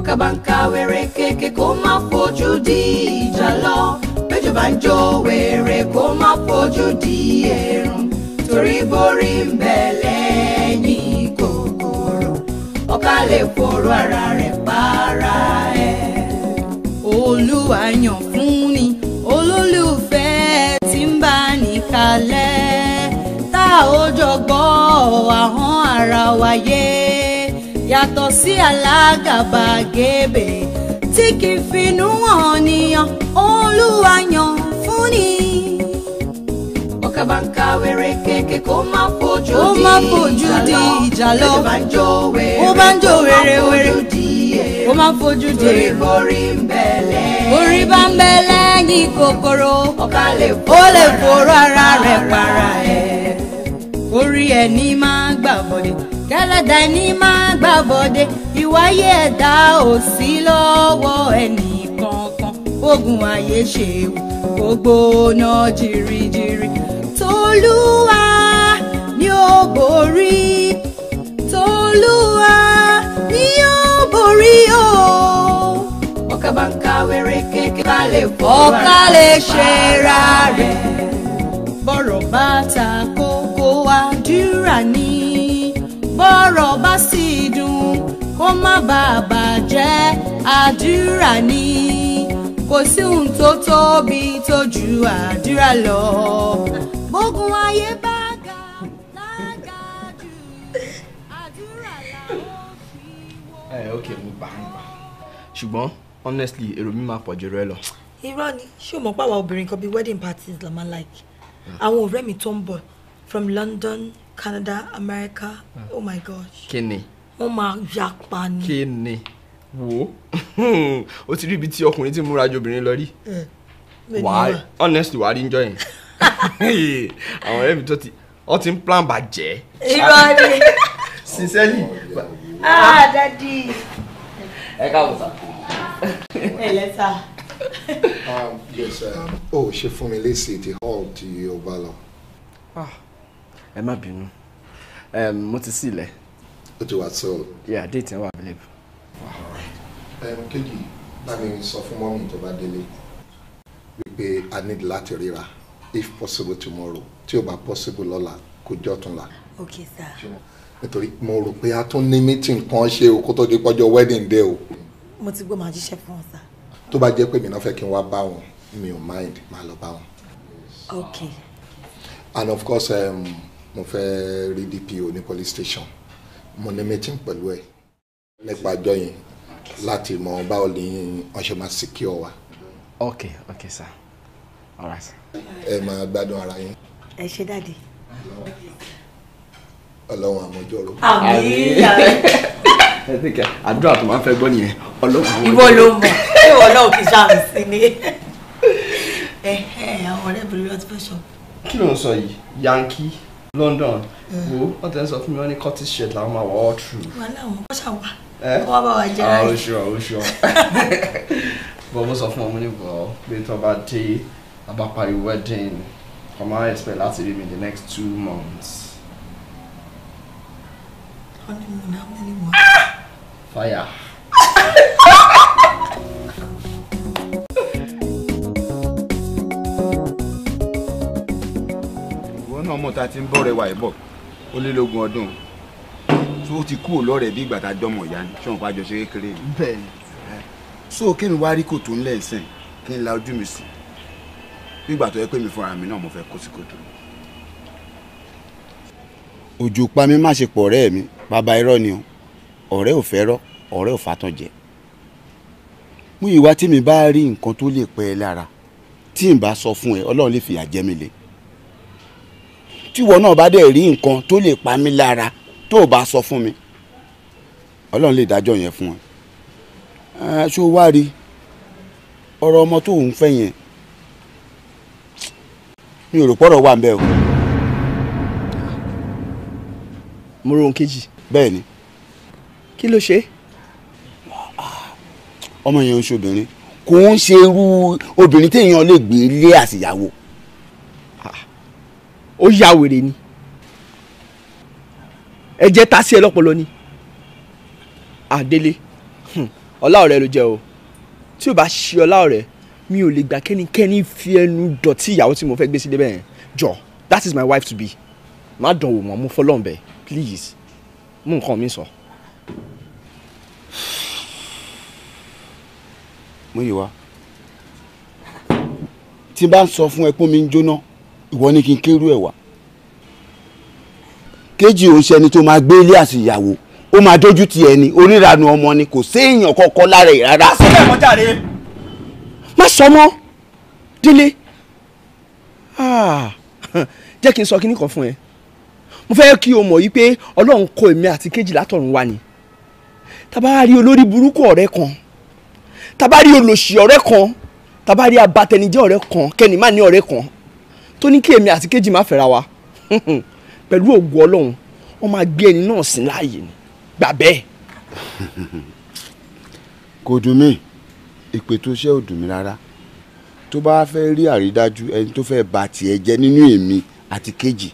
ọ̀kà bá ń ka wèrè kéèké kó má fojú di ìjà lọ péjọ bá ń jó wèrè kó má fojú di èrùn torí borí ń bẹ lẹ́yìn kòkòrò ọ̀kà lè forú ara rẹ̀ para ẹ̀. olúwa fún ni olólùfẹ́ tí ń bá ní kalẹ̀ tá a ó jọ gbọ́ ọ̀hún ara wa yàtọ̀ sí alágàbàgebè tí kì í finú hàn nìyàn olúwa yàn fún ni. ọ̀kadà ń ka wẹ́rẹ́ kéèké kó má fojú di ìjà lọ ó bá ń jó wèrè wèrè ó má fojú di èrè orí ń bẹ lẹ́yìn orí bá ń bẹ lẹ́yìn kòkòrò ó lè fòrò ara rẹ̀ para ẹ̀ orí ẹ̀ ní máa gbà bọ̀dẹ̀ kẹlẹ́dà ẹni máa gbà bọ̀dé ìwáyé ẹ̀dá ò sí lọ́wọ́ ẹnì kankan ogun ayé ṣe wù kó gbóná jìrìjìrì tolúwa ni ó borí tolúwa ni ó borí o. ọkà bá ń kàwé rékéké ká lè fọ́ ká lè ṣe ra rẹ̀ bọ́rọ̀ bá ta kókó àdúrà ní bọ́rọ̀ bá sì dùn kó má bàa bàjẹ́ àdúrà ni kò sí ohun tó tóbi tó ju àdúrà lọ bógun ayé bá ga lága jù àdúrà làwọn fi wọ. Eh, ṣùgbọ́n honestly èrò mi máa pọ̀ jù rẹ lọ. irọ́ ni ṣé o mọ̀ pé àwa obìnrin kan bíi wedding parties la máa like àwọn ọ̀rẹ́ mi tó ń bọ̀ from London Canada, America. Mm. Oh my gosh. Kí ni? Wọ́n máa yapa ni. Kí ni? Wo? O ti rí ibi tí ọkùnrin ti múra ju obìnrin lọ rí. Wàá honestly wàá rí njọ́ yẹn. Àwọn ọ̀rẹ́ mi tó ti ọ ti ń plan bàjẹ́. Irọ́ ni. Sincerely. Ah, daddy. Ẹ káàbọ̀ sá. Ẹ lẹ́ sá. Ó um, oh, ṣe fún mi lésì ti hall ti ọba lọ. Ah, ẹ má bínú mo ti sí ilẹ̀. ó ti wà sọ́ọ̀lù. yà déètì wà available. kejì bá mi sọ fún mọ́mí tó bá délé wípé a need láti ríra if possible tomorrow tí ó bá possible lọ́la kó jọ́ tún la. ok sir. nítorí mo rò pé a tún ní meeting kan ṣe o kó tó di pọ́jọ́ wedding day o. mo ti gbọ́ màá jíṣẹ́ fún ọ sir. tó bá jẹ́ pé mi náà fẹ́ kí n wá bá wọn mi ò mind máa lọ bá wọn. ok. and of course. Um, mo fẹ́ rí DPO ní police station mo ní meeting pẹ̀lú ẹ̀ nípa àjọ yẹn láti mọ báwo ni wọ́n máa secure wa. ok ok sir alright. ẹ máa gbádùn ara yín. ẹ ṣe dáàdi. ọlọ́run àmójọ́rò. àmín àdúrà tó máa ń fẹ́ gbọ́ nìyẹn ọlọ́run àmójọ́rò. ìwọ ló mọ̀ ìwọ náà kì í ṣàǹsí ni ẹ ẹ àwọn ọ̀rẹ́ mi ló ti fẹ́ sọ. kí ló ń sọ yìí yankee. London mm. wo wọn tẹ n sọ fún mi wọn ní cottage shirt làwọn máa wọ all through. wọn náà wọn ṣà wà kó wọn bá wà jẹ ráyè. àwọn oṣù àwọn oṣù bọ́ bó sọ fún ọmọ ní bọ̀ pé tó bá dé abapari wedding kò máa expect láti rí mi the next two months. honeymoon how many months. fire. náà mọ̀ tá a ti ń bọ̀ rẹwà ẹ̀ bọ̀ ó lé lógún ọdún tó ti kú ò lọ́rẹ̀ẹ́ bí ìgbà tá a jọmọ̀ ìyá ni ṣọ́n pàjọ ṣe kékeré ni. bẹ́ẹ̀ni so kémi wá rí kòtò ńlẹ̀ ńsìn kí n la ojú mi sí bí ìgbà tó yẹ pé mi fúnra mi náà mo fẹ́ kó sí kòtò. òjò pa mi má ṣe pọ̀ ọ̀rẹ́ mi bàbá irọ́ ni o ọ̀rẹ́ ò fẹ́rọ́ ọ̀rẹ́ ò fatán jẹ mú ìwà tí mi bá rí nǹkan tó lè pẹ́ ẹ lára tí n bá sọ fún ẹ ọlọ́run lè fìyà jẹ mi lè tíwọ náà bá dẹ̀ rí nǹkan tó lè pa mí lára tó o bá sọ fún mi ọlọ́run lè dájọ́ yẹn fún ẹ ṣó wá rí ọ̀rọ̀ ọmọ tó ń fẹ́ yẹn mi ò rò pọ̀rọ̀ wà ń bẹ́ẹ̀ o. mo rohun kejì. bẹ́ẹ̀ ni. kí ló ṣe. ọmọ yẹn ń ṣe obìnrin kò ń ṣe irú obìnrin téèyàn lè gbé lé àsìyàwó ó ya wèrè ni ẹ̀jẹ̀ ta sí ẹ lọ́pọlọ ni àdélé hmm, ọlá ọ̀rẹ́ ló jẹ́ o tí o bá ṣe ọlá ọ̀rẹ́ mi ò lè gbà kẹ́nikẹ́ni fi ẹnu dọ̀tí ìyàwó tí mo fẹ́ gbé sílé bẹ́ẹ̀ jọ that is my wife to be má dán wò mọ́ mo fọlọ́n bẹ́ẹ̀ please mú nǹkan mi sọ. Múyìwá tí n bá ń sọ fún ẹ pé mi ń jóná ìwọ ni kí n kérú ẹ̀ wá kejì òun ṣẹni tó máa gbé ilé àti ìyàwó ó máa dójú ti ẹni oníranu ọmọ ni kò séèyàn kọkọ lára ẹ rárá. sílẹ̀ mọ́ jàre. má sọ mọ́ délé ah. jẹ́ kí n sọ kínní kan fún ẹ mo fẹ́ kí o mọ̀ yìí pé ọlọ́run kó èmi àti kejì látọ̀run wá ni tàbá rí olórí burúkú ọ̀rẹ́ kan tàbá rí olòṣì ọ̀rẹ́ kan tàbá rí abatẹnijẹ́ ọ̀rẹ́ kan kẹ́ni má ní ọ̀rẹ́ kan tó ní kí èmi àti kejì má fẹ́ra wa pẹ̀lú ògo ọlọ́run wọ́n máa gbé ẹni náà sí láàyè ni gbà bẹ́ẹ̀. kò dùn mí ìpè tó ṣe ò dùn mí rárá tó bá fẹ́ rí àrídájú ẹni tó fẹ́ ba tiẹ̀ jẹ́ nínú èmi àti kejì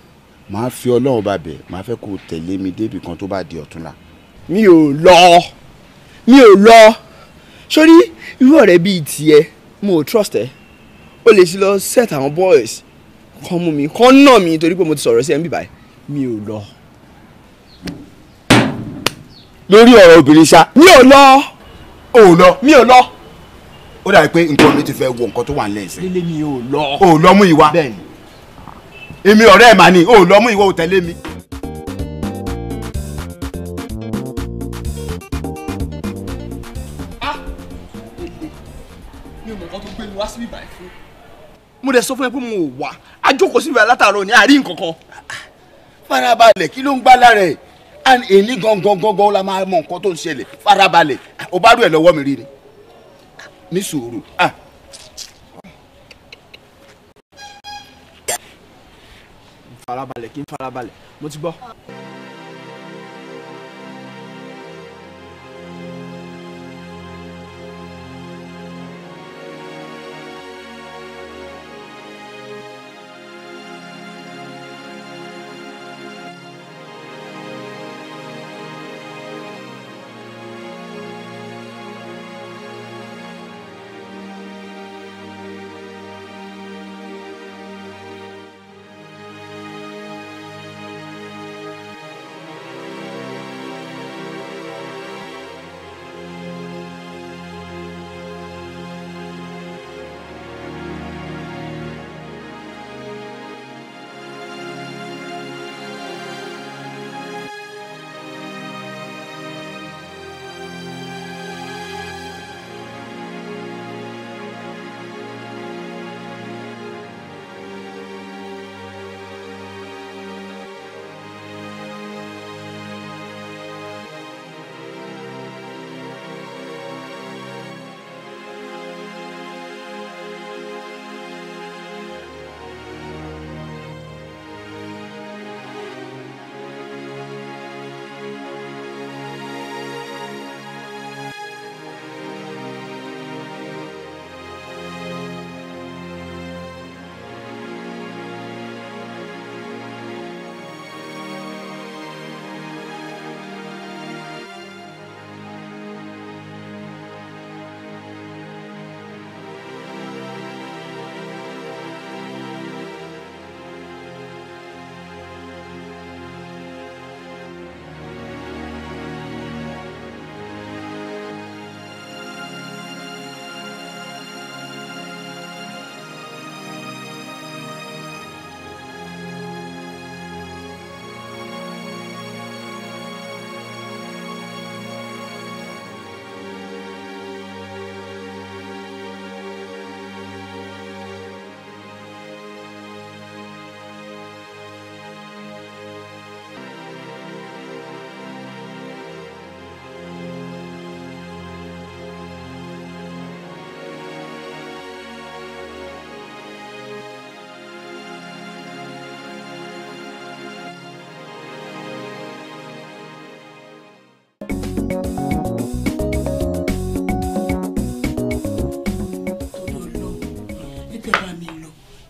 màá fi ọlọ́run bá bẹ̀ màá fẹ́ kó tẹ̀lé mi débi kan tó bá di ọ̀túnla. mi ò lọ mi ò lọ sórí irú ọ̀rẹ́ bíi tiẹ̀ mo ò trust ẹ o lè ti lọ set àwọn boys kán mú mi kán nà mí torí pé mo ti sọ̀rọ̀ sí ẹ̀ ń bì báyìí mi ò lọ. lórí ọ̀rọ̀ obìnrin ṣá. mi ò lọ. ò lọ. mi ò lọ. ó dàbí pé nǹkan mi ti fẹ́ wo nǹkan tó wà ń lẹ́sẹ̀. lílé mi ò lọ. ò lọ mú ìwà. bẹ́ẹ̀ni. èmi ọ̀rẹ́ ẹ̀ mà ni ò lọ mú ìwà ò tẹ̀lé mi. Ah! mi ò mọ̀ nǹkan tó gbé mi wá síbí báyìí fún mo dẹ̀ sọ fún ẹ pé mo wà á jókòó síbi látàárọ̀ ní àárín kankan. farabalẹ̀ kí ló ń gbá lára ẹ̀ and la máa mọ nǹkan tó ń ṣẹlẹ̀ farabalẹ̀ o bá rú ẹ̀ lọ́wọ́ mi rí ni ní sùúrù. Ah. farabalẹ̀ kí n farabalẹ̀ mo ti gbọ́.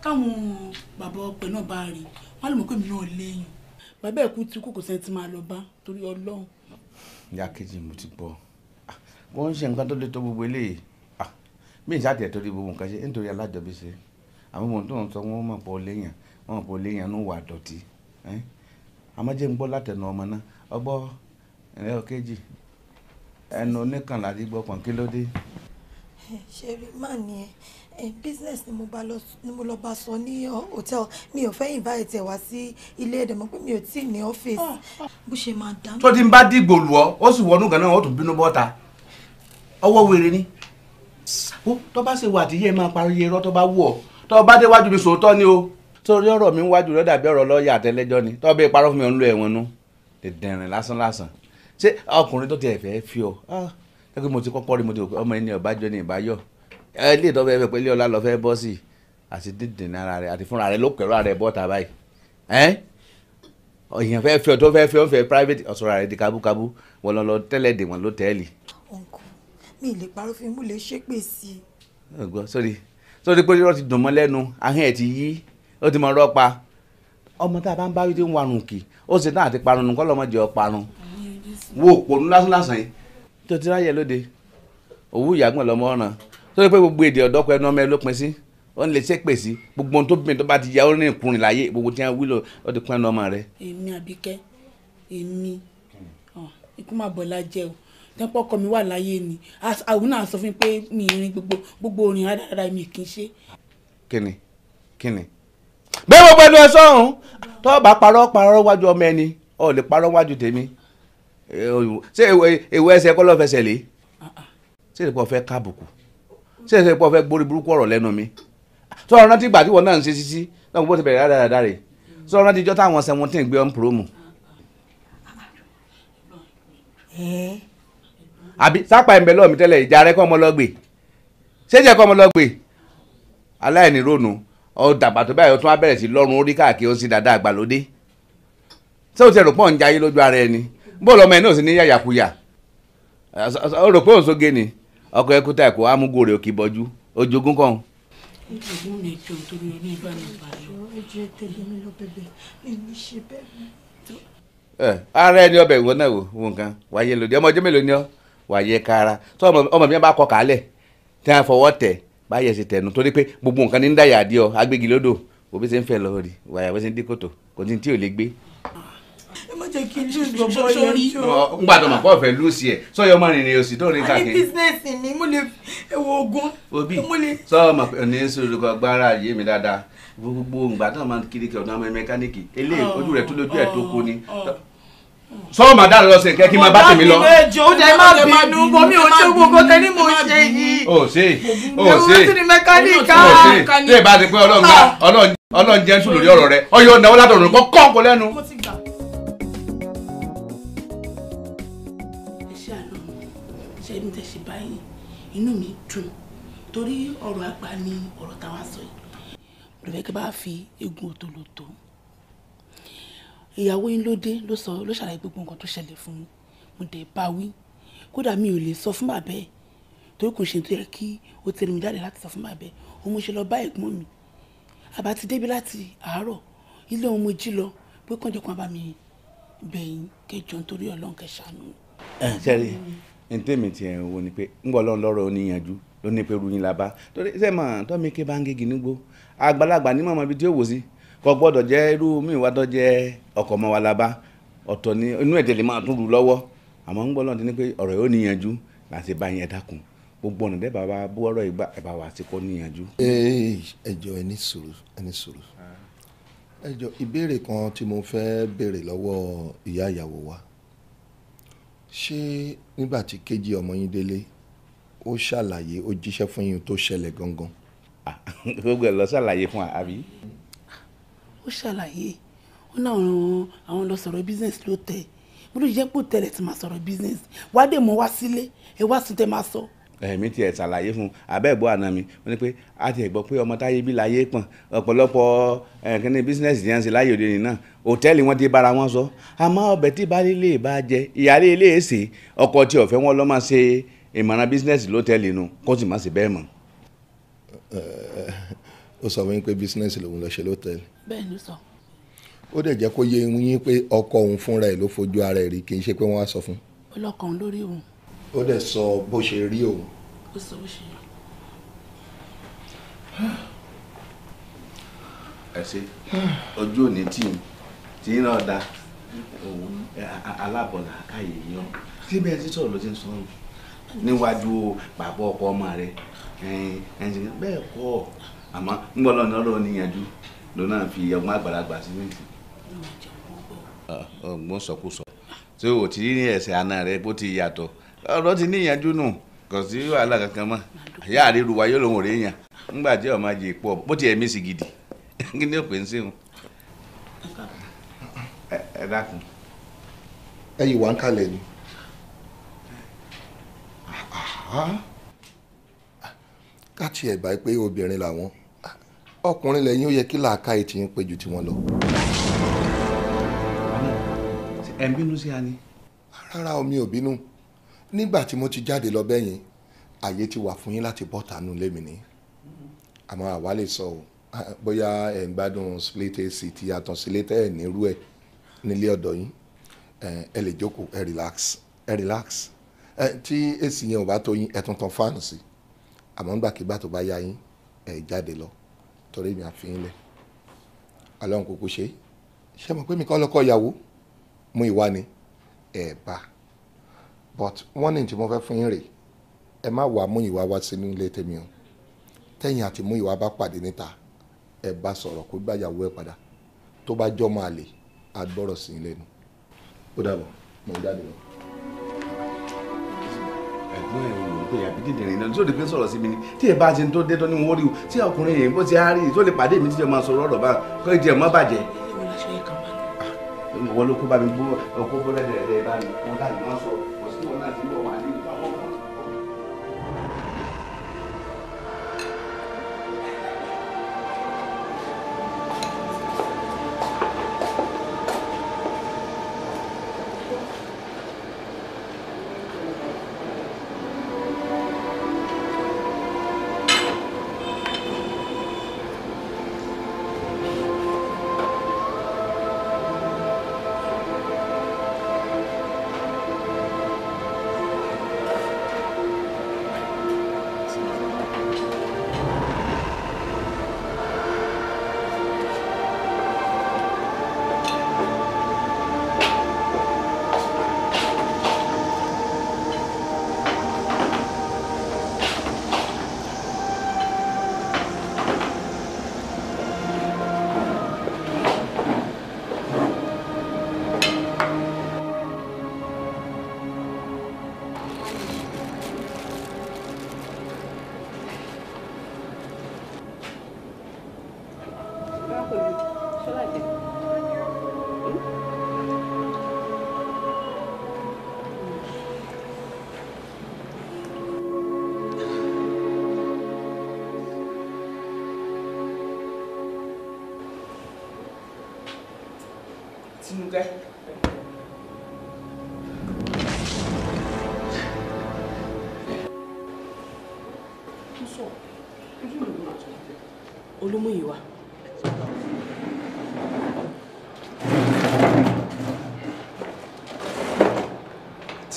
táwọn bàbá ọpẹ náà bá rí wọn lè pé mi náà léyìn bàbá ẹ̀kú tí kò kò máa lọ bá torí ọlọrun. ìyá kejì mo ti gbọ́ wọ́n ah, ń ṣe nǹkan tó lè tó gbogbo eléyìí ah, mí ìsáàtì ẹ̀ torí gbogbo nǹkan ṣe nítorí alájọbí àwọn ohun tó ń sọ wọ́n mọ̀ pọ̀ léyìn wọ́n mọ̀ pọ̀ léyìn inú wà dọ̀tí àmọ́ jẹ́ ẹnu oníkànlá kí ló dé. ṣe rí màá Eh, business ni mo bá lọ ni mo lọ bá sọ ní hotel mi ò fẹ́ invite ẹ̀ wá sí ilé ẹ̀dẹ̀ mọ́ pé mi ò tí ì ní ọ́fíìsì ah, ah. bó ṣe máa dá. tó ti ń bá dìgbò lù ọ ó sì wọnú ganan ó tún bínú bọ́ta ọwọ́ wèrè ni ó tó bá ṣe wà tí yẹ máa parí irọ́ tó bá wù ọ tó bá déwájú mi sòótọ́ ni o torí ọ̀rọ̀ mi wájú rẹ̀ dàbí ọ̀rọ̀ lọ́ọ̀yà àtẹlẹ́jọ́ ni tó bẹ́ẹ̀ parọ́ fún mi ò ń lo ẹ̀wọ̀n nu dẹ̀dẹ̀rìn lásán lásán ṣé ọkùnrin tó ti ẹ̀fẹ́ fi ọ ẹ pé mo ti kọ́kọ́ rí mo ti rò pé ọmọ ẹni ọ̀bájọ́ ni ìbáyọ̀ ilé ìdọ́fẹ́ fẹ́ pẹ́lẹ́ ọlá lọ́fẹ́ bọ́ sí àti dídìn ara rẹ̀ àti fúnra rẹ̀ ló pẹ̀lú ara rẹ̀ bọ́ ta báyìí èèyàn fẹ́ fi ọ̀dọ́ fẹ́ fi ọ̀fẹ́ private ọ̀sọ̀rọ̀ rẹ̀ di kábúkábú wọn lọ tẹ́lẹ̀ dè wọ́n ló tẹ́ẹ̀lì. ọ̀nkù mi lè parọ́ fi mú lè ṣépè sí i. ọgbọ́n sọ́ni sọ́ni pé irọ́ ti dùn mọ́ lẹ́nu ahọ́n ẹ̀ ti yí ó ti mọ ọ̀rọ̀ pa ọmọ tá a bá ń bá wí tí ń warun kì ó sì náà ti parun nǹkan lọ́mọ jẹ́ ọ parun wo òpònú lásán lásán yìí tó ti ráyè lóde òwú ìyàgbọ́n lọ́mọ ọ̀ràn tó yẹ pé gbogbo èdè ọ̀dọ́ pẹ̀lú ọmọ ẹ ló pin sí ó ń lè ṣe pè sí gbogbo ohun tó bìnrin tó bá ti ya ó rìn kùnrin láyé gbogbo tí wọ́n wílò ó ti pin ọmọ rẹ. èmi àbíkẹ́ èmi ikú máa bọ̀ lájẹ́ o tẹ́pọ̀ ọkọ mi wà láyé ni àwọn náà sọ fún mi pé mi ìrìn gbogbo gbogbo orin rárá mi kì í ṣe. kíni kíni bẹ́ẹ̀ gbogbo ẹnu ẹ sọ́hún tó o bá parọ́ parọ́ wájú ọmọ ẹni o lè parọ́ wájú tèmi ṣé ìwé ẹsẹ̀ kọ́ lọ́ọ́ fẹsẹ̀ lé ah, ah. ṣé ìdìbò fẹ́ káàbùkù ṣèṣe pọ̀ fẹ́ gbórí burúkú ọ̀rọ̀ lẹ́nu mi sọ̀rọ̀ rántí ìgbà tí wọn náà ń ṣe sisi náà gbogbo ti bẹ̀rẹ̀ dáadáa rẹ̀ sọ̀rọ̀ rántí ìjọ táwọn seventeen gbé ọ̀n promo. àbí sápà ẹ̀ ń bẹ lọ́ọ̀ mi tẹ́lẹ̀ ìjà rẹ kọ́ ọmọ lọ́gbè ṣéjẹ́ kọ́ ọmọ lọ́gbè aláìní ronú ọ̀dàgbà tó báyìí ó tún á bẹ̀rẹ̀ sí lọ́rùn orí káàkiri ó sì dáadáa àgbàlódé ṣé o ti rò pọ̀ ń jayé lójú ara ẹni bó lọ́mọ ẹ̀ ọkọ ẹkú tá ẹkọ amúgbò rẹ òkè bọjú ojogún kàn. ojogún mi jọ torí oníbànúbà lọ. ọjọ́ ara ẹni ọbẹ̀ náà lòdì ọmọdé mélòó ni ọ kára ọmọ mi bá kọ tí ẹ má jẹ́ kí lose bọ̀bọ̀ yẹn jọ. ngbà tó mà kọ́ fẹ́ lose yẹ sọ yọ ọmọ rìnrìn òsì tó ní káàkiri. a ní bísínẹ́sì ni mo lè wo ogun. obi sọ ma ní sọ̀rọ̀ kọ gbára yé mi dáadáa gbogbo ngbà tó máa kiri kẹ ọ̀dọ̀ àwọn mẹkáníìkì eléyìí oh, ojú rẹ̀ tó lójú ẹ̀ tó kó ni sọ ma dára lọ sí nǹkan kí bá tèmi lọ. ó jẹ́ má bínú bọ́ mi ò ṣe gbogbo tẹ́lẹ̀ mo ṣe yìí. o ṣe o ṣe o ṣe tí ì bá ti pé ọlọ́run ọlọ́run jẹ́ sùn lórí ọ̀rọ̀ rẹ ọyọ ìnáwó látọ̀run kọ́ kọ́ kó lẹ́nu. bẹ́ẹ̀ mi tẹ́ ṣe báyìí inú mi dùn torí ọ̀rọ̀ àgbà ni ọ̀rọ̀ táwa sọ yìí mo fẹ́ kí bá fi egun òtòlótò ìyàwó yín ló dé ló sọ ló ṣàlàyé gbogbo nǹkan tó ṣẹlẹ̀ fún mi mo dẹ̀ bá wí kódà mi ò lè sọ fún bàbá ẹ̀ torí kò ṣe tó yẹ kí o tẹ̀lé mi jáde láti sọ fún bàbá ẹ̀ o mo ṣe lọ bá ẹ̀gbọ́n mi àbá ti débi láti àárọ̀ ilé òun mo jí lọ pé kọ́ńdé kan bá mi bẹ̀yìn kẹjọ nítorí ọlọ́run kẹsàánú. ẹ ṣe rí i ní tèmi tiẹ̀ wo ni pé ńgbọ́ lọ́n lọ́rọ̀ oníyanjú ló ní pé ruyin la bá torí ṣe mọ̀ tọ́mi ké bá ń gégi nígbó àgbàlagbà ní mọ̀mọ́ ibi tí ó wò sí kò gbọ́dọ̀ jẹ́ irú míì wá tó jẹ́ ọkọ̀ mọ́ wa la bá ọ̀tọ̀ ni inú ẹ̀jẹ̀ lè máa tún rú lọ́wọ́ àmọ́ ńgbọ́ lọ́n ti ní pé ọ̀rọ̀ yóò níyanjú láti bá yẹn dákun gbogbo ọ̀nà dẹ́ bàbá bú ọ̀rọ̀ ìgbà ẹ̀bà nígbà tí kejì ọmọ yín délé ó ṣàlàyé ó jíṣẹ́ fún yín tó ṣẹlẹ̀ gangan. gbogbo ẹ̀ lọ ṣàlàyé fún wa àbí. ó ṣàlàyé ó náà ran àwọn lọ sọ̀rọ̀ business ló tẹ̀ mo ló jẹ́ pé ó tẹ̀lé tí máa sọ̀rọ̀ business wàá dé mọ́ wá sílé ẹ wá sí tẹ́ máa sọ. So èmi tiẹ̀ ṣàlàyé fún un abẹ́ẹ̀bọ́ àná mi wọ́n ní pé a tiẹ̀ gbọ́ pé ọmọ táyé bí láyé pọ̀n ọ̀pọ̀lọpọ̀ kíní bísínẹ́sì yẹn ń ṣe láyé òde nìyẹn hòtẹ́ẹ̀lì wọn ti bára wọn sọ àmọ́ ọbẹ̀ tí baálé lè bá jẹ ìyáálé lè e ṣe ọkọ tí ọ̀fẹ́ wọn lọ́ máa ṣe ìmọ̀ràn bísínẹ́sì lọ́tẹ́ẹ̀lì nu kó sì má ṣe bẹ́ẹ̀ mọ́. ó sọ wípé bísínẹ́sì lòun lọ ṣe lọ́tẹ́ẹ̀lì. bẹ́ẹ̀ ló sọ. ó dẹ̀ jẹ́ kó yé yín pé ọkọ òun fúnra ẹ̀ ló fojú ara ẹ̀ rí kì í ṣe pé wọ́n á sọ fún. ọlọ́kàn lórí òun. ó dẹ̀ sọ bó ṣe rí o. ó sọ bó ṣe rí. ẹ ojú òní tí tí ń ràn dá òun alábọ̀là káyè yan síbẹ̀ sọ̀rọ̀ ló ti ń sọ níwájú bàbá ọkọ ọmọ rẹ bẹ́ẹ̀ kọ́ àmọ́ ń bọ́ lọ́nà ọ̀rọ̀ níyànjú na náà fi ọgbọ́n àgbàlagbà sí nìyí. ọgbọ́n sọkúsọ tí o ti rí ní ẹsẹ̀ àná rẹ bó ọrọ ti níyànjú nù kò sí wàhálà kankan ya àyà àríru wa yóò lòun ò réyàn ńgbà tí ọ̀ máa bó ti ẹ̀mí sí gidi kí ni pè ń sèwọ̀n. ẹ dákun. wà ń kalẹ̀ ni. báyìí pé obìnrin làwọn ọkùnrin lẹ́yìn ó yẹ kí làákà ń tiwọn lọ. nígbà tí mo ti jáde lọ bẹ́yìn àyè ti wà fún yín láti bọ́ tànú lémi ní àmọ́ àwa lè sọ o bóyá ẹ̀ ń gbádùn split ac ti àtọ̀sílétẹ̀ ẹ̀ nírú ẹ̀ nílé ọ̀dọ̀ yín ẹ lè jókòó ẹ relax ẹ relax ẹ tí ac yẹn ò bá tó yín ẹ tún tan fáànù sí àmọ́ nígbàkigbà tó bá yá yín ẹ jáde lọ torí mi àfihàn lẹ̀ alọ́run kúkú ṣe ṣé mo pé mi kọ́ lọ́kọ́ ìyàwó mú ìwá ni ẹ̀ bá a but wọ́n ní tí mo fẹ́ fún yín rè ẹ má wàá mú ìwà wá sínú ilé tèmi o tẹ̀yìn àti mú ìwà bá pàdé níta ẹ bá sọ̀rọ̀ kó gbàyàwó ẹ padà tó bá jọ́ máa lè àgbọ̀rọ̀ sí i lẹ́nu. ó dàbọ̀ mo ń jáde lọ. ẹ̀gbọ́n ẹ̀ wò ó pé àbídìdìrín náà tí ó lè fi sọ̀rọ̀ sí mi ni tí ẹ bá ti ń tó dé tó ní wọ́n rí o tí ọkùnrin yẹn bó ti á rí i tó lè pàdé mi tí ẹ sọ̀rọ̀ ọ̀rọ̀ bá kọ́ ìdí ẹ̀ bàjẹ́. ìwọ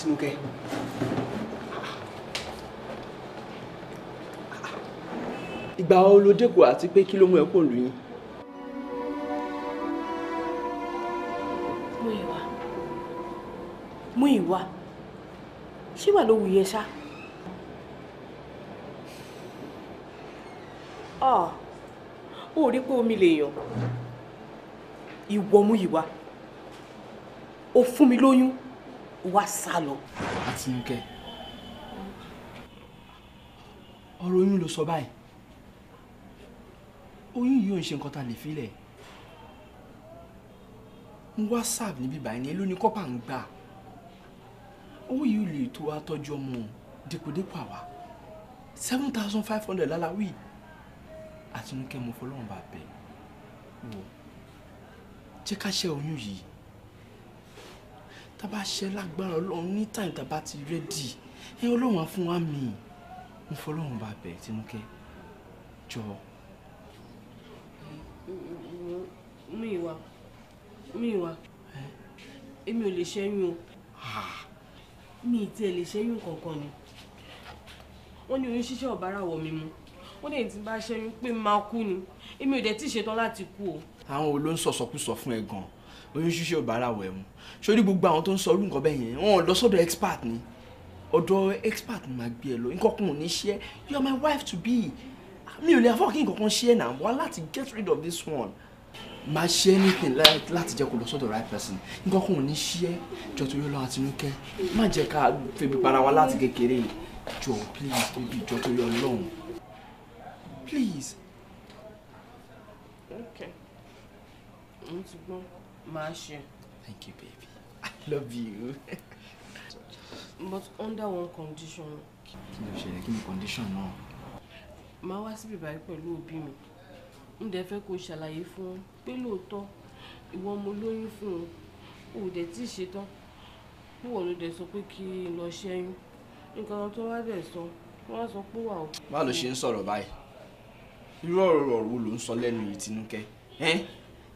Tinúkẹ́. ìgbà wo ló dẹ́kun àti pé kí ló mú ẹ kó lù yín. Múyìwá Múyìwá ṣé wà ló wù yẹ ṣá. ó rí pé omi lè yàn ìwọ Múyìwá ó fún mi lóyún wá sá lọ. àtinúkẹ́ ọ̀rọ̀ oyún ló sọ báyìí oyún yìí ò ń ṣe nǹkan tá a lè filẹ̀ ń whatsapp níbí báyìí ni ló ní kọ́pà ń gbà owó yìí lè tó wa tọ́jú ọmọ dèpòdèpò àwa seven thousand five hundred láláwì àtinúkẹ́ mo fọlọ́run bá bẹ̀ wò jẹ́ ká ṣe oyún yìí tá a bá ṣe lágbára ọlọ́run ní time tá a bá ti rẹ́dì ẹ ọlọ́run á fún wa mi ń fọlọ́run bá bẹ̀ tinúkẹ́ jọ. mi wa. mi ìwà èmi ò lè ṣẹ́yún o mi ì tiẹ̀ lè ṣẹ́yún kankan ni wọ́n ní oyún ṣíṣe ọ̀bárawọ̀ mi mu wọ́n lè ti bá ṣẹ́yún pé máa kú ni èmi ò dẹ̀ tí ì ṣetán láti kú o. àwọn olóńsọ̀sọ̀kú sọ fún ẹ gan-an oyún ṣíṣe ò bára wẹ̀ mu sórí gbogbo àwọn tó ń sọ ọdún nǹkan bẹ́ẹ̀ yẹn wọn ò lọ sọ́dọ̀ expert ni ọ̀dọ̀ expert ni màá gbé ẹ lọ nǹkan kan ò ní ṣe you are my wife to be mi ò lè afọ́ kí nǹkan kan ṣe ẹ̀ náà wá láti get rid of this one máa ṣe anything láti jẹ́ kó lọ sọ́dọ̀ right person nǹkan kan ò ní ṣe ẹ́ jọ torí ọlọ́run àtinúkẹ́ má jẹ́ ká febi para wa láti kékeré jọ please baby jọ torí ọlọ́run please. okay. Mm-hmm. Máa Thank you, baby. I love you. But under one condition. Kí ló ṣẹlẹ̀? Kí ni condition náà? Máa wá síbí báyìí pẹ̀lú òbí mi. Ń dẹ̀ fẹ́ kó ṣàlàyé fún wọn pé lóòótọ́ ìwọ mo lóyún fún un. O ò dẹ̀ tí ì ṣetán. Púpọ̀ ló dẹ̀ sọ pé kí n lọ ṣẹ́yún. Nǹkan tó wá dẹ̀ sọ, wọ́n sọ pé wà ó. Báwo ló ṣe ń sọ̀rọ̀ báyìí? Irú ọ̀rọ̀ ọ̀rọ̀ wo ló ń sọ lẹ́nu yìí Tinúkẹ́?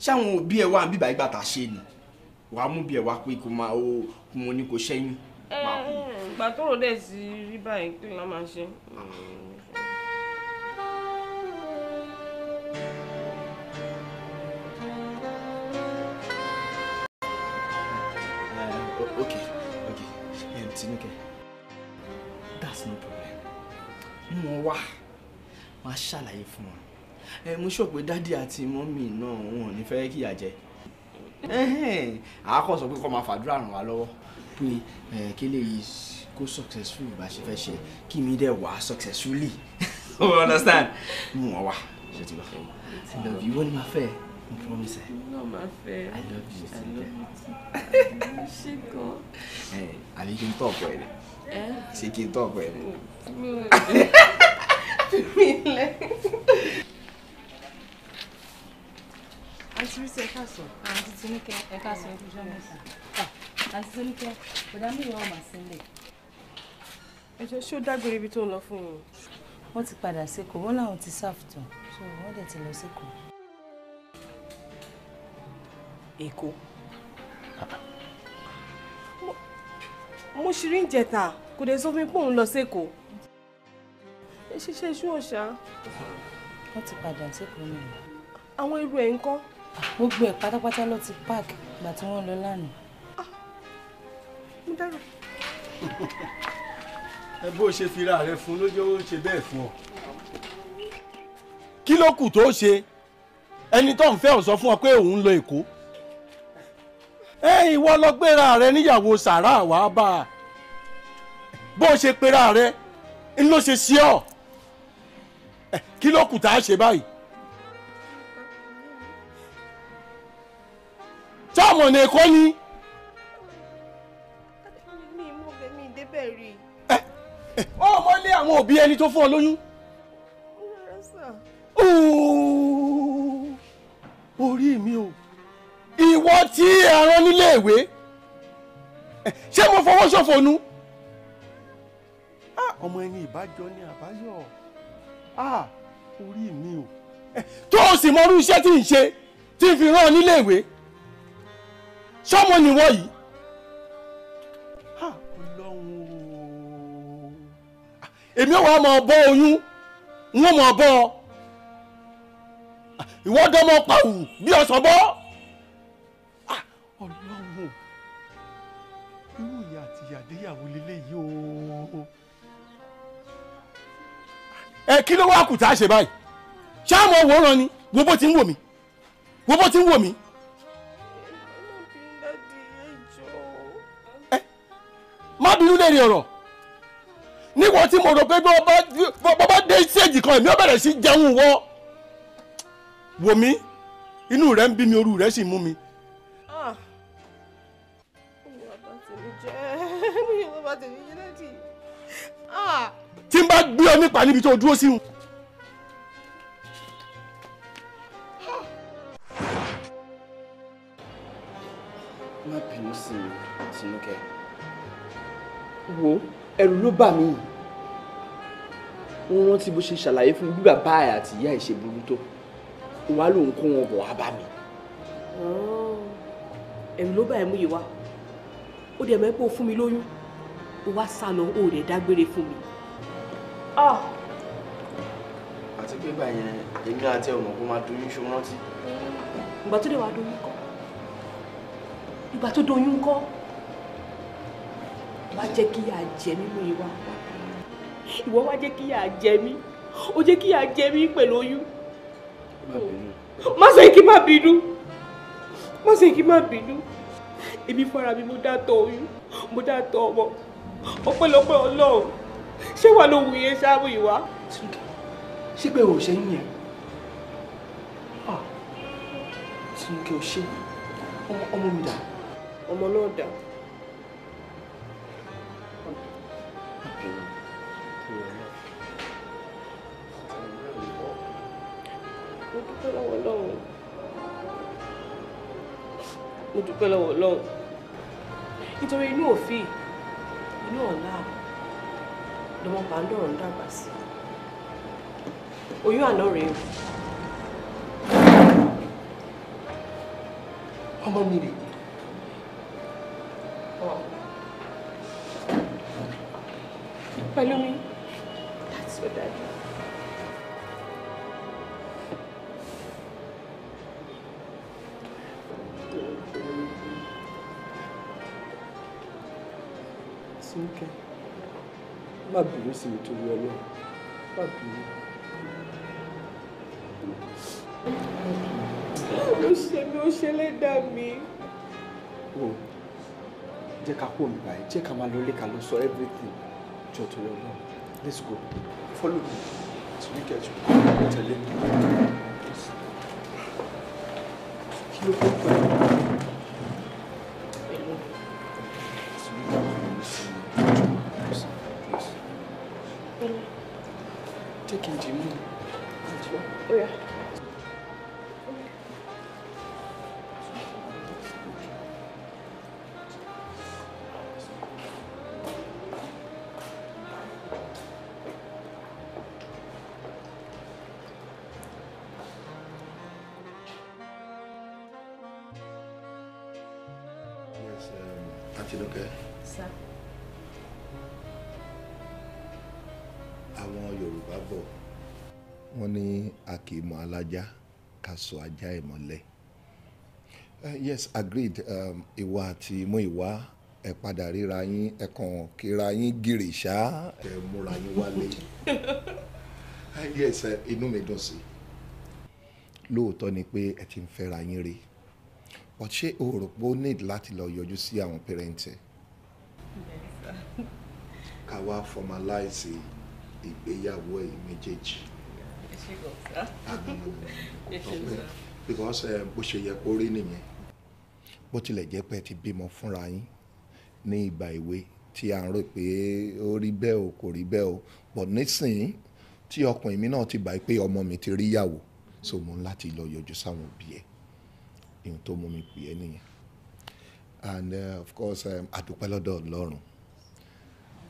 ṣáwọn òbí ẹ wà ń bíbá ìgbà tá a ṣe ni wàá mú bí ẹ wá pé kò máa ó mo ní kò ṣẹ́yìn. ìgbà tó rò dẹ̀ sí rí báyìí kí ló máa ṣe. that's no problem mo wá máa ṣàlàyé fún wọn ẹ mú sọ pé dádì àti mọ́mì náà wọn ò ní fẹ́ kíyà jẹ àákọ sọ pé kó máa fàdúrà ràn wá lọ́wọ́ pé kí léyìí kó successful bá ṣe fẹ́ ṣe kí mi dẹ̀ wá successfully you understand mú wọn wá ṣe ti lọ i love you wọ́n ní máa fẹ́ mo promise ẹ i love you too ṣe gan. àbí kí n tọ́ ọ̀pọ̀ ẹ̀ rẹ̀ ṣé kí n tọ́ ọ̀pọ̀ ẹ̀ rẹ̀. àǹtí rí sí ẹ̀ka sùn. àǹtí tí ní kẹ ẹ̀ka sùn ní ìjọ mẹ́ta. àǹtí tí ní kẹ bọ̀dá mi ìwọ ọmọ sílẹ̀. ẹ jọ ṣó dágbére ibi tó ń lọ fún un. wọ́n ti padà sékòó wọ́n láwọn ti ṣàfùtàn so wọ́n dẹ̀ ti lọ sékòó. èkó. mo ṣì rí ìjẹta kò dé sọ fún mi pé òun lọ sékòó. ẹ ṣiṣẹ́ iṣu ọ̀ṣà. wọ́n ti padà sékòó nìyẹn. àwọn irú ẹ̀ ń kọ́ gbogbo ẹ̀ pátápátá ló ti park ìgbà tí wọ́n lọ lánàá. mo dára. ẹ bó ṣe fira rẹ fún lójó ó ṣe bẹ́ẹ̀ fún ọ. kí ló kù tó ṣe ẹni tó ń fẹ́ ò sọ fún ọ pé òun ń lọ èkó. ẹ ìwọ lọ gbéra rẹ níyàwó sàrà wàá bá a bó ṣe pera rẹ ń ló ṣe sí ọ kí ló kù tá a ṣe báyìí. tí ọmọ ní èkó ni. mi mú mi débẹ̀ rí. ẹ ẹ ọmọ lé àwọn òbí ẹni tó fún ọ lóyún. orí mi o ìwọ tí ẹran nílé ìwé ṣé mo fọwọ́ ṣòfò nu. Ah, ọmọ ẹni ìbájọ ni àbáyọ ah, orí mi o tó o sì mọ irú iṣẹ́ tí ń ṣe tí ń fi rán ọ nílé ìwé sọmọ nìwọ yìí èmi ò wá máa bọ́ oyún n ó máa bọ́ ọ ìwọ́dọ́ mọ́ pàwù bí ọ̀sán bọ́ ọlọ́run irú ìyá àti ìyàdéyàwó lélẹ́yìí o. ẹ kí ló wá kù ṣe báyìí ṣáà mo wòran ni wo bó ti ń wò mí wo bó ti ń wò mí. má bínú lè rí ọ̀rọ̀ níwọ̀ tí mo rò pé bọ́ bá dé séèjì kan èmi ó bẹ̀rẹ̀ sí jẹun wọ́ wò mí inú rẹ̀ ń bí mi orú rẹ̀ sì mú mi. Ah. Ah. tí n bá gbé ọ nípa níbi tó dúró sí un. má bínú sí i Tinúkẹ́ wo ẹrù ló bà mí wọ́n rántí bó ṣe ṣàlàyé fún mi bí bàbá ẹ̀ àti ìyá ẹ̀ ṣe burú tó wàá lòun kó wọn bọ̀ wá bá mi. Oh, ẹ̀rù ló bà ẹ́ mú yìí wá ó dẹ̀ mẹ́pọ̀ fún mi lóyún ó wá sá lọ ó rẹ̀ dágbére fún mi. Ah! àti pé báyìí èmi àti ọmọ kó máa doyún ṣó rántí. ìgbà tó dé wàá doyún kọ́ ìgbà tó doyún kọ́ wá jẹ́ kí yà jẹ mí mú ìwà ìwọ wá jẹ́ kí yà jẹ mí ó jẹ́ kí yà jẹ mí pẹ̀lú oyún má sọ kí má bínú má sọ kí má bínú èmi fúnra mi mo dátọ oyún mo dátọ ọmọ ọpẹ́lọpẹ́ Ọlọ́run ṣé wà ló wuyẹ ṣáàbù ìwà. ṣé pé o ṣe ń yẹn tí n kí o ṣe ọmọ mi dà. ọmọ náà dà. dúpẹ́ lọ́wọ́ Ọlọ́run mo dúpẹ́ lọ́wọ́ Ọlọ́run nítorí inú òfin inú ọ̀la lọmọ pàǹdọ̀rọ̀ ń dàgbà sí oyún àná rèé ọmọ mi rèé. Pẹ̀lú mi, that's what I do. sínkẹ́ má bínú sí mi torí ọlọ́run má bínú. ó ṣe mí ó ṣe lẹ́dà mi. wo jẹ́ ká kó mi báyìí jẹ́ ká máa lọ ilé ká lọ sọ everything jọ torí ọlọ́run let's go follow me to make it tẹ̀lé mi. kí ló dé pẹ̀lú. alájá ká sọ ajá ẹ̀ mọ́lẹ̀. Eh, yes agreed um, ìwà àti mú ìwà ẹ padà ríra yín ẹ kàn kíra yín gírì ṣá ẹ múra yín wálé eh, yes eh, inú mi dùn sí lóòótọ́ ni pé ẹ ti ń fẹ́ra yín rí but ṣé o rò pé ó need láti lọ yọjú sí àwọn pẹrẹntì ká wá formalize ìgbéyàwó ẹ̀yin méjèèjì because bó ṣe yẹ kó rí nìyẹn bó tilẹ̀ jẹ́ pé ẹ ti bímọ fúnra yín ní ìgbà ìwé tí à ń rò pé ó rí bẹ́ẹ̀ o kò rí bẹ́ẹ̀ o but nísìnyí tí ọkùnrin mi náà ti bá pé ọmọ mi ti rí yàwó so mo ń láti lọ yọjú sáwọn òbí ẹ ìhun tó mú mi pè é nìyẹn and uh, of course àdúpẹ́ lọ́dọ̀ ọlọ́run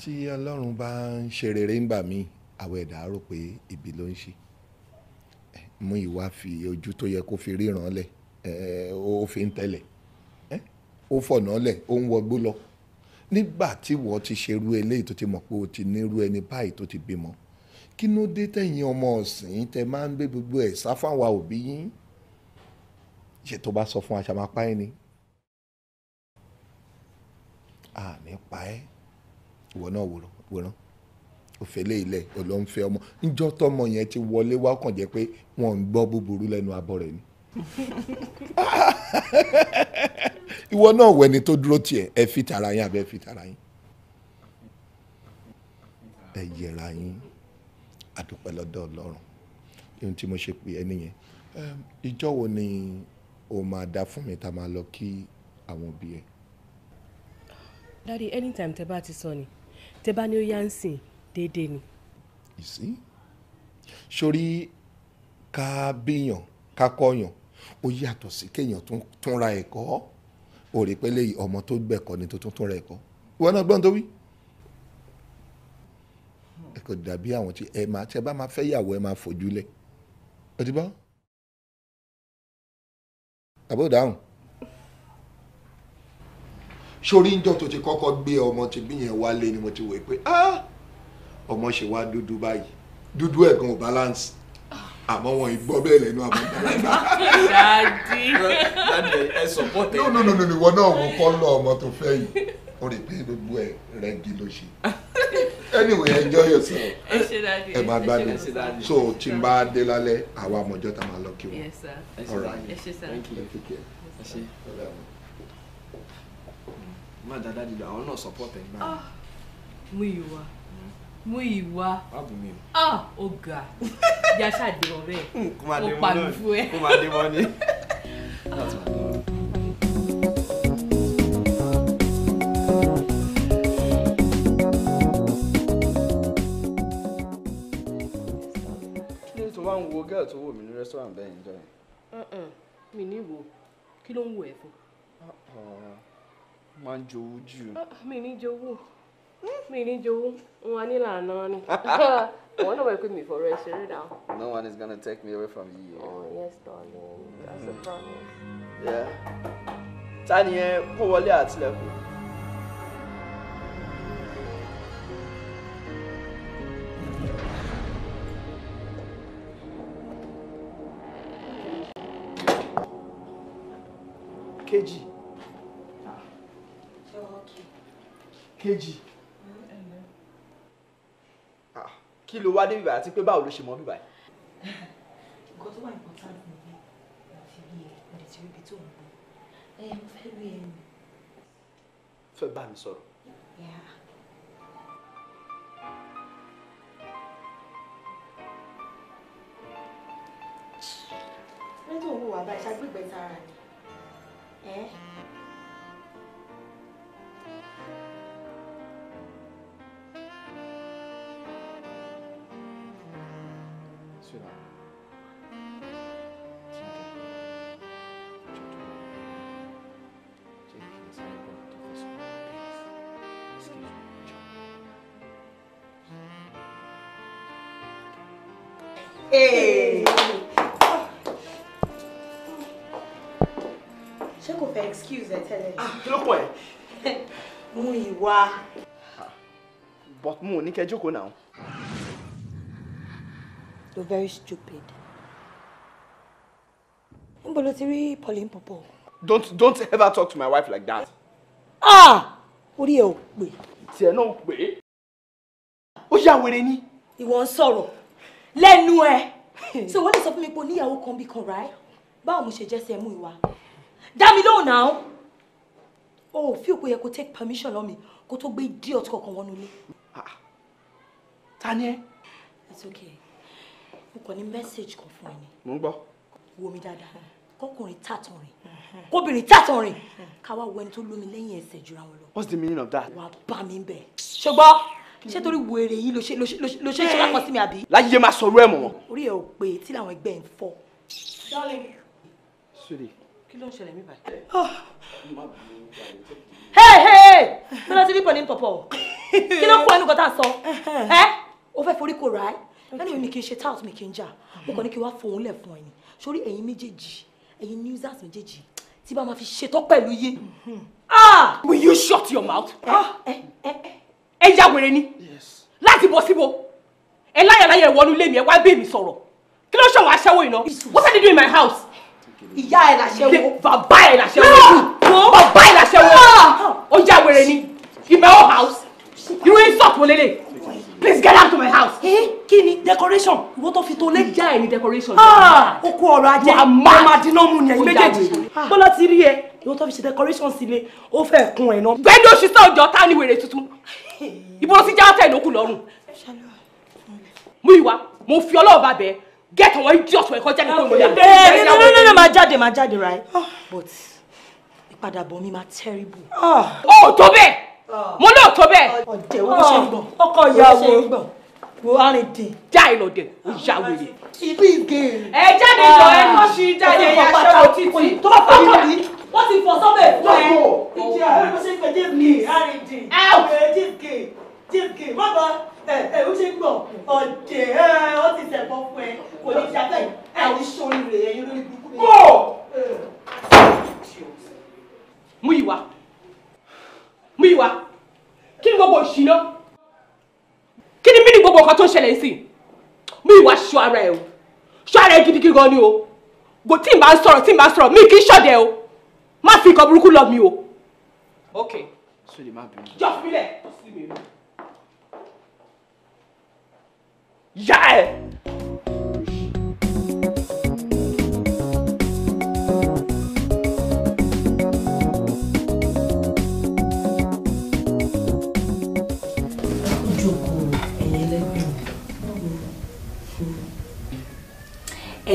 tí ọlọ́run bá ń ṣe rere ńgbà míì àwọn ẹ̀dá rò pé ibi ló ń ṣe mú ìwà fi ojú tó yẹ kó fi ríran lẹ̀ ó fi ń tẹ̀lẹ̀ ó fọ̀nà lẹ̀ ó ń wọgbó lọ nígbà tí wọ́n ti ṣerú eléyìí tó ti mọ̀ pé o ti nírú ẹni báyìí tó ti bímọ kí ló dé tẹ̀yìn ọmọ ọ̀sìn tẹ máa ń gbé gbogbo ẹ̀ sáfáwa òbí yín ṣe tó bá sọ fún aṣàmápá ẹ ni à nípa ẹ ìwọ náà wòran òfèlè ilẹ̀ olóńfẹ́ ọmọ níjọ́ tọmọ yẹn ti wọlé wá kàn jẹ́ pé wọ́n ń gbọ́ búburú lẹ́nu abọ́ rẹ̀ ni. ìwọ náà wẹni tó dúró tiẹ̀ ẹ fi tara yín abẹ́ fi tara yín ẹ yẹra yín àdúpẹ́ lọ́dọ̀ ọlọ́run ohun tí mo ṣe pé ẹni yẹn ìjọ wo ni o máa dá fún mi tá a máa lọ kí àwọn òbí ẹ. dadi anytime tẹ bá ti sọ ni tẹ bá ní ó yá ń sìn déédéé ni. you see sórí ká bíyàn ká kọyàn ó yàtọ̀ sí kéèyàn tún ra ẹ̀kọ́ ó rí pé léyìí ọmọ tó gbẹ̀kọ́ ni tó tún tún ra ẹ̀kọ́ ìwọ náà gbọ́n tó wí. ẹ kò dàbí àwọn tí ẹ máa tí ẹ bá máa fẹ́ yàwó ẹ máa fojú lẹ̀ ó ti bọ́ àbó dáhùn sórí ń jọ tó ti kọ́kọ́ gbé ọmọ tìbí yẹn wálé ni mo ti wò pé ah ọmọ ṣe wá dúdú báyìí dúdú ẹ̀gàn ò balance àmọ́ wọn ìgbọ́ bẹ́ẹ̀ lẹ́nu àmọ́ ìgbàlagbà. dadi dadi ẹ support ẹ. no no no ìwọ náà wò kọ́ lọ ọmọ tó fẹ́ yìí ó rí i pé gbogbo ẹ rẹ́gí ló ṣe anyway enjoy yourself ẹ máa gbádùn so tí n bá dé lálẹ́ àwa àmọ̀jọ́ ta máa lọ kí wọn. yes sir ẹ ṣé sir ẹ ṣé má dáadáa dìbò àwọn náà support ẹ gbà. mú ìwà mú ìwà ah ọ̀gá ìyá ṣàdé ọ̀rẹ́ ẹ̀ ó pàlù fún ẹ. wá ń wo gẹ́ẹ̀ tó wò mí ní rẹ́sítọ́ràn bẹ́ẹ̀ ń jọ yẹn. mi ní wo kí ló ń wo ẹ̀ fún. Ah, ah. máa ń jowú jù. Ah, mi ní jowú mi ní jowú wọn ní lànà ni wọn náà wọ pé mi fọ̀rọ̀ ẹ ṣeré náà. no one is gonna take me away from you. oh yes darling that's a hmm. promise. yeah. ta ni ẹ kó wọlé àtìlẹkùn. kejì ah. Kg. kí ló wá dé bíbá àti pé báwo ló ṣe mọ bíbá nǹkan tó wà important ni pé mo ti rí ẹ mo lè ibi tó ń gbé ẹ mo fẹ́ rí ẹ mi. fẹ́ bá mi sọ̀rọ̀. mẹ́tò ń wùwà báyìí ṣàgbégbè tara ni. 起来，听着歌，唱着歌，这一瓶才够的分手。Hey. ṣé kò fẹ́ excuse ẹ tẹ́lẹ̀. Ah, kí ló pọ̀ ẹ́. mú but mo ni ní kẹ́ now. You're very stupid. Níbo lo Pauline Popo? Don't don't ever talk to my wife like that. Ah! Orí ẹ̀ ò pé. Tiẹ̀ náà ò pé. Ó yà wèrè ni. Ìwọ ń sọ̀rọ̀ lẹ́nu ẹ̀. So wọ́n is sọ fún mi pé oníyàwó kan bí kan rà ẹ́. Báwo mo ṣe Damn it all now. Oh, feel lóhùn náà. take permission lọ́ mi kó tó gbé idiot kankan wọnú ilé. Ah. Ta ni It's okay mo kàn ní mẹ́sàgì kan fún ẹ ni. mo ń gbọ́. wo mi dáadáa hmm. kọkùnrin tàtàn rìn hmm. kóbìnrin tàtàn rìn hmm. káwá wo ẹni tó lómi lẹ́yìn ẹsẹ̀ jura wọn lọ. what's the meaning of that. wàá bá mi bẹ̀. ṣùgbọ́n ṣé torí wèrè yìí ló ṣe ló ṣe ṣe lápọ̀ sí mi àbí. láyé máa sọ orú ẹ̀ mọ̀. orí ẹ̀ ò pé tí làwọn ẹgbẹ́ ẹ̀ ń fọ́. sori. kí ló ń ṣẹlẹ̀ mí báyìí. Ah. hey hey bí wọ́n ti rí pọ̀ ní pọ̀pọ̀ kí ló kọ́ ẹnu kan tá a sọ ẹ́ eh, eh. eh? o fẹ́ forí kò rà á ẹni mi kì í ṣe tout mi kì í jà mo kàn ní kí wá fòun lẹ̀ fún ẹ ni sórí ẹ̀yin méjèèjì ẹ̀yin newsers méjèèjì tí bá máa fi ṣetán pẹ̀lú yé mm-hmm. ah will you shut your mouth. Ah! ẹ ya wèrè ni láti bọ́ síbo ẹ láyàláyà ìwọ́nú ilé mi ẹ wá bẹ́ẹ̀ mi sọ̀rọ̀ kí ló ṣọwọ́ aṣẹ́wó iná what are you doing in my house. ìyá ẹ̀ làṣẹ́wó bàbá ẹ̀ làṣẹ́wó bàbá ẹ̀ làṣẹ́wó ó ya wèrè ni in my own house You insult wo lélẹ̀. Please get out of my house. Eh? Kini, decoration? Ìwọ tó fi tó lé. Ìyá ẹ̀ ni decoration. Ah! O kú ọ̀rọ̀ ajé. Wà á máa máa dín náà mú ni ẹ̀yin méjèèjì. Ah! Bọ́lá ti rí ẹ. Ìwọ tó fi ṣe decoration sílé. Ó fẹ́ kun ẹ̀ náà. Gbẹ́ndé oṣù tó jọ tá ní wèrè tuntun. Ìbọn sí jáwọ́tẹ̀ ló kù lọ́rùn. Mú ìwà, mo fi ọlọ́ọ̀ bá bẹ̀ get àwọn idiot wẹ̀ kọjá nípa ìmọ̀lẹ́. Eh, eh, no no no no máa jáde máa jáde right. Ah! But ìpadàbọ̀ mi máa terrible. Ó tó Oh. mo lóò tó bẹ́ẹ̀. ọ̀jẹ̀ oh, wo oh. ṣe ń gbọ̀n ọkọ ìyàwó wo arìndín. já ìlọdẹ ìyàwó rẹ. ibi ìgè. ẹ jáde jọ ẹ kọ́ sí ah. jáde yà ṣe òtítì. tó fọ́ mi wọ́n ti fọ́ sọ́bẹ̀ fún ẹ. ìjẹ́ àwọn ọmọ ṣe ń pẹ́ jébìkì arìndín. ẹ jébìkì jébìkì má bàa ẹ ẹ ó ṣe ń gbọ̀n ọ̀jẹ̀ ẹ ó ti sẹ̀kọ́ fún ẹ kò ní ṣàtẹ̀ ẹ ní sórí rẹ̀ ẹ̀yin lórí burúkú. Múyìwá mú ìwà kí ni gbogbo ìṣìná kí ni mímí gbogbo nǹkan tó ń ṣẹlẹ̀ sí mú ìwà ṣọ́ ara ẹ o ṣọ́ ara ẹ gidigidi gan ni o gbò tí n bá ń sọ̀rọ̀ tí n bá ń sọ̀rọ̀ mi kì í ṣọ̀dẹ̀ o má fi nǹkan burúkú lọ mi o. ok jọ fílẹ̀ yá ẹ.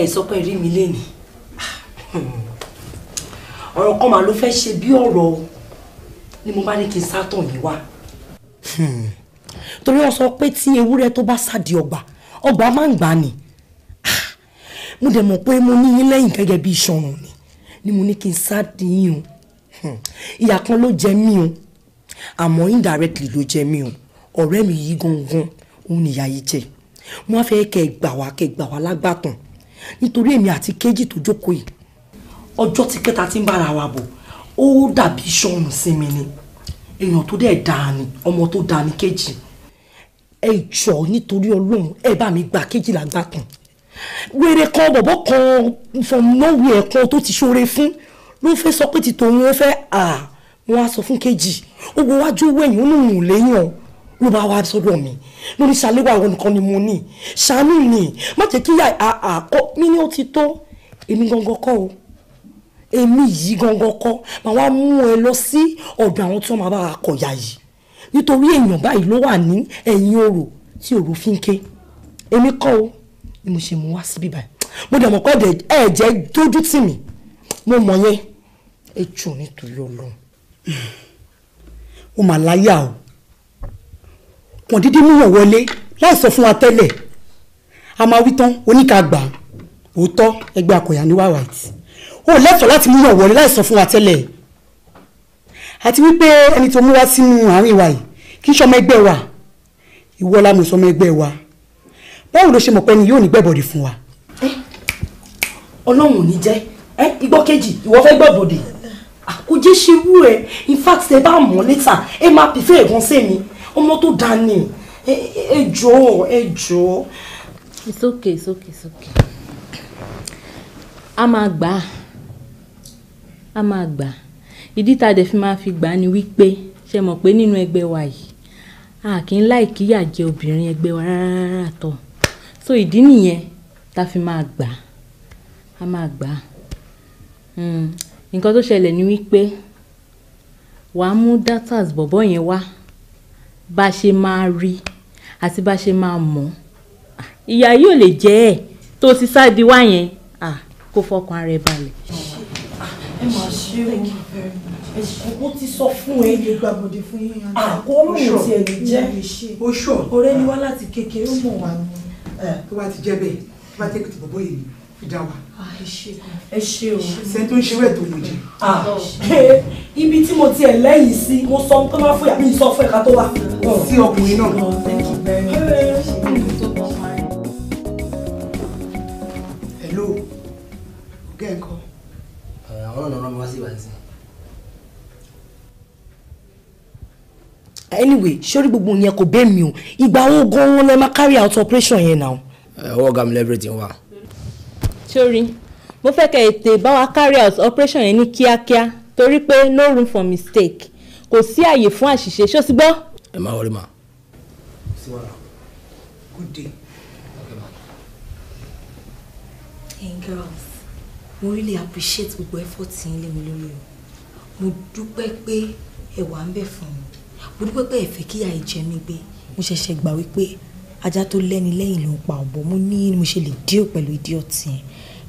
ẹ sọ pé rí mi lénìí ọ̀rọ̀ kan màá ló fẹ́ ṣe bí ọ̀rọ̀ ni mo bá ní kí n sátàn yìí wá. torí wọ́n sọ pé tí ewúrẹ́ tó bá sádi ọgbà ọgbà máa ń gbà ni mo dẹ̀ mọ̀ pé mo ní yín lẹ́yìn gẹ́gẹ́ bí iṣan ọ̀run ni ni mo ní kí n sádi yín o ìyà kan ló jẹ mí o àmọ́ indirectly ló jẹ mí o ọ̀rẹ́ mi yìí gangan òun nìyà yìí jẹ wọ́n fẹ́ kẹ́ gbà wá kẹ́ gbà wá lágbàtàn nítorí èmi àti kejì tó jókòó yìí ọjọ́ ti kẹta ti ń bára wa bọ̀ ó dàbí sọ̀rùn sí mi ni èèyàn tó dẹ̀ dáa ni ọmọ tó dáa ni kejì ẹ jọ nítorí ọlọ́run ẹ bá mi gba kejì làgbà kan wèrè kan bọ̀bọ̀ kan from nowhere kan tó ti ṣoore fún ló fẹ́ sọ pé ti tòun ó fẹ́ à wọ́n á sọ fún kejì ó gbọ́ wájú wẹ̀yìn ó nù lẹ́yìn ọ̀ ló bá wá sọ́dọ̀ mi lórí ṣàléwà ìwọ nìkan ni mo ní ṣàánú ni má jẹ́ kí àkọ́ mi ní ó ti tó èmi gangan kọ́ o èmi yìí gangan kọ́ màá wá mú ẹ lọ sí ọ̀dọ̀ àwọn tí wọ́n máa bá a kọ̀yà yìí nítorí èèyàn báyìí ló wà ní ẹ̀yìn òrò tí òrò fi ń ké èmi kọ́ o ni mo ṣe mú wá síbí báyìí mo dẹ̀ mọ̀ pé ẹ̀jẹ̀ dójú tì mí mo mọ̀ yẹn ẹ jù nítorí Ọlọ́run. ó mà láyà o kàn dídí múyàn wọlé láì sọ fún wa tẹ́lẹ̀ a máa wí tán oníkàgbà òótọ́ ẹgbẹ́ àkọ̀yà ní wàwáìtì ó lẹ́tọ̀ọ́ láti múyàn wọlé láì sọ fún wa tẹ́lẹ̀ àti wípé ẹni tó mú wá sínú àárín wa yìí kì í ṣọmọ ẹgbẹ́ wa ìwọ la mọ̀ sọmọ ẹgbẹ́ wa báwo ló ṣe mọ̀ pé ẹni yóò ní gbẹ̀bọ̀dì fún wa. Eh, ọlọ́run ò ní jẹ́ eh, igbó kejì ìwọ fẹ́ gbẹ̀bọ̀dì àkójẹ́ ah, ṣerú ẹ̀ in fact ẹ bá mọ̀ létà ẹ máa ọmọ tó dáa ni ẹ jọ̀ọ́ ẹ jọ̀ọ́. it's okay it's okay it's okay a máa gbà á máa gbà á ìdí tá a dẹ̀ fi máa fi gbà á ni wípé ṣe mọ̀ pé nínú ẹgbẹ́ wa yìí a kì í láì kíyà jẹ obìnrin ẹgbẹ́ wa rárá tọ̀ so ìdí nìyẹn tá a fi máa gbà á a máa gbà á hmm. nǹkan tó ṣẹlẹ̀ ni wípé wàá mú datas bọ̀bọ̀ yẹn wá bá a ṣe máa rí àti bá a ṣe máa mọ̀ ìyá yìí ò lè jẹ́ ẹ̀ tó ti sá di wá yẹn kó fọkàn ara ẹ balẹ̀. ẹ má ṣe o mo ti sọ fún ẹ lè gbàgbọ́dẹ̀ fún yín yàn. àkóónù ti ẹ̀ lè jẹ́ oṣù ọ̀rẹ́ wá láti kékeré mọ̀ wá. tó bá ti jẹ́ bẹ́ẹ̀ tó bá tẹ́kìtì bọ̀bọ̀ yìí ni ìjà wa. ṣe tó ń ṣe wẹ̀ tó mú jẹ. Ah, ibi tí mo ti ẹ̀ lẹ́yìn sí mo sọ pé má fún yàrá mi sọ fún ẹ̀ka tó wà. sí ọkùnrin náà. Oh, hello ọgá ẹ̀ kọ́. Eh, àwọn ọ̀nà ọ̀nà mi wá sí ìwà anyway sori gbogbo yẹn kò bẹ́ẹ̀ mi o ìgbà wo gan-an lẹ máa carry out operation yẹn náà. Eh, ọwọ́ ọ̀gá mi lẹ́bírẹ̀tì ń wà sórí mo fẹ́ kẹ́ ètè bá wa carry out operation yẹn ní kíákíá torí pé no room for mistake kò sí àyè fún àṣìṣe ṣó ti gbọ́. ẹ má wọlé ma. good day. hey girls mo really appreciate gbogbo effort yín lé mi lórí o mo dúpẹ́ pé ẹ wà ń bẹ̀ fún mi mo dúpẹ́ pé ẹ fẹ́ kí àì jẹ mi gbé mo ṣẹ̀ṣẹ̀ gbà wípé ajá tó lẹ́ni lẹ́yìn ló ń pa ọ̀bọ mo ní mo ṣe lè díò pẹ̀lú ìdí ọ̀tí yẹn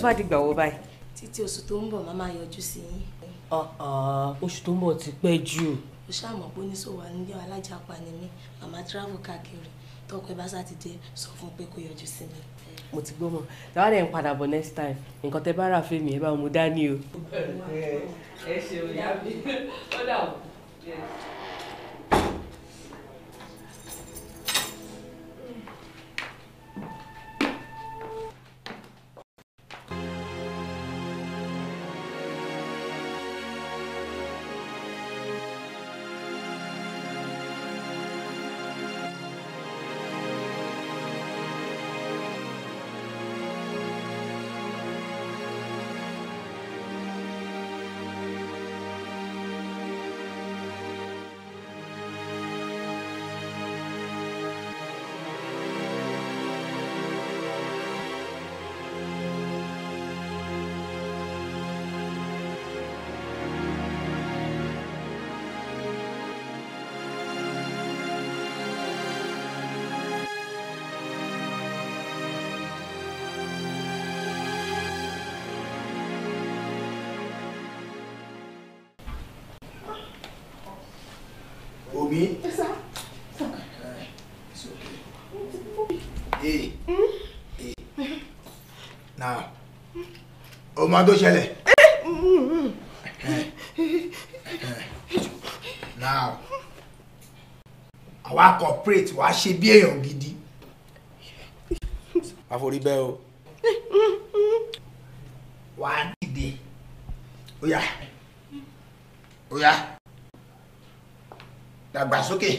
tún wá di gbà wo báyìí. títí oṣù tó ń bọ̀ màmá yọjú sí yín. Uh-uh. oṣù tó ń bọ̀ ti pẹ́ jù. o ṣàmọ̀ pé oníṣòwò nílé alájàpá ni mí màmá travel káàkiri tọkọ ẹ bá sátidé sọ fún pé kó yọjú sí mi. mo ti gbọ́ mọ̀ tàwa dẹ̀ ń padà bọ̀ next time nǹkan tẹ bá rà fún mi ẹ bá mu dání o. ẹ ṣeun yá mi ó wọ́n. me? Eh, yes, sir. okay. it's okay. Hey. Mm? Hey. Now. O máa tó ṣẹlẹ̀. Now. Àwa corporate wàá ṣe bí èèyàn gidi. Àforí bẹ́ẹ̀ o. Wàá dìde. Ó yá. Ó yá dàgbàsókè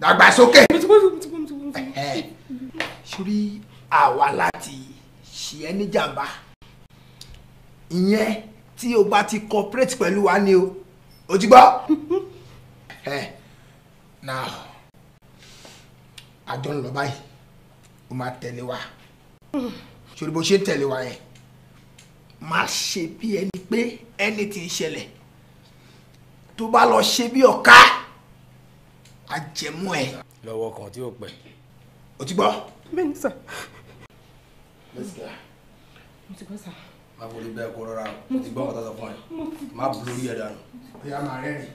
dàgbàsókè. sórí àwa láti ṣe ẹ́ níjàmbá ìyẹn tí o bá ti cooperate pẹ̀lú wa ni o o ti gbọ́. now àjọ ń lọ báyìí o máa tẹ̀lé wa sórí bó ṣe ń tẹ̀lé wa yẹn máa ṣe bí ẹni pé ẹni tí ń ṣẹlẹ̀ tó bá lọ ṣe bí ọ̀ka ajẹmọ́ ẹ. lọ́wọ́ kan tí ó pẹ́. o ti gbọ́. bẹ́ẹ̀ni sà. let's go. mo ti gbọ́ sà. má wọlé bẹ́ẹ̀ kó rọra o ti gbọ́ ọ̀tọ̀ sọ fún ẹ má bu lórí ẹ̀ dànù. ó yà máa rẹ́rìn.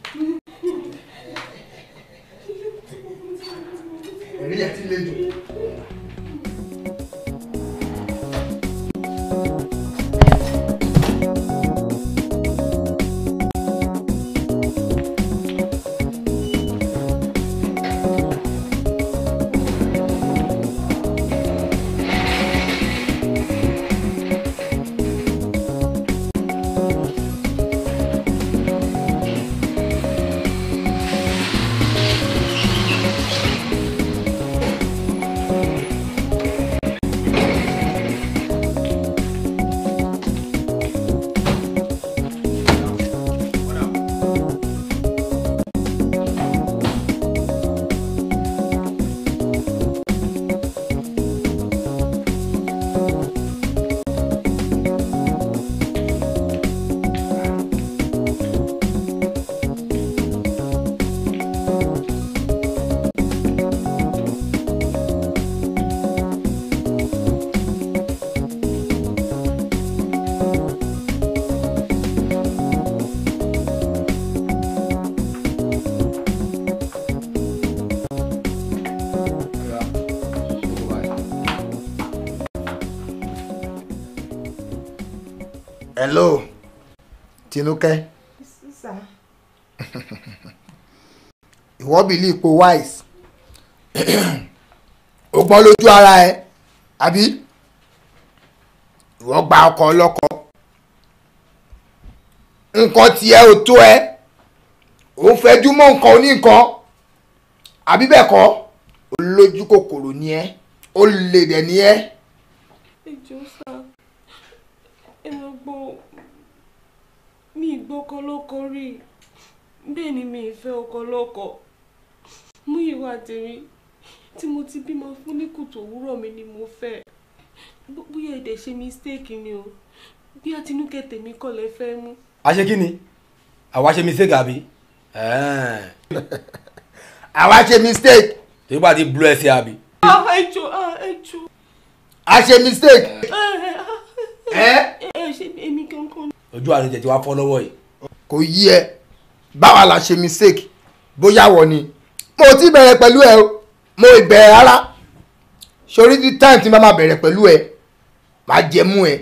ẹ̀rí ẹ̀ ti le jù. Hello, Tinuke. Ìwọ bìlí ipò wise. O gbọ́n lójú ara ẹ, àbí? Ìwọ gba ọkọ ọlọ́kọ. Nǹkan tiẹ̀ ò tó ẹ. Ò ń fẹjú mọ́ nǹkan oníǹkan. Àbí bẹ́ẹ̀ kọ́? Olójú kòkòrò ni ẹ́. Olè dẹ̀ ni ẹ́. gbọ́kọ lọ́kọ rí bẹ́ẹ̀ ni mi ìfẹ́ ọkọ lọ́kọ mú ìwà tèmi tí mo ti bímọ fún ní kùtù òwúrọ̀ mi ni mo fẹ́ bóyá ẹ̀dẹ̀ ṣe mistake ni o bí Àtinúkẹ́ tèmi kọ̀ lẹ́ fẹ́ mú. a ṣe kí ni àwa ṣe mistake àbí àwa ṣe mistake tó bá ti blú ẹsẹ̀ àbí. Ah, ẹ jọ ah, ẹ jọ. a ṣe mistake. Eh, eh, ah. ẹ eh, ẹ ṣe èmi kankan ojú àrùn jẹ ti wá fọ́ lọ́wọ́ yìí. kò yí ẹ báwa la ṣe mistake bóyá wọ ni mo ti bẹ̀rẹ̀ pẹ̀lú ẹ o mo ì rárá sórí tí time tí màá bẹ̀rẹ̀ pẹ̀lú ẹ màá jẹ mú ẹ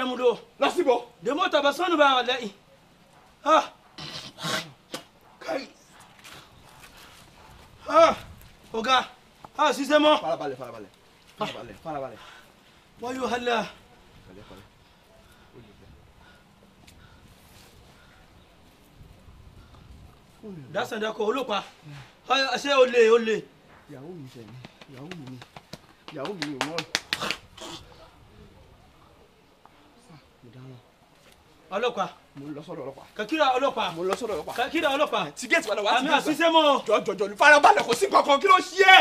Adamu do. lọ síbò. dèmó tàbá sọ́nù bá wà lẹ́yìn. kai ọ̀gá a ṣiṣẹ́ mọ́. farabalẹ̀ farabalẹ̀ farabalẹ̀ farabalẹ̀. wáyé wàhálà. dasandakọ ọlọ́pàá ṣé olè olè. ìyàwó mi fẹ́ mi ìyàwó mi ni mi ni òun ọlọ́pàá. mo lọ sọ́dọ̀ ọlọ́pàá. kakira ọlọ́pàá. mo lọ sọ́dọ̀ ọlọ́pàá. kakira ọlọ́pàá. ti gẹ̀ẹ́sì padà wá sí gẹ̀ẹ́sì. àmì àṣìṣe mọ́. jọjọjọ ní farabalẹ̀ kò sí kankan kí ló ṣe é.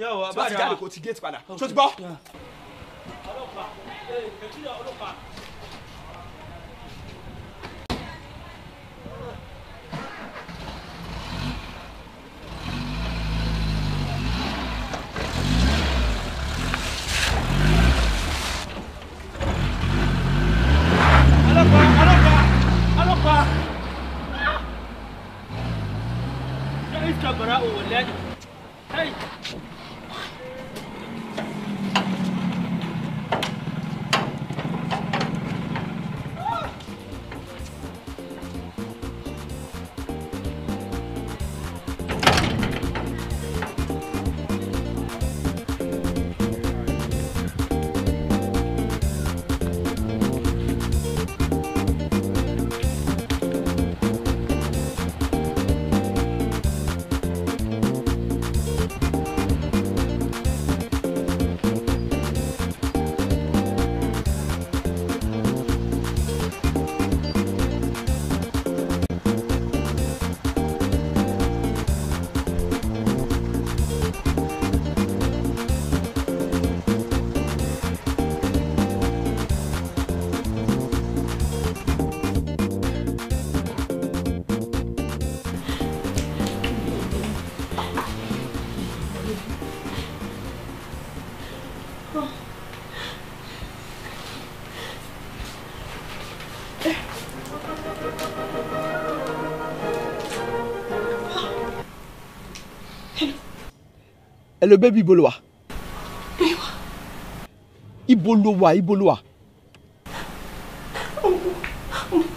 yàwó abájá wa tí wọ́n ti jáde kò ti gẹ̀ẹ́sì padà. sotí gbọ́. kakira ọlọ́pàá. hello baby ibo ló wà. ibo ló wà ibo ló wà.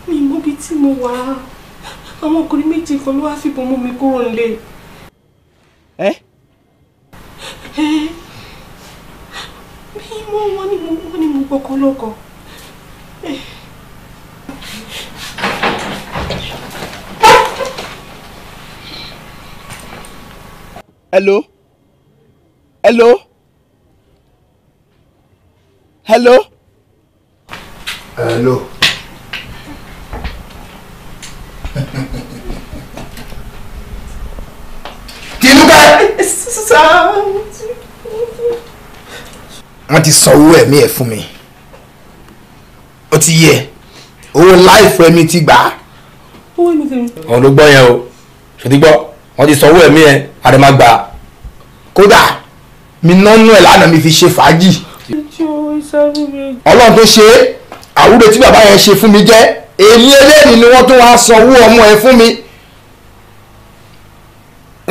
mi mọ ibi tí mo wà àwọn ọkùnrin méje kan ló wá fìbọn mú mi kúrò nílé. ẹ. ẹ mi mọ wọn ni mo wọn ni mo gbọkọ lọkọ. hello hello hello. hello. Tinúkẹ́. wọ́n ti san owó ẹ̀mí ẹ̀ fún mi ó ti yẹ owó láìfọ ẹ̀mí ti gbà á. owó mi ti rí. ọ̀hún ló gbọ́ yẹn o ṣètìgbọ́ wọ́n ti san owó ẹ̀mí ẹ̀ àdèmàgbà mi nánú ẹ̀ lánàá mi fi ṣe fàájì. ọlọ́run tó ṣe àwúre tí bàbá yẹn ṣe fún mi jẹ́ èmi eléyìí ni wọ́n tún wá sanwó ọmọ ẹ fún mi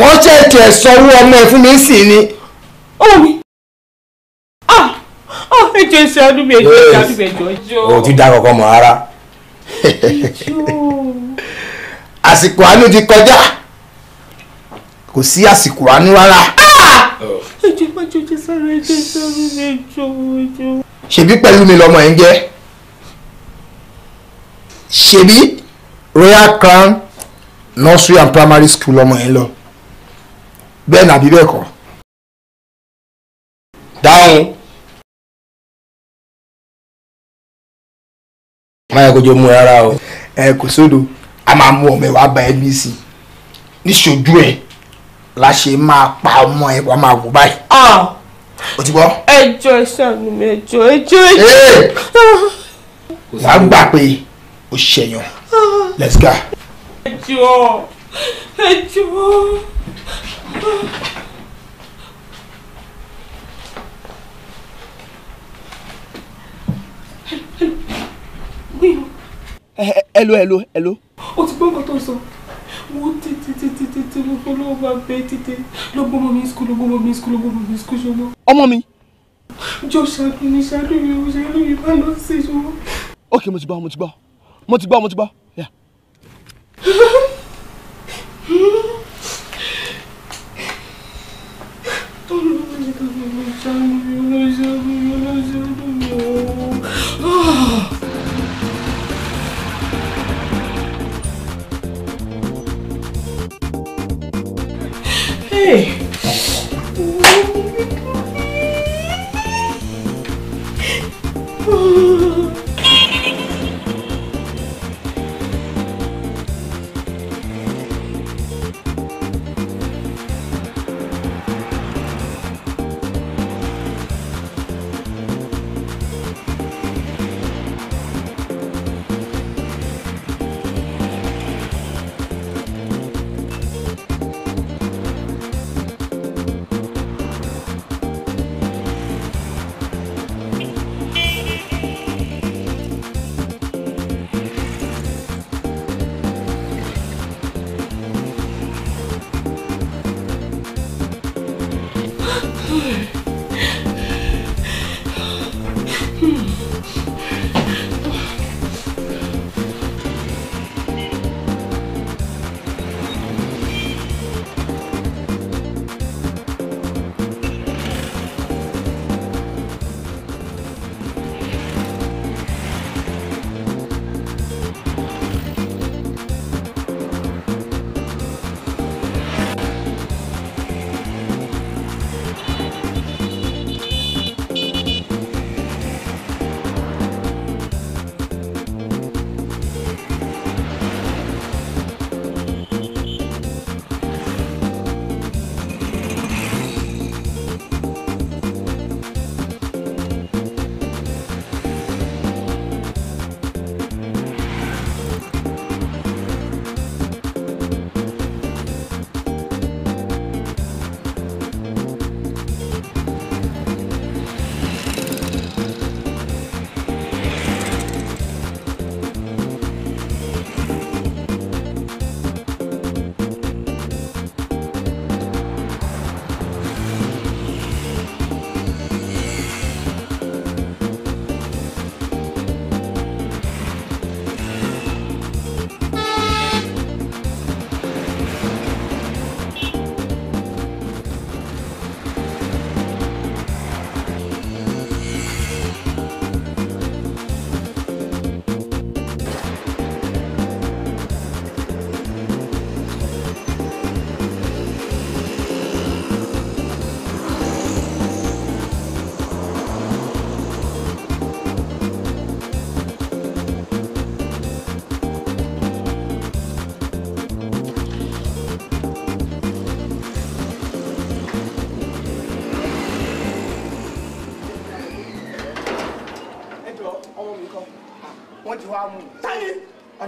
wọ́n ṣètò ẹ̀ sanwó ọmọ ẹ fún mi sì ni. ó mi ah ah ẹjọ ẹsẹ ọdún mi ẹjọ ẹsẹ ọdún mi ẹjọ ẹjọ. o ti dá kankan mọ́ rárá àsìkò àánú ti kọjá kò sí àsìkò àánú rárá ẹjọ́ má jẹ́ ojú sára ẹjọ́ sáré ẹjọ́ ẹjọ́. ṣebí pẹ̀lú mi lọmọ ẹ̀ ń jẹ́ ṣebí royal crown nursery and primary school lọmọ ẹ̀ lọ bẹ́ẹ̀ nàbí bẹ́ẹ̀ kọ́ dáhùn. máyà kó jẹ mú rárá o. ẹ kò sódò a máa mú ọmọ ẹ wàá bá ẹ bí sí i níṣojú ẹ la ṣe máa pa ọmọ ẹ wàá máa wò báyìí. Ah. o ti gbọ́. ẹjọ́ ìṣàánú mi ẹjọ́ ẹjọ́ ẹjọ́. Ah. wà pé o ṣẹyàn ah. let's go. ẹjọ́ ẹjọ́. Eh, eh, hello hello hello. o ti gbọ́ nǹkan tó ń sọ mo títí títí títí mo fẹ́ lọ́wọ́ bá bẹ́ẹ̀ títí lọ́gbọ́n mọ́ ọmọ mi. jọ ṣàánú mi ṣàánú mi ò ṣàánú mi má lọ sí ṣọgbọ́n. ok mo ti gbọ́ mo ti gbọ́ mo ti gbọ́ mo ti gbọ́.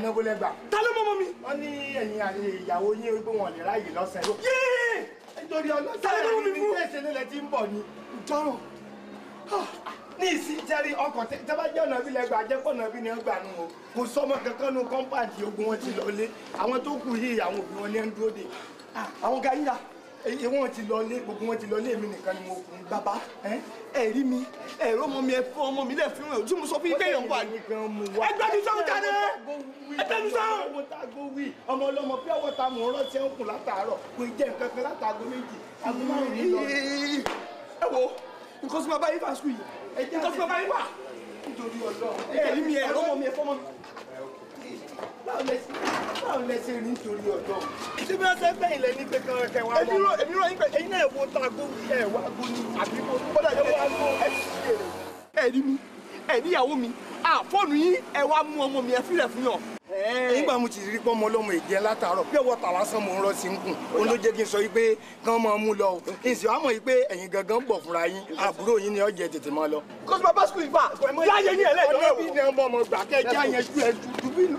ọ̀nà wo lẹ gbà. ta ló mọ́mọ́ mi. wọ́n ní ẹ̀yin ìyàwó yín wípé wọn ò lè ráàyè lọ́sẹ̀ ló. yéé nítorí ọlọ́sẹ̀ rẹ̀ ní ní tẹ̀sẹ̀ nílẹ̀ tí ń bọ̀ ni. jọrọ ah! ní ìsín jẹ́rí ọkọ̀ tẹ́bá jẹ́ ọ̀nà bí lẹ́gbàá jẹ́ pọ̀nà bí ni wọ́n gbà nù o kò sọmọ kankan nu kọ́ńpáàdì ogun wọn ti lọ lé àwọn tó kù yìí àwọn òbí wọn ní ń dúró de ah! àwọn ga yíra èyí wọn ti lọ lé gbogbo wọn ti lọ lé mi nìkan ni mo kù ń bàbá ẹ rí mi ẹ rọ ọmọ mi ẹ fún ọmọ mi lẹ fún ẹ tí mo sọ fún yín pé èèyàn wà ní. ẹ gbẹ́dú sọ́hún jáde ẹ gbẹ́dú sọ́hún. ọmọ ọlọmọ pé ọwọ́ ta mò ń rọ́ ń kù látàárọ̀ kò jẹ́ nǹkan kan látàgọ́ méjì àgọ́ márùn-ún lọ. ẹ wo nǹkan tí mo bá yín fà sùn yìí nǹkan tí mo bá yín fà báwo lẹ ṣe rí nítorí ọ̀dọ́ tí bí wọ́n ṣe bẹ́yìn lẹ́ni pé kí wọ́n kẹ́ wá mọ́ èmi rọ yín pé ẹ̀yin náà wo tago ẹ̀ wá go ni àbí mo ó dàjọ́ wá go ẹ̀ ṣe rẹ̀ ẹ̀ rí mi ẹ̀ níyàwó mi à fóònù yín ẹ̀ wá mú ọmọ mi ẹ̀ fílẹ̀ fún yàn. nígbà mo ti rí pọ́nmọ ọlọ́mọ ìjẹ́ látàárọ̀ pé ọwọ́ tàwa sàn mo ń rọ sí ń kùn òun ló jẹ́ kí n sọ yí pé kán máa mú lọ ìsì wàá mọ̀ yí pé ẹ̀yin gangan bọ̀ fúnra yín àbúrò yín ni ọ̀jẹ̀ tètè máa lọ. kọ́sùmọ́ bá sùkúl ìfà láyé ní ẹ̀lẹ́jọ́ ẹ̀wọ̀ ọ̀nà bí ni ọmọ ọmọ gbà kẹ́ ẹ já yẹn ju ẹ̀ ju bí nù.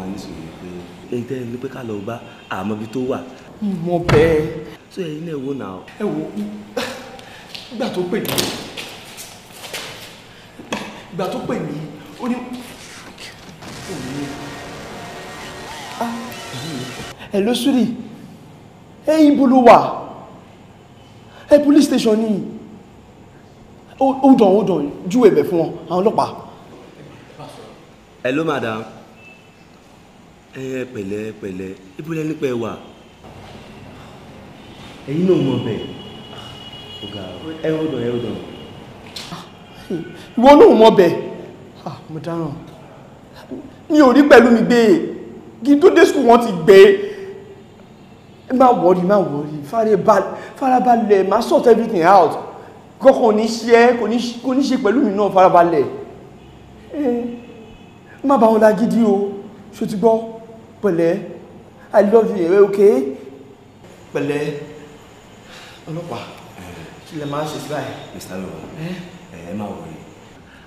máa ní sùn ní pé. èyí tẹ́ ẹ ní pé ká lọ bá àmọ́ ibi tó wà. mo bẹ́ẹ̀. sọ ẹyin náà wò náà. ẹ wo ìgbà tó pè mí ìgbà tó pè mí ó ní. ẹ ló sùrì ẹ ibo ló wà ẹ police station ni ó dàn ó dàn júwèé bẹ̀ fún wọn àwọn ọlọ́pàá. hello madam ẹ pẹ̀lẹ́ pẹ̀lẹ́ ibùdó nípa ẹ wà. ẹ̀yin náà mọ̀ bẹ́ẹ̀ ọ̀gá ẹ hold on hold on. ìwọ náà mọ̀ bẹ́ẹ̀ ah, mo dáràn mi ò rí pẹ̀lú mi gbé e kí n tó dé sùkúl wọn ti gbé e má wọrí má wọrí farabalẹ̀ má sort everything out kọ́kọ́ ò ní ṣe é kò ní ṣe pẹ̀lú mi náà farabalẹ̀ má bá wọn lágídí o ṣó ti gbọ́ pẹ̀lẹ́ i love you ẹ̀ ok pẹ̀lẹ́ ọlọ́pàá kí lẹ máa ṣe báyìí. mr lọ́wọ́ ẹ ẹ máa wọlé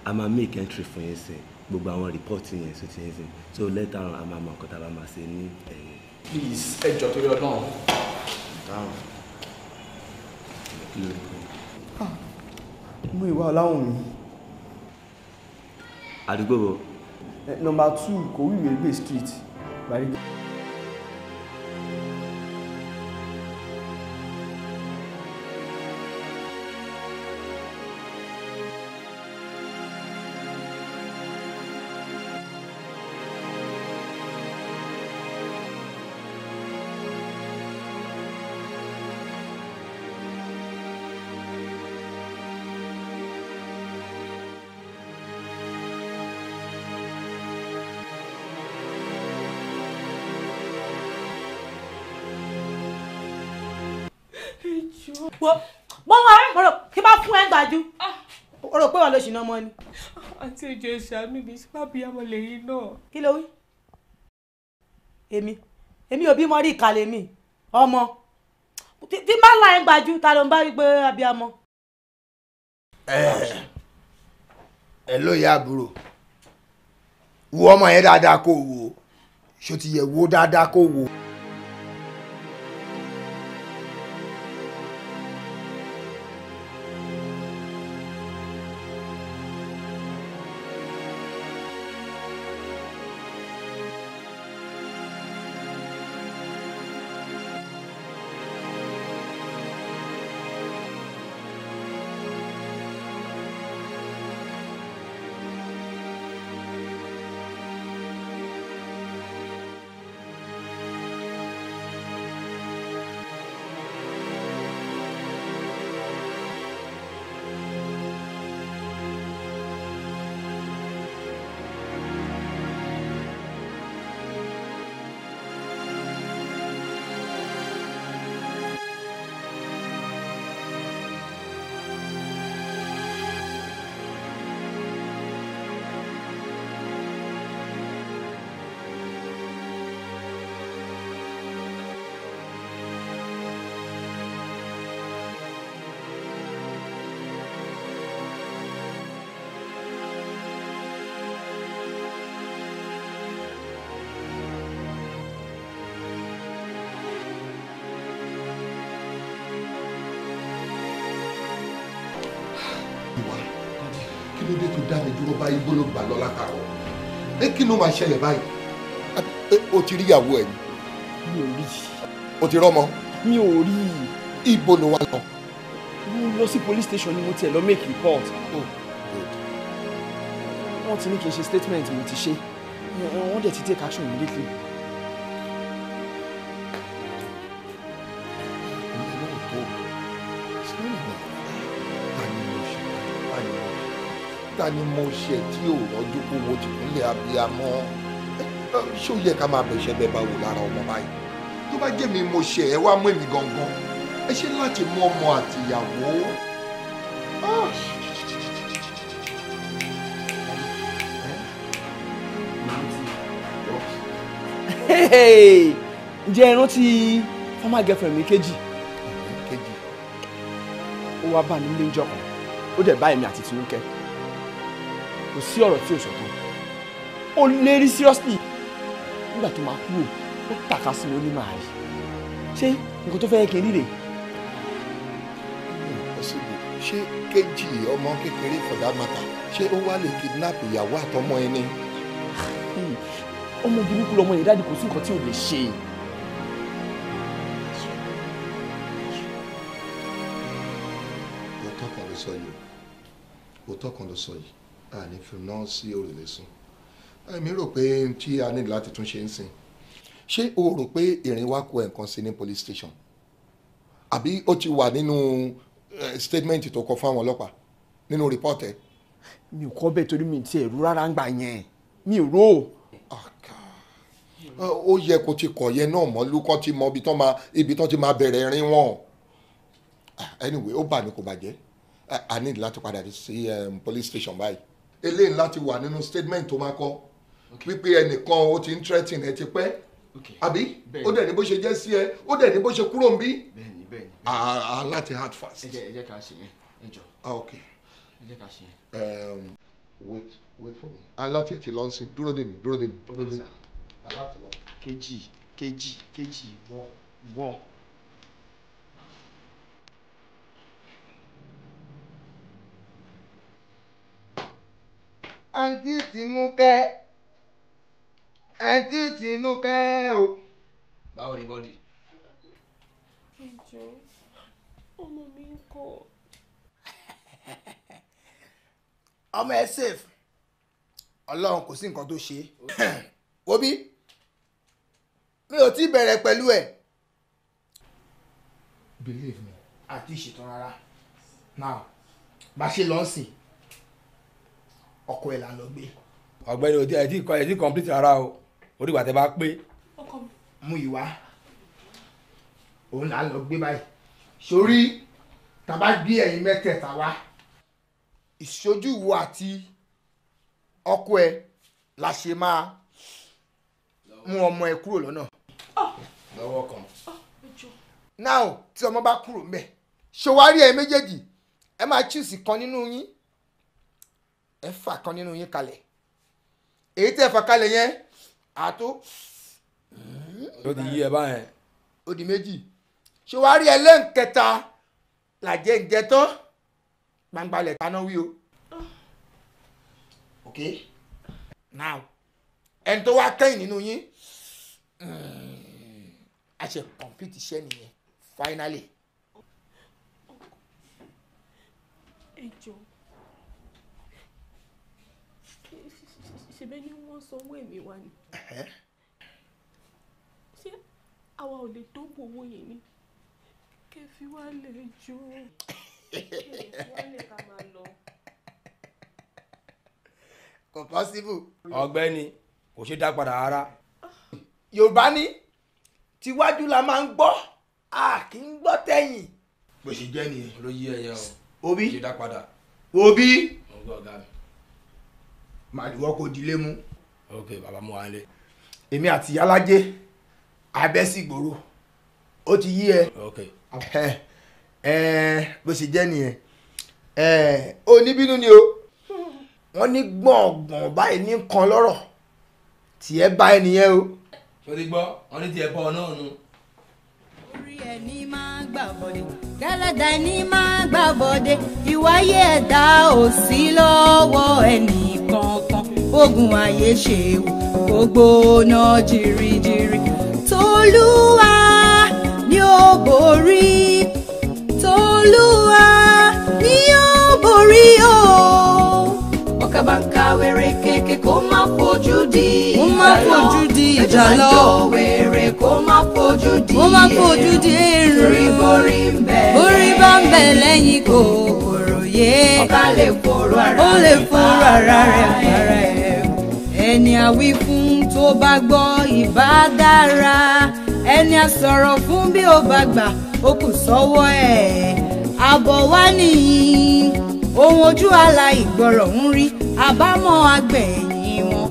a máa make entry fún yín sẹ́yìn gbogbo àwọn rìpọ́ọ̀tì yẹn ṣe ti ń sìn so later on a máa mọ nǹkan a bá máa ṣe ní ẹ̀yìn. please ẹ jọ torí ọlọ́run. dáhùn kí ló dé. Ah, mú ìwà ọláhùn mi. àdúgbò wo. nọmba two kòwìwé bay street. Vai wo mo wà rẹ mo rò kí n bá fún ẹ gbàjú ah. o rò pé wọn ló ṣìnà ọmọ ni. àti ìjọ ìṣàánú mi ṣé má bíyàmọ lèyí náà. kí ló wí èmi èmi ò bímọ rí ìkàlẹ̀ mi ọmọ tí má la ẹ gbàjú ta ló ń bá rí pé abiyamọ. ẹ ẹ lóye àbúrò wo ọmọ yẹn dáadáa kó wò ó ti yẹ wo dáadáa kó wò ó. kí ló máa ṣẹlẹ̀ báyìí o ti rí ìyàwó ẹ̀ ni. mi ò rí. o ti rọ́mọ. mi ò rí. ibo ló wà lọ. mo lọ sí police station ni mo tiẹ̀ lọ make report. Oh, wọ́n ti ní kí n ṣe statement mo ti ṣe wọ́n dẹ̀ ti take action immediately. ta ni mo ṣe tí ò rọ́jú kó wo tìpínlẹ̀ abiyamọ ṣé ó yẹ ká máa bẹ̀ṣẹ̀ bẹ́ẹ̀ bá wò lára ọmọ báyìí tó bá jẹ́ mi mo ṣe ẹ wá mú èmi gangan ẹ ṣe láti mú ọmọ àtìyàwó. Ah! ǹjẹ́ ẹ rántí former girlfriend mi kejì kejì ó wá bá mi nílé ìjọkàn ó dẹ̀ bá èmi àti Tinúkẹ́ kò sí ọ̀rọ̀ tí ò ṣọ̀tọ̀ ó lérí seriously nígbà tó máa kúrò ó tàka sí mi ó ní máa rí ṣé nǹkan tó fẹ́ kí n ṣé kejì ọmọ kékeré for that matter ṣé ó wá lè kidnap ìyàwó àtọmọ ẹni. ọmọ burúkú lọmọ yẹn dáàdi kò sí nǹkan tí ò lè ṣe. òótọ́ kan ló sọ yìí òótọ́ kan ló sọ yìí àní fi ná sí òrùlé sùn èmi rò pé tí a ní láti tún ṣe ń sìn ṣé o rò pé ìrìn wa kó nǹkan sí ní police station àbí ó ti wà nínú statement tó kọ fáwọn ọlọ́pàá nínú report ẹ. mi ò kọ́ bẹ́ẹ̀ torí mi ti ẹ̀rú rárá ń gbà yẹn mi ò rò ó ah, ó yẹ kó ti kọ̀ yẹn náà mọ́ lúkọ́ ti mọ ibi tán ti máa bẹ̀rẹ̀ rin wọn ah, anyway ó bà ní kò bàjẹ́ i need láti padà sí police station báyìí eléyìí láti wà nínú statement tó máa kọ wípé ẹnìkan ó ti ń threaten ẹ ti pẹ́ àbí ó dẹ̀ ní bó ṣe jẹ́ sí ẹ ó dẹ̀ ní bó ṣe kúrò ń bí láti hard fast. ẹ jẹ́ ká ṣe yẹn ẹ jọ. Ah, ok ẹ jẹ́ ká ṣe yẹn. wait wait for me. aláti ti lọ sí dúró dè mí dúró dè mí. kejì kejì kejì wọ́n wọ́n. àǹtí Tinúkẹ́ àǹtí Tinúkẹ́ o. báwo ni bọ́dì. ìjọ ọmọ mi ń kọ. ọmọ ẹ safe ọlọ́run kò sí nǹkan tó ṣe wo mi ò tí bẹ̀rẹ̀ pẹ̀lú ẹ̀. believe me àti ìṣètò rárá now bá a ṣe lọ sìn ọkọ ẹ̀ là ń lọ gbé. ọ̀gbẹ́ni òtí ẹ ti kọ ẹ ti complete rárá o orí ìwà tẹ bá pé. ọkọ mú ìwà òun là ń lọ gbé báyìí sórí tàbá gbé ẹ̀yin mẹ́tẹ̀ẹ̀ta wá ìṣojú ìwọ àti ọkọ ẹ la ṣe máa mú ọmọ ẹ kúrò lọ́nà ah! lọ́wọ́ kan. Ah! now tí ọmọ bá kúrò ń bẹ̀ ṣòwárí ẹ méjèèjì ẹ máa chíùsì kan nínú yín ẹ fà kan nínú yín kalẹ̀ èyí tẹ́ fà kalẹ̀ yẹn àtó. ó di yí ẹ báyẹn. ó di méjì ṣé wàá rí ẹlẹ́ǹkẹta làjẹ́ ń jẹ gbangba lẹ̀ kaná wí o. ok now ẹni tó wá kẹ́yìn nínú yín hmm, a ṣe complete iṣẹ́ nìyẹn finally. ẹ jọ̀ọ́. ṣebí ni wọ́n sanwó èmi wa ni. ṣé àwa ò lè dóbò owó yẹn ni kẹ́ fi lè jó wọ́n lè ká máa lọ. kò pọ́sibù. ọ̀gbẹ́ni kò ṣe dá padà rárá. yorùbá ní tiwájú la máa ń gbọ́ a kì í gbọ́ tẹ̀yìn. bó jẹ́ nìyẹn ló yí ẹyẹ o. obi ṣe dá padà. obi. mo ọ̀gá mi màdìwọ́ kò dilé mú. ok Baba mú wa lé. èmi àti yálàjẹ abẹ́sìgbòrò ó ti yí ẹ. ok ẹ ẹ bó ṣe jẹ́ nìyẹn ẹ ó ní ni o wọ́n ní gbọ̀ngbọ̀n báyìí ní kan lọ́rọ̀ tiẹ̀ bá nìyẹn o. sori gbọ́ wọ́n ní tiẹ̀ bọ́ ọ náà nù orí ẹni máa gbà bọ̀dé kẹlẹ́dà ẹni máa gbà bọ̀dé ìwáyé ẹ̀dá ò sí lọ́wọ́ ẹnì kankan ogun ayé ṣe wò kó gbóná jìrìjìrì tolúwa ni ó borí tolúwa ni ó borí o wèrè kéèké kó má fojú di ìjà lọ ẹjọ́ wèrè kó má fojú di kó má fojú di èrò torí borí ń bẹ borí bá ń bẹ lẹ́yìn kò òròyé ọ̀ká ó lè forò ara rẹ̀ para ẹ̀ ẹni àwí tó bá gbọ́ ìbá dára ẹni a fún bí ó bá gbà ó kù sọ́wọ́ ẹ̀ àbọ̀ wá nìyí ohun ojú àlà ìgbọ̀rọ̀ ń rí àbámọ̀ àgbẹ̀yìn wọn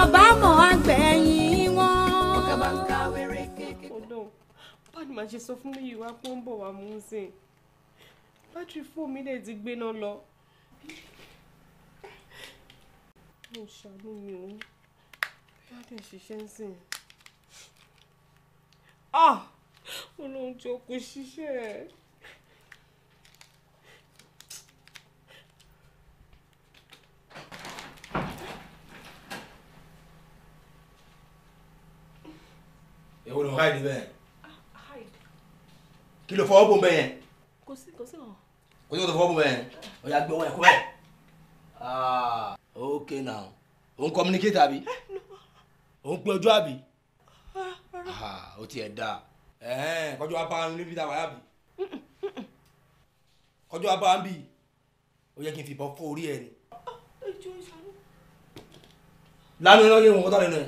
àbámọ̀ àgbẹ̀yìn wọn. ọ̀gá bá ń ka wẹ́rẹ́ kéékèèké. ọlọ́run bá ní màá ṣe sọ fún mi wá pé ó ń bọ̀ wá mú sìn bátìrì fóònù mi dẹ̀ ti gbéná lọ. mo ṣàánú mi o bá dẹ̀ ṣiṣẹ́ sìn. ah olóhùn tí o kò ṣiṣẹ́ ẹ̀. èwo ló ń hide bẹ́ẹ̀. kí ló fọwọ́ bò bẹ́ẹ̀. kò sí kò sí hàn. kò sí kò tó fọwọ́ bò bẹ́ẹ̀. ó yá gbé wọn ẹ̀kú bẹ́ẹ̀. Ah, ok now òun communicate àbí òun eh, pe ojú àbí ah, ah, ó tiẹ̀ dáa kọjú wa bá ń lé bíi táwa àbí kọjú wa bá ń bì ó yẹ kí n fìbọn fọ orí ẹ ni. lánàá iná yẹ wọn kọ́tà lẹ́nu ẹ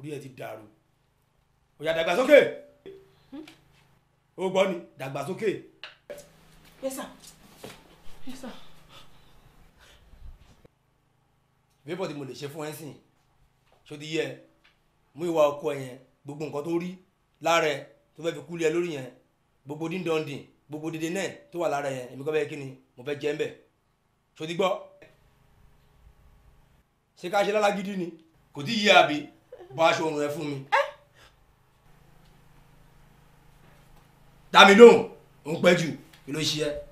orí ẹ ti dàrú ó dàgbàsókè ó gbọ́ ni dàgbàsókè. yes sir yes sir. bíbọ̀ tí mo lè ṣe fún ẹ sìn ṣó ti yẹ mú ìwà ọkọ ẹ yẹn gbogbo nǹkan tó rí lára ẹ tó fẹ́ fi kú lé ẹ lórí yẹn gbogbo díndọ̀ndìn gbogbo dídé náà tó wà lára ẹ èmi kọ́ bẹ́ẹ̀ kí ni mo fẹ́ jẹ́ ń bẹ̀ tó ti gbọ́ ṣé ká ṣe lálágídí ni kò tí yí àbí bọ́ aṣọ òrùn ẹ fún mi. dá mi lóhùn ò ń kí ló ṣe é.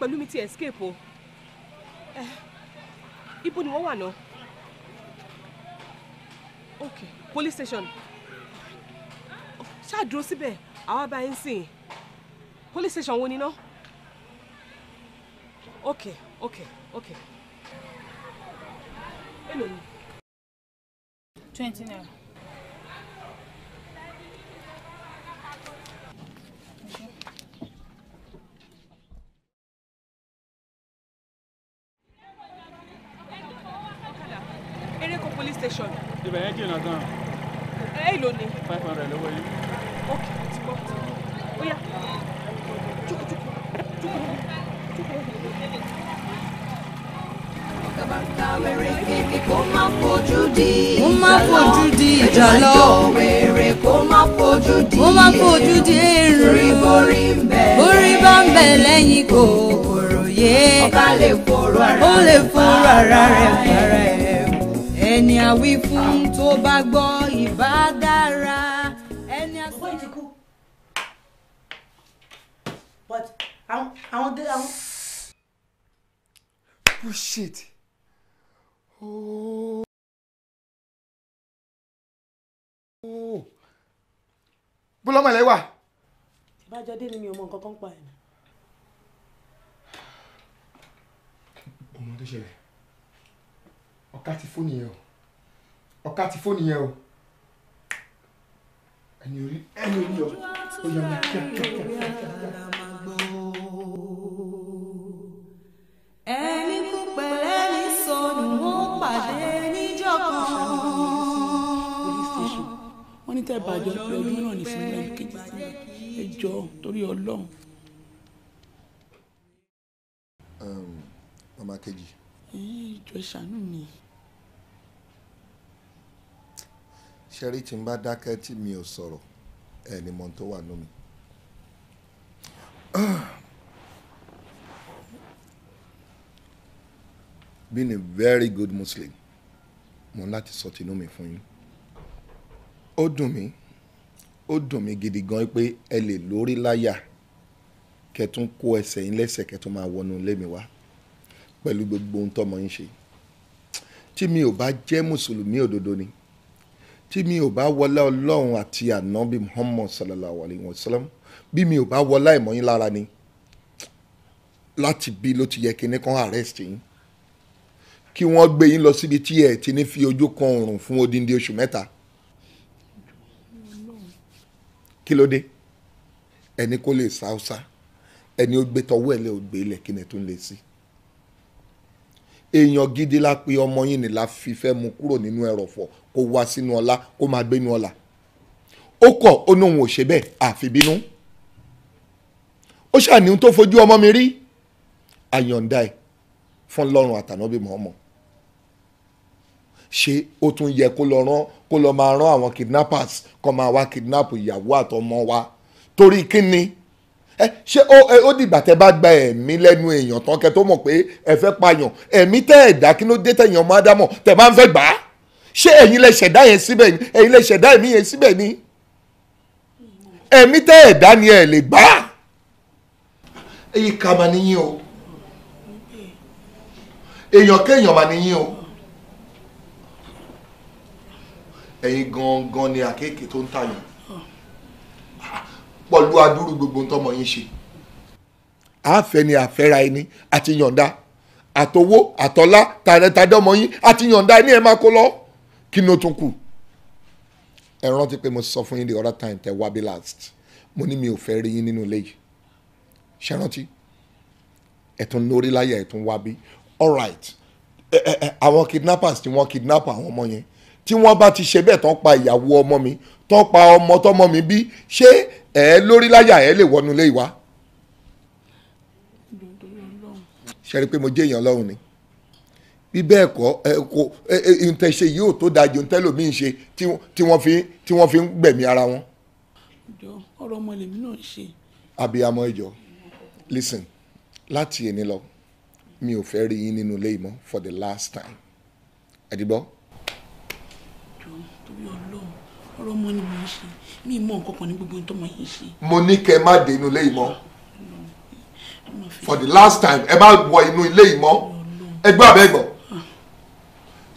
pẹ̀lú mi ti escape o ẹ eh, ibo ni wọ́n wà náà ok police station ṣáà dúró síbẹ̀ àwa bá yín sìn police station wo ni ná ok ok ok èlò ni. twenty naira. ibẹ̀ yẹn jìnnà gan. ẹ ìlò ni. five hundred lówó yín. ok ti bọ́ ó yá jùkùjùkù jùkùjùkù jùkùjùkù. Kó má fojú di ìjà lọ. Kó má fojú di ìjà lọ. Kó má fojú di èrò. Torí bá ń bẹ̀ lẹ́yìn kò kòròyé. Ọba lè forú ara rẹ̀ fara ẹ̀ ẹni àwífún tó bá gbọ́ ìbá dára ẹni àgbà. ọgbọ́n ti kú but àwọn dé àwọn. Oh. Oh. bọ́lá ọmọ ilẹ̀ wà. ìbájọ́ dé ni mi ò mọ nǹkan kan pa ẹ̀. ọmọ tó ṣẹlẹ̀ ọ̀ká ti fóònù yẹn o ọ̀ka ti fóònù yẹn o ẹni orí ẹni orí ọ ó yọ ọmọ kíá kíá kíá kíá. ẹni kú pẹ̀lẹ́ ní sọnù ó pàdé níjọ́ kan. wọ́n ní tẹ́ bàjọ́ pé ọdún náà ní fún ẹni kejì fún ẹ jọ torí ọlọ́run. mama kejì. ẹ jọ ṣàánú mi. ṣẹ́rí tí n bá dákẹ́ tí mi ò sọ̀rọ̀ ẹ̀ ní mọ̀ tó wà nú mi. Being a very good Muslim mo láti sọ tinú mi fún yín ó dùn mí ó dùn mí gidi gan pé ẹ lè lórí láyà kẹtún kó ẹsẹ̀ yín lẹ́sẹ̀ kẹtún máa wọnú ilé mi wá pẹ̀lú gbogbo ohun tọ́mọ yín ṣe tí mi ò bá jẹ́ mùsùlùmí òdodo ni tí mi ò bá wọlé ọlọ́run àti ànábì muhammad sallallahu alayhi wa sallam bí mi ò bá wọlé ìmọ̀yín lára ni láti bí ló ti yẹ kí ní kan arrest yín kí wọ́n gbé yín lọ síbi tí ẹ̀ ti ní fi ojú kan oòrùn fún odindi oṣù mẹ́ta kí ló dé ẹni kó lè sa ọ́sá ẹni ó gbé tọwọ́ ẹ̀ lé ògbé ilẹ̀ kí ni tó ń lè sí èèyàn gidi la pe ọmọ yín ni la fi fẹ́ mu kúrò nínú ẹrọ̀fọ̀ kó wá sínú ọlá kó máa gbénu ọlà ó kọ̀ ó ní òun ò ṣe bẹ́ẹ̀ àfibínú ó ṣàní tó fojú ọmọ mi rí àyọ̀ǹda ẹ̀ fún lọ́rùn àtànábì mọ́mọ́ ṣé ó tún yẹ kó lọ rán kó lọ máa rán àwọn kidnappers kó máa wá kidnap ìyàwó àtọmọ wa torí kí ẹ ṣé ó dìgbà tẹ bá gba ẹ̀mí lẹ́nu èèyàn tán kẹ tó mọ̀ pé ẹ fẹ́ pààyàn ẹ̀mí tẹ́ ẹ̀dá kí ló dé tẹ̀yàn má dámọ̀ tẹ bá ń fẹ́ gbà ṣé ẹ̀yin lẹ ṣẹ̀dá yẹn síbẹ̀ ni ẹ̀yin lẹ ṣẹ̀dá ẹ̀mí yẹn síbẹ̀ ni ẹ̀mí tẹ́ ẹ̀dá ni ẹ̀ lè gbà. èyí kà mà níyìn o èèyàn kéèyàn mà níyìn o ẹ̀yin gangan ni àkéèké tó ń tàyàn pọ̀lú adúrú gbogbo tọmọ yín ṣe. àfẹ́ ni àfẹ́ra ẹni àti yọ̀ǹda àtowó àtọ́lá tàdé ọmọ yín àti yọ̀ǹda ẹni ẹ̀ máa kó lọ kí ni ó tún kù ẹ rántí pé mo sọ fún yín the other time tẹ wá bí last mo ní mi ò fẹ́ rí yín nínú ilé yìí ṣe rántí ẹ tún lórí láyà ẹ tún wá bí all right àwọn kidnappers tí wọ́n kidnap àwọn ọmọ yẹn tí wọ́n bá ti ṣe bẹ́ẹ̀ tán pa ìyàwó ọmọ mi tán pa ọmọ tọmọ mi bí ṣé ẹ lórí láyà ẹ lè wọnú ilé ìwá ṣe rí i pé mo jẹ́ èèyàn lọ́rùn ni bí bẹ́ẹ̀ kọ́ ẹ yìí ò tó da ju ntẹ́lòmíì ṣe tí wọ́n fi tí wọ́n fi ń gbẹ̀mí ara wọn. ìjọ ọ̀rọ̀ ọmọ lèmi náà ń ṣe. abiyamọ ìjọ listen láti èní lọ mi ò fẹ́ rí yín nínú ilé ìmọ̀ for the last time ẹ̀dìgbọ́. ìjọ torí ọlọ́run ọ̀rọ̀ ọmọ ni mo ń ṣe mi ì mọ nǹkan kan ní gbogbo ohun tó mọ yín ṣe. mo ní kẹ́ má dé inú ilé ìmọ̀ for the last time ẹ má wọ inú ilé ìmọ̀ ẹgbẹ́ àbẹ́gbọ̀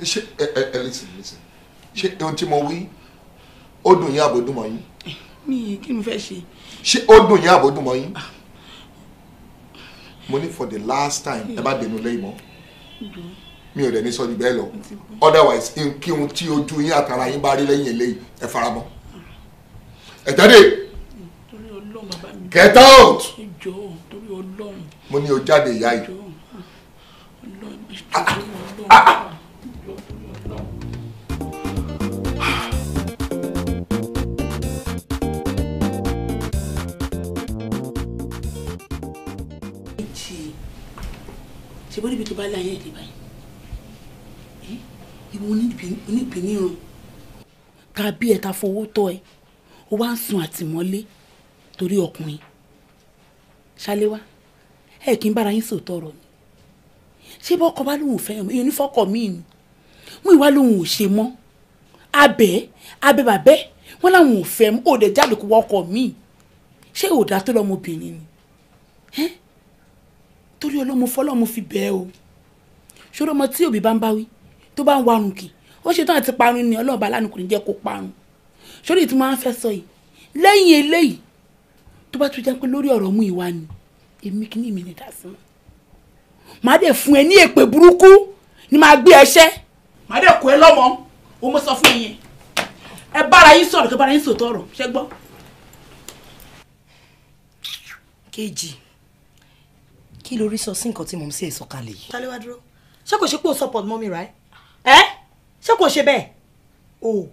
ṣe ẹ ẹ ẹ listen listen ṣe ohun tí mo wí ó dùn yín àbò dùn mọ́ yín. mi kí ni fẹ́ ṣe. ṣé ó dùn yín àbò dùn mọ́ yín. Ah. mo ní for the last time ẹ bá dẹnu lẹ́yìn mọ́ mi ò dẹ̀ ní sọ bẹ́ẹ̀ lọ otherwise kí n tí ojú yín àtàrà yín bá rí lẹ́yìn eléyìí ẹ fara mọ́ ẹ jáde get out mo ní o jáde ìyá yìí. ṣùgbọ́n níbi tó bá láyé èdè báyìí ìwọ oníbìnírun ká bí ẹ ta fowó tọ́ ẹ ó wá ń sun àtìmọ́lé torí ọkùnrin ṣáléwá ẹ kì í bára yín sòótọ́ ọ̀rọ̀ ni ṣé bọ́kọ bá lóun fẹ́ràn èèyàn onífọ́kọ míì ni mú ìwá lóun ò ṣe mọ́ abẹ́ abẹ́ bàbẹ́ wọn làwọn ò fẹ́ mọ́ òde jáde kó wọ́kọ míì ṣé òdà tó lọ́mọbìnrin ni torí ọlọ́mọ fọlọ́mọ fi bẹ́ẹ̀ o ṣòro ọmọ tí òbí bá ń bá wí tó bá ń warùn kì ó ṣe tán àti parun ni ọlọ́ọ̀bá lánàá kò ní jẹ́ kó parun ṣòro ìtumọ̀ máa ń fẹ́ sọ yìí lẹ́yìn eléyìí tó bá tún jẹ́ pé lórí ọ̀rọ̀ mú ìwà ni èmi kì í ní ìmì ní dàsí mọ́ màá dẹ̀ fún ẹ ní èpè burúkú ni màá gbé ẹṣẹ́ màá dẹ̀ kó ẹ lọ́mọ o mo sọ fún ẹ yẹn ẹ bára yín sọ̀rọ̀ kí bára yín sòtọ̀ ọ̀rọ̀ ṣẹ́gbọ́. kejì kí lórí sọ sí nǹkan tí mò ń sí ẹ̀sọ́ yìí. ṣálẹ́ wá dúró ṣé kò ṣe pé o support mọ́ mi rà ẹ́ ṣé kò ṣe bẹ́ẹ̀ o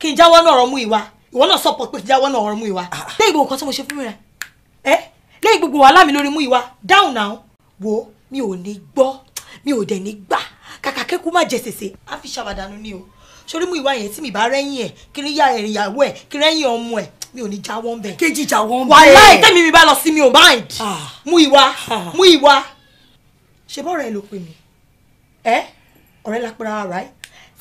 kí n jáwọ́ náà ọ̀rọ̀ mú ìwà ìwọ náà support pé kí n jáwọ́ náà ọ̀rọ̀ mú ìwà ah, ah. lẹ́yìn gbogbo nǹkan tí mo ṣe fún mi rà ẹ́ lẹ́yìn gbogbo wàhálà mi lórí mú ìwà down now wo mi ò ní gbọ́ mi ò dẹ̀ ní gbà kàkà kẹ́kù má jẹ sèse á fi ṣàwàdànù ni mú ìwà yẹn tí mi bá rẹ́yìn ẹ̀ kiri yá ẹ̀rìyàwó ẹ̀ kiri ẹ̀yìn ọmọ ẹ̀ mi ò ní jáwọ́ ń bẹ̀. kejì jáwọ́ ń bẹ̀. wàhálà ìtẹ́mi mi bá lọ sí mi ò mind. Ah. mú ìwà ah. mú ìwà. ṣe bọ́ ọ̀rẹ́ ló pè mí ẹ ọ̀rẹ́ la pera ara ẹ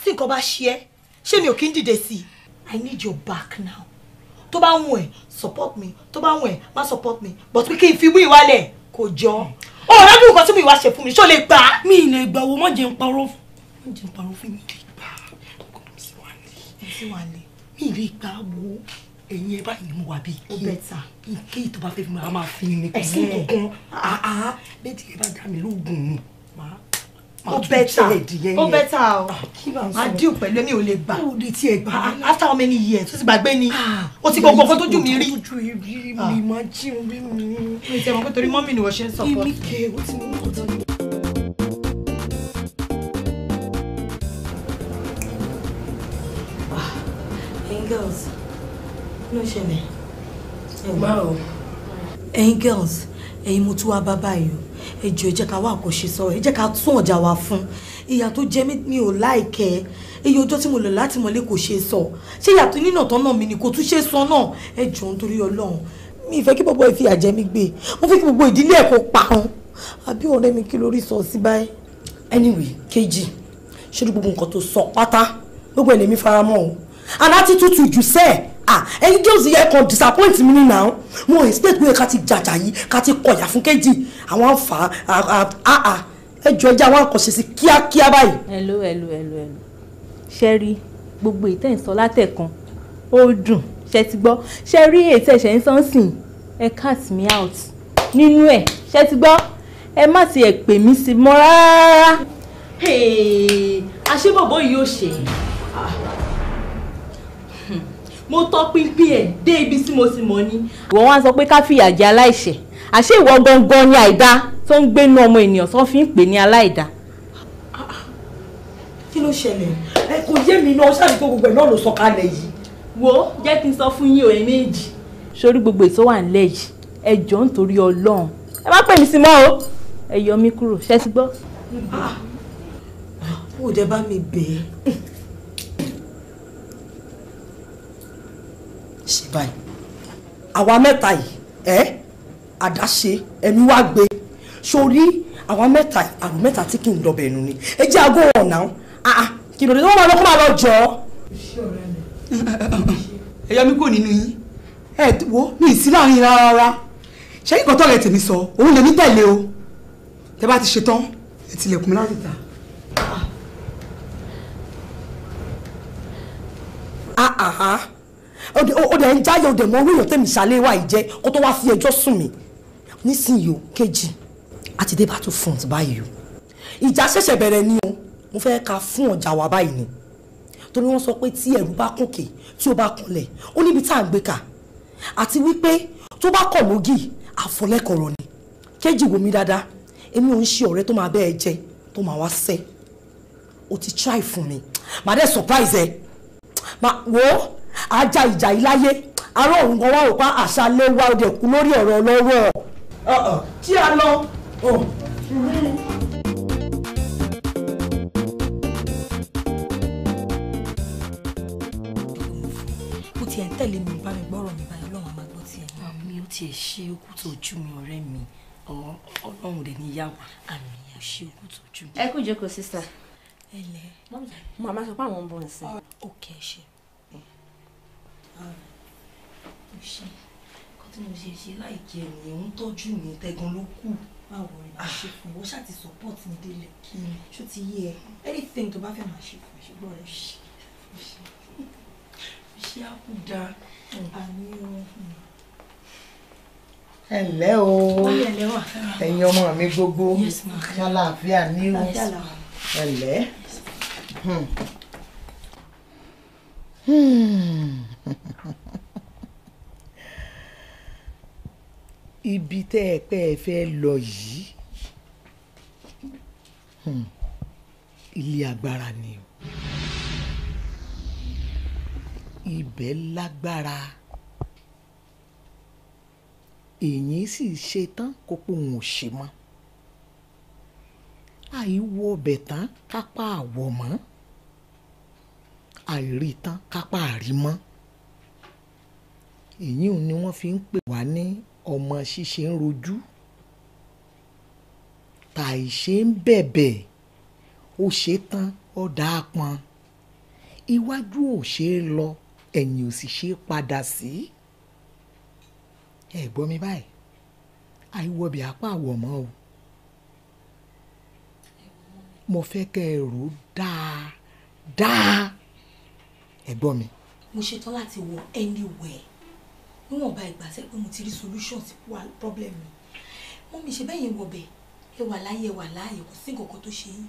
tí nǹkan bá ṣe ẹ ṣé mi ò kí ń dìde sí i. I need your back now tó bá wù ẹ́ support me tó bá wù ẹ́ má support me but pé kí n fi mú ìwà lẹ̀ kò jọ. ó rẹ́ bí nǹkan tí mo ìwà ṣe fún mi ṣó lè gbà. mi ì lè gbà wo má jẹun parọ́ má jẹun parọ́ fún mi lè gbà kò sí ẹ̀yin ẹ báyìí mú wa bí kí kí tó bá fẹ́ fi máa máa fi ní kò sí nǹkan kan bẹ́ẹ̀ tí ẹ bá dá mi lóògùn mu máa ó bẹ́tà ó bẹ́tà o ah, máa díò pẹ̀lú ẹ̀mí ò lè gbà ó di tiẹ̀ gbà after how many years ó ti gbàgbé ni ah, ó ti gbogbo ọkọ tójú mi rí. ojú ah. ibi mi máa jí orí mi. mi ti ẹ̀ mọ̀ pé torí mọ́mì ni wọ́n ṣe ń sọ fún mi. èmi kẹ ó ti mú ọ̀tọ̀ mi. Hey girls, ló ṣẹlẹ̀ ẹ̀gbọ́n o. ẹ̀yin girls ẹ̀yin mo tún wá bá báyìí o ẹ jọ̀ọ́ ẹ jẹ́ ká wá àkọ́ṣe sọ̀rọ̀ ẹ jẹ́ ká tún ọ̀jà wa fún ìyà tó jẹ mi ò láìkẹ́ iye ọjọ́ tí mo lò láti mọ̀lé kò ṣe sọ ṣé ìyàtọ̀ nínà tán náà mi ni kò tún ṣe sọ náà ẹ jọ̀ọ́ nítorí ọlọ́run mi ìfẹ́ kí bọ́bọ́ ìfìyà jẹ mí gbé mo fẹ́ kí gbogbo ìdílé ẹ̀ kó parun àbí ọ̀rẹ́ mi kí lórí sọ sí báyìí. anyway kejì ṣé gbogbo nǹkan tó sọ pátá gbogbo ẹ̀ lèmi faramọ́ o and attitude to you sẹ́ẹ̀ ah ẹyin girls yẹ kan disappoint mi ni now mo expect pé ká ti jàjà yìí ká ti kọyà fún kejì àwọn afa àà ẹjọ ẹjẹ àwọn àkànṣe sí kíákíá báyìí. hello hello hello hello ṣe rí gbogbo ìtẹ́ ìsọ látẹ̀kan ó dùn ṣe ti gbọ́ ṣe rí ètò ẹ̀ṣẹ̀ ń sàn sìn ẹ cut me out nínú ẹ̀ ṣe ti gbọ́ ẹ má ti ẹ̀ pè mí sí mọ́ rárá. àṣé bọ̀bọ̀ yìí ò ṣe é mo tọ pinpin ẹ̀ dé ibi tí mo ti mọ̀ ni. wọ́n wá sọ pé ká fìyà jẹ aláìṣẹ̀ àṣé ìwọ gangan ni àìdá tó ń gbénu ọmọ ènìyàn tó fi ń pè ní aláìdá. kí ló ṣẹlẹ̀ ẹ kò yé mi náà ṣáà nípa gbogbo ẹ̀ náà ló sọ kalẹ̀ yìí. wo jẹ́ kí n sọ fún yín òye méjì. sórí gbogbo ètò wà nílẹ̀ yìí ẹ jọ̀ọ́ nítorí ọlọ́run ẹ má pè mí sí mọ́ o ẹ yọ mí kúrò ṣẹ́ ti gbọ́. Ah, ó dẹ bá mi bẹ́ẹ̀. ṣe báyìí àwa mẹ́ta yìí ẹ́ àdáṣe ẹ̀mí wá gbé sórí àwa mẹ́ta àrùn mẹ́ta tí kì í lọ́bẹ̀ ẹnu ni ẹ jẹ́ aago ọ̀nà àà ah, ah, kí ló dé wọ́n máa lọ kó máa lọ jọ ọ́. ẹyọ mi kò nínú yín ẹ wo mi ì sí láàrin rárá rárá ṣé kíkọ́ tọ̀rẹ̀ tèmi sọ òun lèmi tẹ̀lé o tẹ bá ti ṣe tán ẹ tilẹ̀kùn mi láti ta. Ah, ah, ah ó dẹ̀ ń jáyọ̀ ó dẹ̀ mọ orí èèyàn tẹ̀mí ṣàlẹ́ wà yìí jẹ́ kó tó wá fi ẹjọ́ sùn mí nísìnyí o kejì a ti dé battlefront báyìí o ìjà ṣẹ̀ṣẹ̀ bẹ̀rẹ̀ ni o mo fẹ́ ka fún ọjà wa báyìí ni torí wọ́n sọ pé tí ẹ̀rù bá kùnkè tí ó bá kúnlẹ̀ ó níbi tá à ń gbé kà àti wípé tó bá kọ̀ lógì àfọlẹ́kọ̀rọ̀ ni kejì wò mí dáadáa èmi ò ń ṣe ọ̀rẹ́ tó máa bẹ́ẹ̀ jẹ tó máa wá sẹ́ o ti try fún mi màá dẹ́ surprise ẹ màá wò ajá ìjà yìí láyé ará òun gan wá ò pa àṣàlẹ̀ wa òde kú lórí ọ̀rọ̀ lọ́wọ́. kí uh-uh. a lọ. kò tiẹ̀ ń tẹ̀lé mi bá mi gbọ́rọ̀ mi báyìí ọlọ́run á máa gbọ́ tiẹ̀. mi ò tiẹ̀ ṣe okú tó ojú mi ọ̀rẹ́ mi ọlọ́run rẹ̀ níyàwó àmì ò ṣe okú tó ojú mi. ẹ kú jókòó sísá. ẹ lẹ màmá sọ pé àwọn ń bọ̀ nsìn. ó ẹ ṣe ṣe kó tí mo ṣe ṣe láìkí ẹ nìyẹn ń tọ́jú mi tẹ́gun ló kù báwo ni mo ṣe fún ìwọ ṣáà support mi délé kí ni ṣó ti yé ẹ anything tó bá fẹ́ máa ṣe fún ẹ ṣùgbọ́n rẹ ṣe ṣe á kú àmì ọ̀hún. ẹ o ẹ̀yin ọmọ mi gbogbo ṣàlàáfíà ní o ẹ ibi tẹ́ ẹ pẹ́ ẹ fẹ́ lọ yìí hmm, ilé agbára ni o ibẹ̀ lágbára èyí sì ṣetán kó pé òun ò ṣe mọ́ àìwọ ọbẹ̀ tán kápá àwọ̀ mọ́ àìrí tán kápá àrímọ́ èyí ò wọ́n fi ń pè wá ní ọmọ ṣíṣe ń rojú tàìṣe ń bẹ̀bẹ̀ ó ṣe tán ọ̀dà apọn iwájú ò ṣe é lọ ẹ̀yìn ò sì ṣe é padà sí ẹ gbọ́ mi báyìí àìwọ̀bì apá àwọ̀ mọ́ o mo fẹ́ kẹ́ ẹ rò dáadáa ẹ gbọ́ mi. mo ṣetán láti wọ anywhere níwọ̀nba ìgbà sẹ́ pé mo ti rí solution sí problem mi mo mi ṣe bẹ́yẹn wọ̀bẹ̀ ẹ wà láyé ẹ wà láàyè kò sí nǹkan kan tó ṣe yín.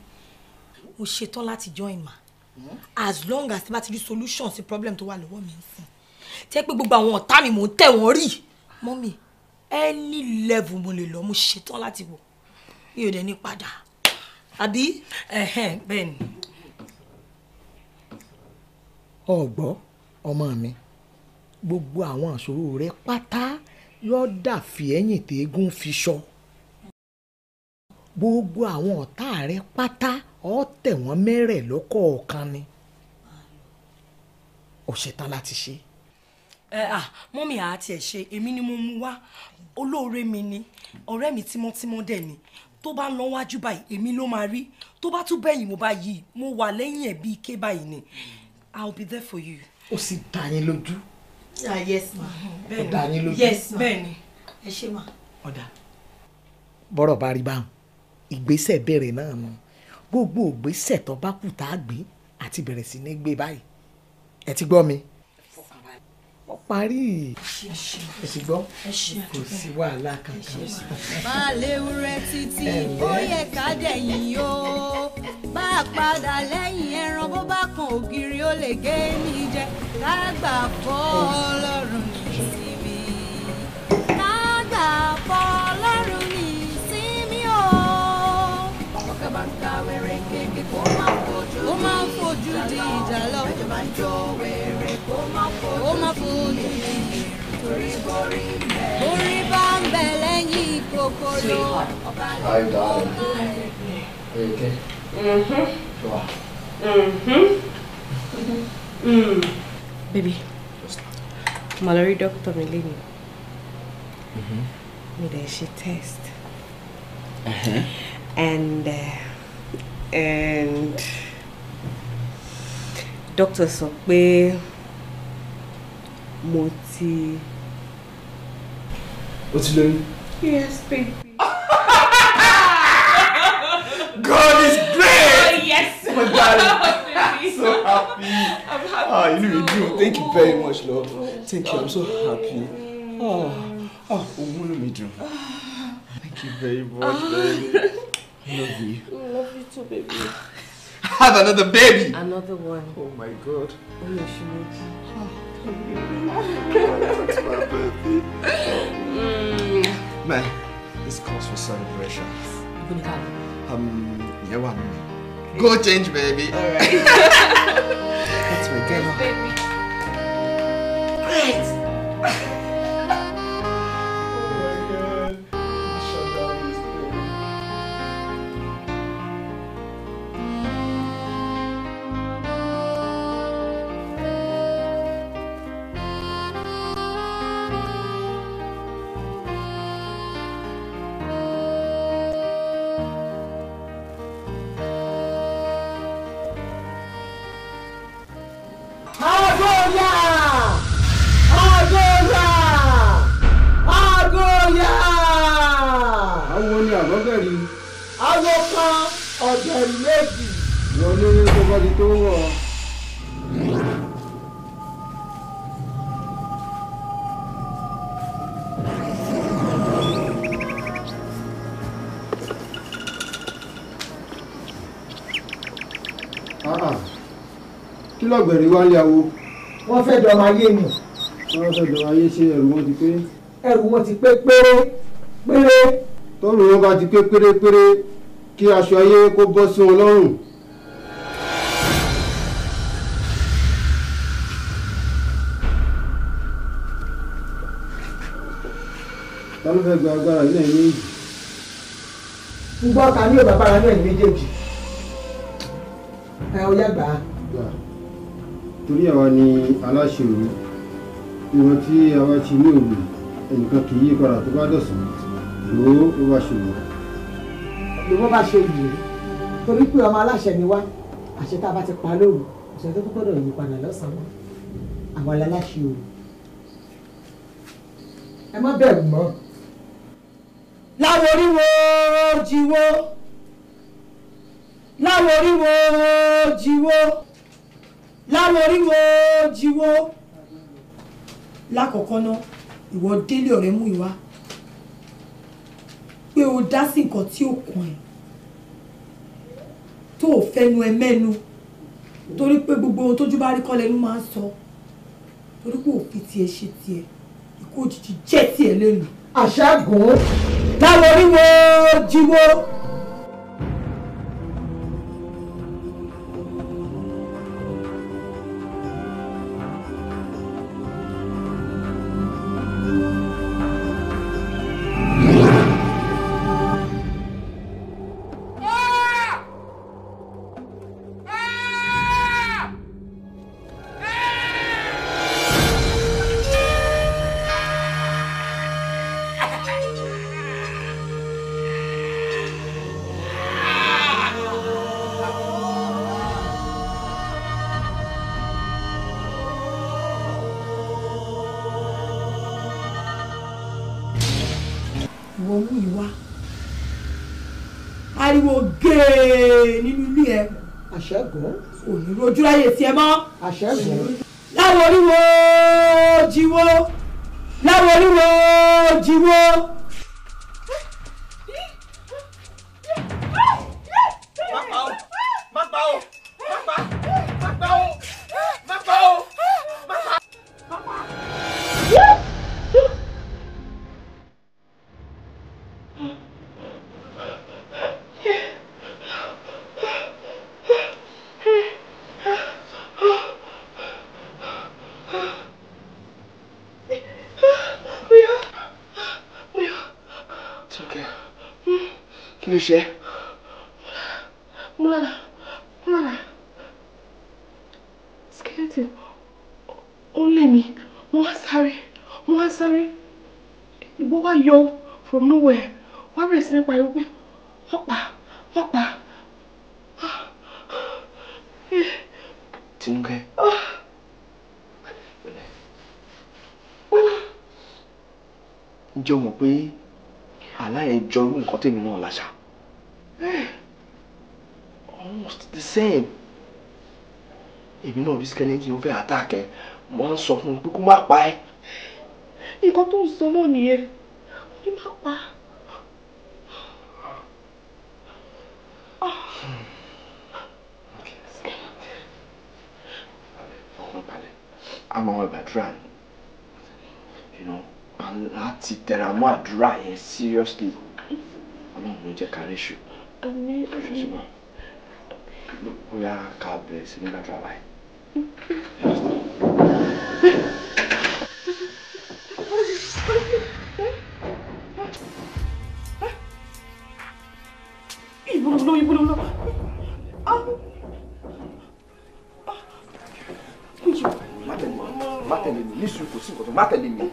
mo ṣetán láti join ma hmm? as long as bá ti rí solution sí problem tó wà lọ́wọ́ mi nsìn tẹ́ pé gbogbo àwọn ọ̀tá mi mò ń tẹ̀ wọ́n rí mọ́mì any level mo lè lọ mo ṣetán láti wọ̀ mi ò dẹ̀ ní padà àbí. bẹ́ẹ̀ ni ọ̀gbọ́ ọmọ mi gbogbo àwọn àṣòro rẹ pátá yóò dàfí ẹ̀yìn tẹ́gùn fi sọ gbogbo àwọn ọ̀tá rẹ pátá ọ̀ tẹ̀ wọ́n mẹ́rẹ̀ lọ́kọ̀ọ̀kan ni ò ṣetán láti ṣe. ẹ à mọ́mí àá tiẹ̀ ṣe èmi ni mo mú wá olóore mi ni ọ̀rẹ́ mi tímọ́tímọ́ dẹ̀ ni tó bá lọ wájú báyìí èmi ló máa rí tó bá tún bẹ̀yìn mo bá yìí mo wà lẹ́yìn ẹ̀ bíi ké báyìí ni. Mm I'll be there for you. Ó sì dá yín lójú. Ah yes ma. Ó dá yín lójú. Yes ma. Bẹ́ẹ̀ni. Ẹ ṣé ma. Ọ̀dà. Bọ́rọ̀ bá rí báwọn, ìgbésẹ̀ bẹ̀rẹ̀ náà nù. Gbogbo ìgbésẹ̀ tó bá kù tá a gbé àti bẹ̀rẹ̀ sí ní gbé báyìí. Ẹ ti gbọ́ mi ó parí ẹ ti gbọ́ kò sí wàhálà kankan. máa léwu rẹ títí ó yẹ ká dẹ̀yìn o bá a padà lẹ́yìn ẹran bó bá kan ògiri ó lè gé ní jẹ ká fọ́ ọlọ́run ní síbi ká fọ́ ọlọ́run ní síbi o. ọkọ̀ bá ń ka wẹ̀rẹ̀ kéèké kó máa wọ. má fojú di ìjà lọ. Bẹ́jọ̀ máa ń jọ wèrè kó má fojú di ìjà torí borí bẹ́ẹ̀. Borí bá ń bẹ̀ lẹ́yìn kòkòrò. Ọba lè kó bẹ̀rẹ̀. Okay. Mm-hmm. Sure. Mm-hmm. Mm. Baby, mo lọ rí dókítà mi lẹ́yìn. Mi dẹ̀ ṣe test. Uh-huh. And, uh, and... Doctor, sọ pé mo ti. o ti lóyún. yes baby. God is great. Oh yes. Oh my darling. so happy. I'm happy. Ah, you know you. Thank you very much, oh, love. Thank you. I'm so happy. Ah, ah, oh, oh, òun mi dùn. Thank you very much, baby. Love you. Love you too, baby. have another baby. Another one. Oh my God. Oh, yes, she That's my birthday. Man, this calls for celebration. Um, yeah, one. Go change, baby. All right. That's my girl. Baby. Great. rí wá lé awo. wọ́n fẹ́ dọ̀rọ̀ ayé ni. wọ́n fẹ́ dọ̀rọ̀ ayé ṣe ẹ̀rù wọn ti pé. ẹ̀rù wọn ti pé péré péré. tọ́lù wọn bá ti pé péré péré kí aṣọ ayé kó bọ́ sí wọn lọ́rùn. ta ló fẹ́ gba agbára ilé ẹ̀yìn méjì. ń gbọ́ ta ní ò bàbá ara ní ẹ̀yìn méjèèjì. ẹ ó yá torí àwa ni aláṣẹ òru ìwọ̀n tí àwa ti ní òru ẹnìkan kì í yí padà tó bá dọ̀sán ló ló bá ṣe yìí. ló bá ṣe yìí torí pé ọmọ aláṣẹ ni wá àṣẹ tá a bá ti pa lóru ọ̀sẹ̀ tó gbọ́dọ̀ yí padà lọ́sàn-án aláṣẹ òru ẹ má bẹ̀rù mọ́. láworí wo jí wo láworí wo jí wo láwọn oríwo jíwó lákọ̀ọ́kọ́ náà ìwọ délé ọ̀rẹ́ mú ìwá pé o dá sí nǹkan tí ò kàn ẹ́ tó o fẹnu ẹ mẹ́nu torí pé gbogbo ohun tójú bá rí kọ́ lẹ́nu máa ń sọ torí pé òfin tiẹ̀ ṣe tiẹ̀ ikú òjijì jẹ́ tiẹ̀ lẹ́nu. àṣà gùn. láwọn oríwo jíwó. gbọ́ kò ní rojú láyè tiẹ̀ mọ́. àṣẹ gbọ́. láwo oríwo jíwó láwo oríwo jíwó. Contain more larger. láṣà almost the same èmi náà bí skeleton ó fẹ́ àtàkẹ́ mo ń sọ fún un pé kó má pa ẹ́. nǹkan tó ń sọ náà nìyẹn ó ní má pa. àmọ́ ìgbàdúrà ni láti tẹ̀ra mọ́ àdúrà yẹn seriously. Ọlọ́run ló jẹ́ kárí ṣù. Àmín. Ṣùgbọ́n bóyá ká bẹ̀rẹ̀ sí ní ládùúrà báyìí. Ibo ló lọ, ibo ló lọ. Má tẹ̀lé mi, má tẹ̀lé mi, ní sùúrù mi.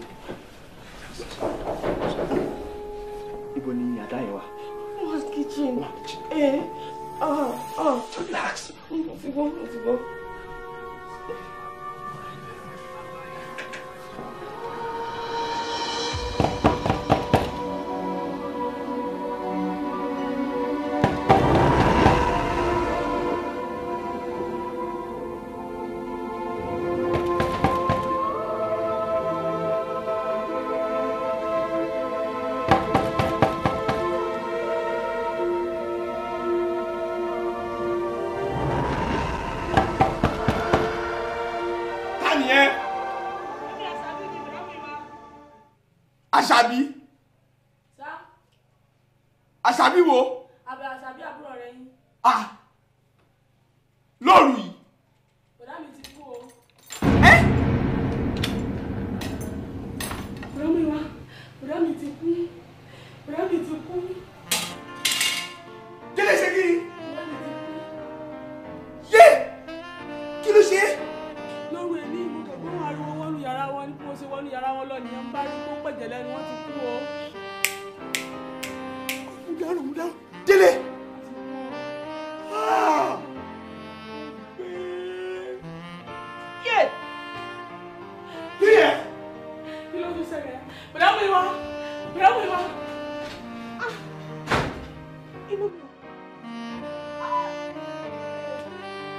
sangat. Berapa Iwan? Berapa Iwan? Ah. Ibu.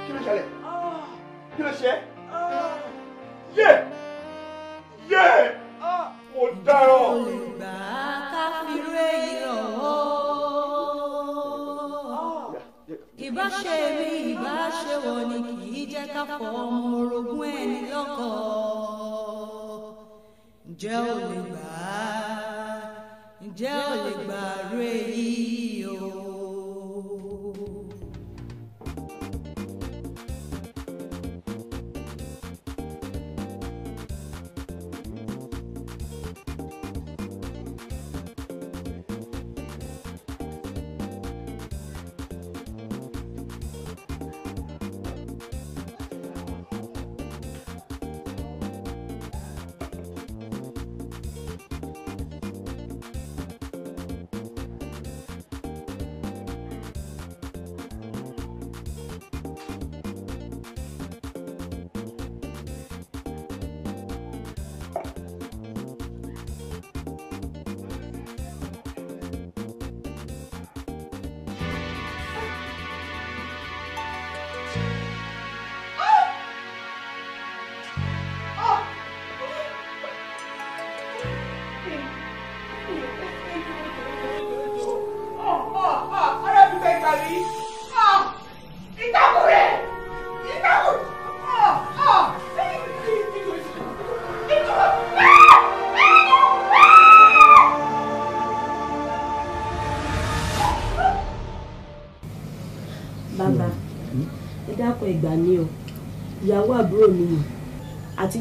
Kira-kira. Ah. jẹ́ olùgbà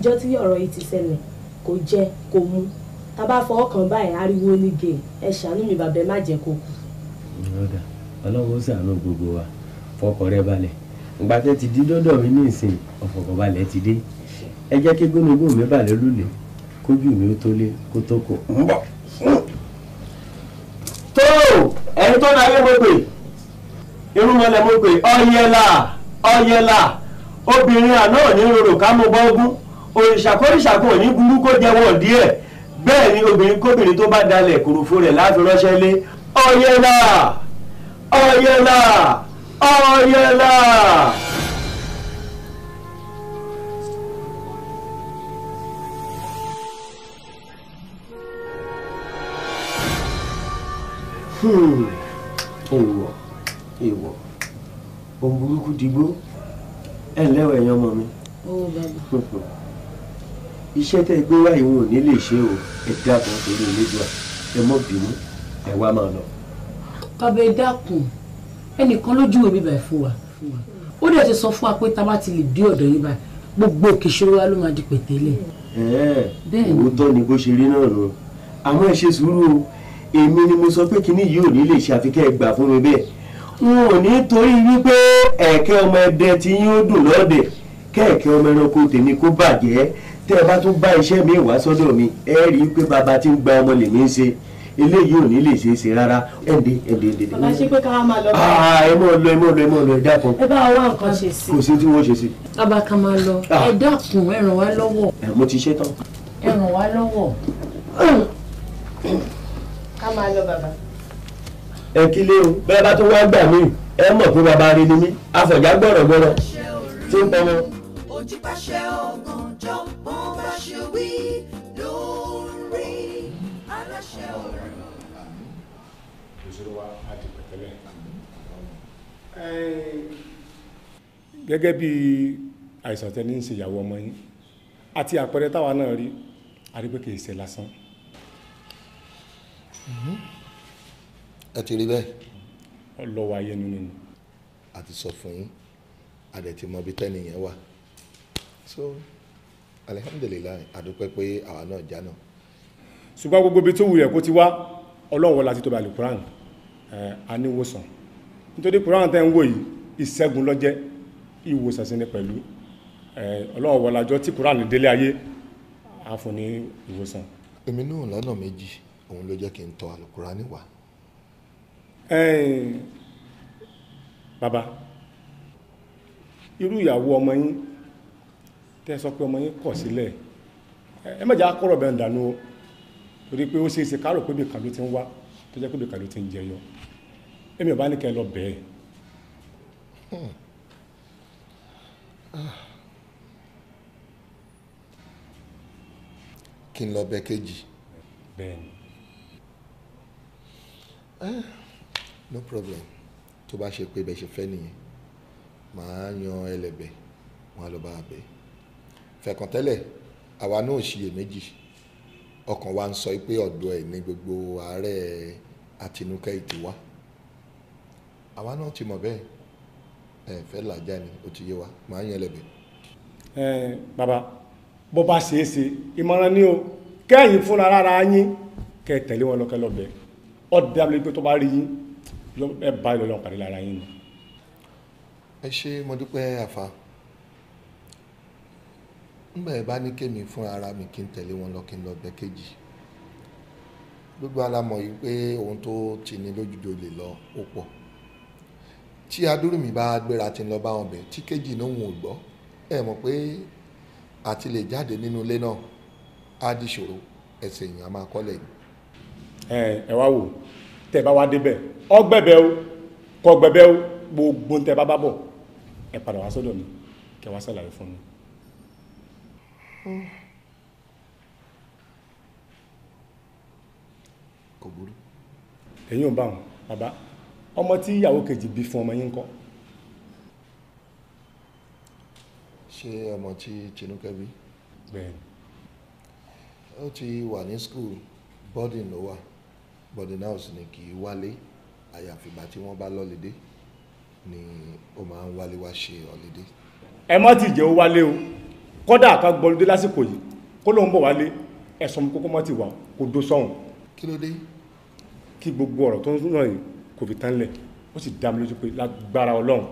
àtijọ́ tí ọ̀rọ̀ yìí ti ṣẹlẹ̀ kò jẹ kò mú tá bá fọwọ́ kàn báyìí ariwo ní ẹ ṣàánú mi wa fọkọ rẹ balẹ̀ ti dọ́dọ̀ mi ní ìsìn dé ẹ jẹ́ kí mi balẹ̀ kójú mi ó tó lé kó tó kó ń bọ̀. tó ẹni tó náà yẹ mo pè òrìṣàkóríṣàkó ò ní burú kó jẹ wọn díẹ̀ bẹ́ẹ̀ ni obìnrin kóbìnrin tó bá dalẹ̀ kòròfo rẹ̀ láti ránṣẹ́ lé ọ̀yẹ̀là ọ̀yẹ̀là ọ̀yẹ̀là. Hmm. èèwọ̀ èèwọ̀ ohun burúkú digbó ẹ̀ ń lẹ́wọ̀ ẹ̀yàn ọmọ mi. ó bàbá. iṣẹ́ tẹ́ gbé wá ìwọ̀n ò ní lè ṣe o ẹ dákun torí onídùá ẹ mọ́ bínú ẹ wá máa lọ. bàbá ẹ dákun ẹnìkan lójú èmi báyìí fún wa ó dẹ̀ ti sọ fún wa pé tá a bá ti lè dé ọ̀dọ̀ yín báyìí gbogbo òkè ìṣòro wa ló máa di pẹ̀tẹ́lẹ̀. bẹ́ẹ̀ òótọ́ ni bó ṣe rí náà nù àmọ́ ẹ ṣe sùúrù o èmi ni mo sọ pé kinní yìí ò ní lè ṣe àfikẹ́ ẹgbà fún mi bẹ́ẹ̀ n ò ní torí wípé ẹ̀kẹ́ ọmọ ẹdẹ tí yín ó dùn lọ́dẹ̀ kẹ́ẹ̀kẹ́ ọmọ ẹranko tèmi kó bàjẹ́ tẹ́ ẹ bá tún bá iṣẹ́ mi wá sọ́dọ̀ mi ẹ rí i pé bàbá tí ń gba ọmọ lèmi ń ṣe eléyìí ò ní lè é ṣe rárá ẹ̀ǹdẹ̀ ẹ̀ǹdẹ̀ ẹ̀ǹdẹ̀. bàbá ṣe pé ká máa lọ. Ah, ẹ mọ̀ lọ ẹ mọ̀ lọ ẹ mọ̀ lọ ẹ dákun. ẹ bá wa nǹkan ṣe sí. kò sí tí wọ́n ṣe sí. bàbá ká máa lọ ah. ẹ dákun ẹ ràn wá lọ́wọ́. ẹ ah, mo ti ṣe ẹ ràn wá lọ́wọ́. ká máa lọ bàbá. ẹ kílé o bẹ́ẹ̀ bá tún wá gbà mí ẹ mọ̀ pé bàbá rí ni mí afọ̀já gbọ̀rọ̀gbọ̀rọ̀ tí ń pọnmọ́ bójú bá ṣe ọ̀gànjọ́ bó bá ṣe wí lórí aláṣẹ ọ̀rọ̀. gẹ́gẹ́ bí àìsàn tẹ́ni ń ṣèyàwó ọmọ yín àti àpẹẹrẹ táwa náà rí a rí pé kì í ṣe lásán. Mm-hmm. ẹ ti rí bẹ́ẹ̀. ọlọ́wọ́ ayé nínú ni. a ti sọ fún yín a dẹ̀ ti mọ ibi tẹ́nìyẹn wà so alihamudulilayi adúpẹ́ pé àwa náà já náà. ṣùgbọ́n gbogbo ibi tó wulẹ̀ kó ti wá ọlọ́wọ́ láti tóbi alukuran aníwòsàn nítorí kuran tẹ́ ń wò yìí ìṣẹ́gun ló jẹ́ ìwòsàn sí ni pẹ̀lú ọlọ́wọ́ lájọ́ tí kuran délé ayé á fún ní ìwòsàn. èmi náà lọ́nà méjì òun ló jẹ́ kí n tọ̀ alukuran wá. Baba, irú ìyàwó ọmọ yín tẹ́ ẹ sọ pé ọmọ yín kọ̀ sílẹ̀ ẹ mẹ́jà kọ́rọ̀ bẹ́ẹ̀ dànù o torí pé ó ṣe é ṣe kárò pé bìkan ló ti ń wá tó jẹ́ pé bìkan ló ti ń jẹyọ èmi ò bá ní kẹ́ ẹ lọ bẹ́ẹ̀. kí n lọ bẹ kejì. bẹ́ẹ̀ni. no problem tó bá ṣe pé bẹ́ẹ̀ ṣe fẹ́ nìyẹn màá yan ẹlẹ́bẹ̀ wọn lọ bá a bẹ́ẹ̀ fẹ̀kàntẹ́lẹ̀ àwa náà ṣiyèméjì ọkàn wa ń sọ pé ọ̀dọ̀ ẹ̀ ní gbogbo ààrẹ Àtinúkẹ́ ìtì wá àwa náà ti mọ̀ bẹ́ẹ̀ ẹ fẹ́ làjà ni ó ti yé wa màá yẹn lẹ́bẹ̀ẹ́. ẹ bàbá bó bá ṣeé ṣe ìmọ̀ràn ni o kẹ́yìn fúnra rárá yín kẹ́ ẹ tẹ̀lé wọn lọ́kẹ́ lọ́bẹ̀ẹ́ ọ̀dẹ abúlé tó bá rí yín ẹ bá ìlọ́lọ́ pàdé lára yín ni. ẹ ṣé mo dúpẹ́ àfa nígbà yẹn bá ní kémi fún ara mi kí n tẹ̀lé wọn lọ kí n lọ bẹ kejì gbogbo alamọ̀ yìí pé ohun tó ti ní lójúdo lè lọ ó pọ̀ tí adúrú mi bá gbéra ti ń lọ bá wọn bẹ̀ tí kejì náà wọn ò gbọ́ ẹ mọ̀ pé àti lè jáde nínú ilé náà á di ṣòro ẹsẹ̀ èèyàn á máa kọ́lẹ̀ yìí. ẹ ẹ wá wò tẹ bá wá débẹ̀ ọgbẹbẹ o kọgbẹbẹ o gbogbo tẹ bá bá bọ ẹ padà wá sọ́dọ̀ mi kẹ wá ṣàlàyé fún mi. É. kò burú. ẹ̀yin ò bá wọn bàbá ọmọ tí ìyàwó kejì bí fún ọmọ yín ń kọ́. ṣé ọmọ tí Chinúkẹ́ bí. ó ti wà ní school boarding ló wà boarding house ni kì í wálé àyàfìgbà tí wọ́n bá lọ́lidé ni ó máa ń wálé wá ṣe ọ̀lidé. ẹ má ti jẹ́ ó wálé o kọ́dà ká gbọ́lódé lásìkò yìí kó lóun bọ̀ wálé ẹ̀sùn kókó mọ́ ti wà kó dó sọ́hùn. kí ló dé. kí gbogbo ọ̀rọ̀ tó ń sún náà yìí kò fi tán lẹ̀ ó sì dá mi lójú pé lágbára ọlọ́run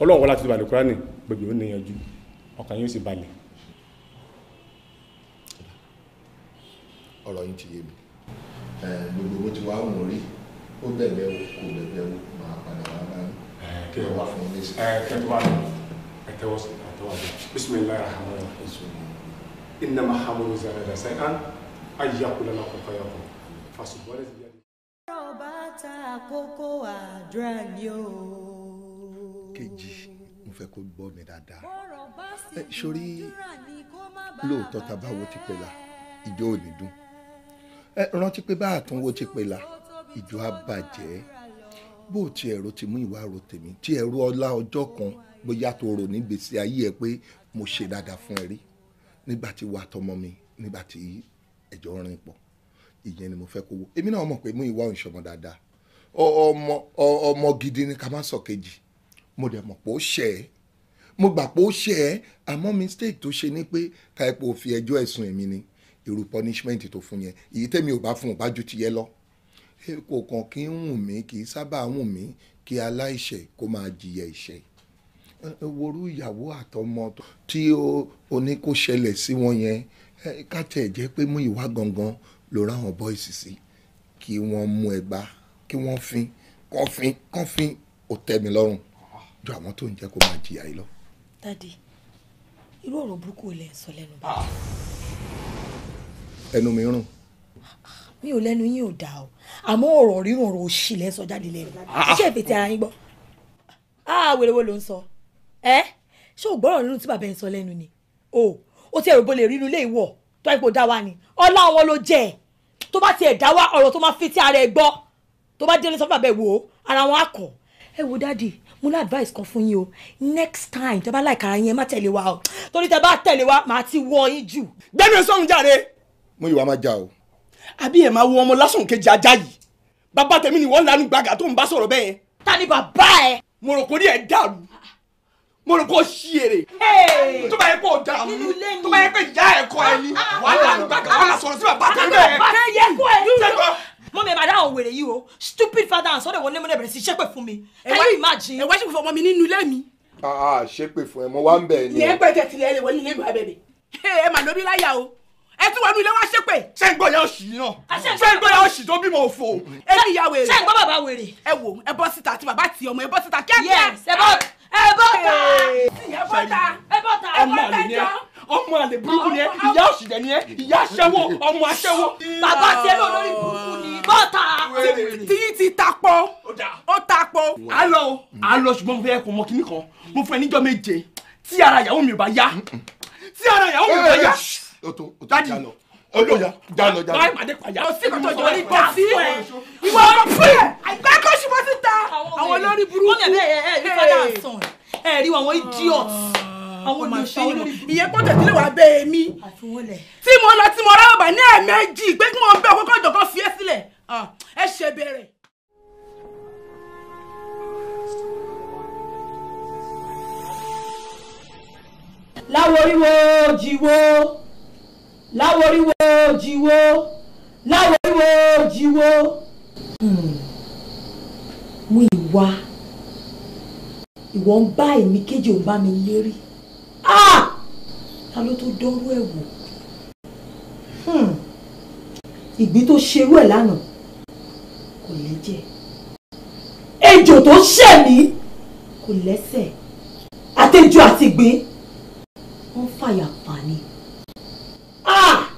ọlọ́run wọlé àti ìbàlẹ̀ kúránì gbègbè ó níyanjú ọkàn yóò sì balẹ̀. ọ̀rọ̀ yìí ti yé mi gbogbo bó ti wá òun rí ó bẹ̀bẹ̀ o kò bẹ̀bẹ̀ o máa padà wá bá mi بسم الله الرحمن الرحيم إنما حمل زاد شيئا أن يقول له فيقول فسبحان kejì mo fẹ́ kó gbọ́ mi dáadáa ẹ sori lóòótọ́ ta bá wo ti pè la ìjọ ò ní dùn ẹ rántí pé bá àtúnwò ti pè la ìjọ á bàjẹ́ bó tiẹ̀ ro ti mú ìwà ro tèmi tiẹ̀ ro ọlá ọjọ́ kan bóyá tó rò nígbèsí ayé ẹ pé mo ṣe dáadáa fún ẹ rí nígbà tí wàá tọmọ mi nígbà tí ẹjọ rìn pọ̀ ìyẹn ni mo fẹ́ kó wo èmi náà mọ̀ pé mú ìwà òǹṣọmọ dáadáa ọmọ ọmọ gidi ni ká má sọ kejì mo dẹ̀ mọ̀ pé ó ṣẹ̀ ẹ́ mo gbà pé ó ṣẹ̀ ẹ́ àmọ́ mistake tó ṣe ni pé ká ẹ pé ó fi ẹjọ́ ẹ̀sùn èmi ni irú punishment tó fún yẹn èyí tẹ́mi ò bá fún ò bá ju ti yẹ lọ kò kàn kí ń wùn mí kì í sábà wùn mí kí aláìṣẹ̀ kó máa jìyà ìṣẹ̀ worú ìyàwó àtọmọ tí ó ní kó ṣẹlẹ̀ sí wọn yẹn ká tiẹ̀ jẹ́ pé mú ìwà gangan ló ráwọn bọ́ìsì sí kí wọ́n mú ẹgbá kí wọ́n fin kọ́fin kọ́fin ò tẹ́ mi lọ́rùn ju àwọn tó ń jẹ́ kó máa jìyà yìí lọ. dadi irú ọ̀rọ̀ burúkú ò lè sọ lẹ́nu bá. ẹnu mi rùn. mi ò lẹ́nu yín ò dá o àmọ́ ọ̀rọ̀ rírùn ọ̀rọ̀ òṣì lẹ́sọ jáde lẹ́nu iṣẹ́ ìfètè ara yín gbọ́. àwèrèwò ah, ló ń sọ. So ẹ ṣé o gbọ́rọ̀ nínú tí bàbá ẹ̀ sọ lẹ́nu ni o o ti ẹ̀rọ bó lè rí inú ilé ìwọ̀ tó ipò dá wa ni ọlá wọn ló jẹ ẹ̀ tó bá ti ẹ̀ dá wa ọ̀rọ̀ tó máa fi ti ara ẹ̀ gbọ́ tó bá délé sọ́fà bẹ́ẹ̀ wò ó ara wọn á kọ̀ ẹ wo dáàdì mo ní advice kan fún yín o next time tẹ bá láì kàrà yín ẹ má tẹ̀lé wa o torí tẹ bá tẹ̀lé wa màá ti wọ yín jù. gbẹ́nu ẹ sọ́run jàre. mo ìwà máa ja o. àbí ẹ máa wo ọmọ lásán kejì ajá yìí bàbá tèmi ni wọ́n lanu gbàgà tó ń bá sọ̀rọ̀ bẹ́ẹ̀. ta ni bàbá ẹ. mo rò kórìí ẹ dàrú mo rò kó ṣí èrè. tó bá yẹ kó dààmú tó bá yẹ kó ìyá ẹ̀kọ́ ẹ ní ah, ah, wàhálà ah. àgbàgbà wàhálà sọ̀rọ̀ sí bàbá tẹ̀lé bẹ́ẹ̀. bàbá yẹ kó ẹ ní mo mi ìbàdàn àwọn wèrè o stupid father and son de wọlé mo bẹ̀rẹ̀ sí ṣépè fún mi can you imagine. ẹ̀wẹ́ ṣèpè fún ọmọ mi nínú ilé mi. ṣépè fún ẹ mo wá ń bẹ̀ ẹ ní. ìyẹn pẹ̀tẹ̀ tilẹ̀ ẹ lè wọlé ilé mi ẹ máa láyà o ẹ tún wọnú ilé wá ṣépè. ṣé ń gbọ́ ìyá òṣì náà ṣé ń gbọ́ ìyá òṣì tó bímọ òfò. èmi ìyá wèrè ṣé ń gbọ́ bàbá wèrè. ẹ wò ẹ bọ́ síta àti bàbá ti ọmọ ẹ bọ́ síta kíákíá. ẹ bọ́ ta ẹ bọ́ ta ẹ bọ́ ta ẹ bọ́ ta jọ. ọmọ àlè burúkú ni ẹ ìyá òṣì dẹ ni ẹ ìyá aṣẹ́wó ọmọ aṣẹ́wó. bàbá tiẹ̀ ló lórí burúkú ni bọ́ta. tí ti tapọ̀ ó tapọ̀. àlọ́ àlọ́ ṣùgbọ́n mo fẹ́ kó mọ kíní kan mo fẹ́ níjọ́ méje tí ara ìyàwó mi ò bá yá tí ara ìyàwó mi ò bá yá òtò òtò ìjà lọ olóya jalọ jalọ. báyìí màdé pàyà. kò sí kòtò jọ ní kò sí. ìwọ ọ̀rọ̀ fún ẹ àìpẹ́ kò sí mo ti ta. àwọn olórí burúkú. wọ́n yẹ ẹ ẹ ẹ fọdà sàn ẹ rí àwọn idiot ah, àwọn olùṣọ́ olórí burúkú. ìyẹn kò tẹ̀sílẹ̀ wà bẹ́ẹ̀ mi. tí mo lọ tí mo rà bàbá ní ẹ̀ẹ̀mejì pé kí wọ́n bẹ ọkọ̀ kọ́jọ kan fi ẹ́ sílẹ̀ ah, ẹ ṣe bẹ̀rẹ̀. láwo ríwo jìwo láworíwo jíwó láworíwo jíwó. Hmm. mo ìwà ìwọ ń bá èmi kéjì ò ń bá mi lérí ah! ta ló tó dánrú ẹ̀ wò hmm. ìgbín tó ṣerú ẹ̀ lánàá kò lẹ́jẹ̀ ejò tó ṣẹ̀ mí kò lẹ́sẹ̀ àtejò àtìgbín wọ́n fàyà fà ni. Hmm. Ah!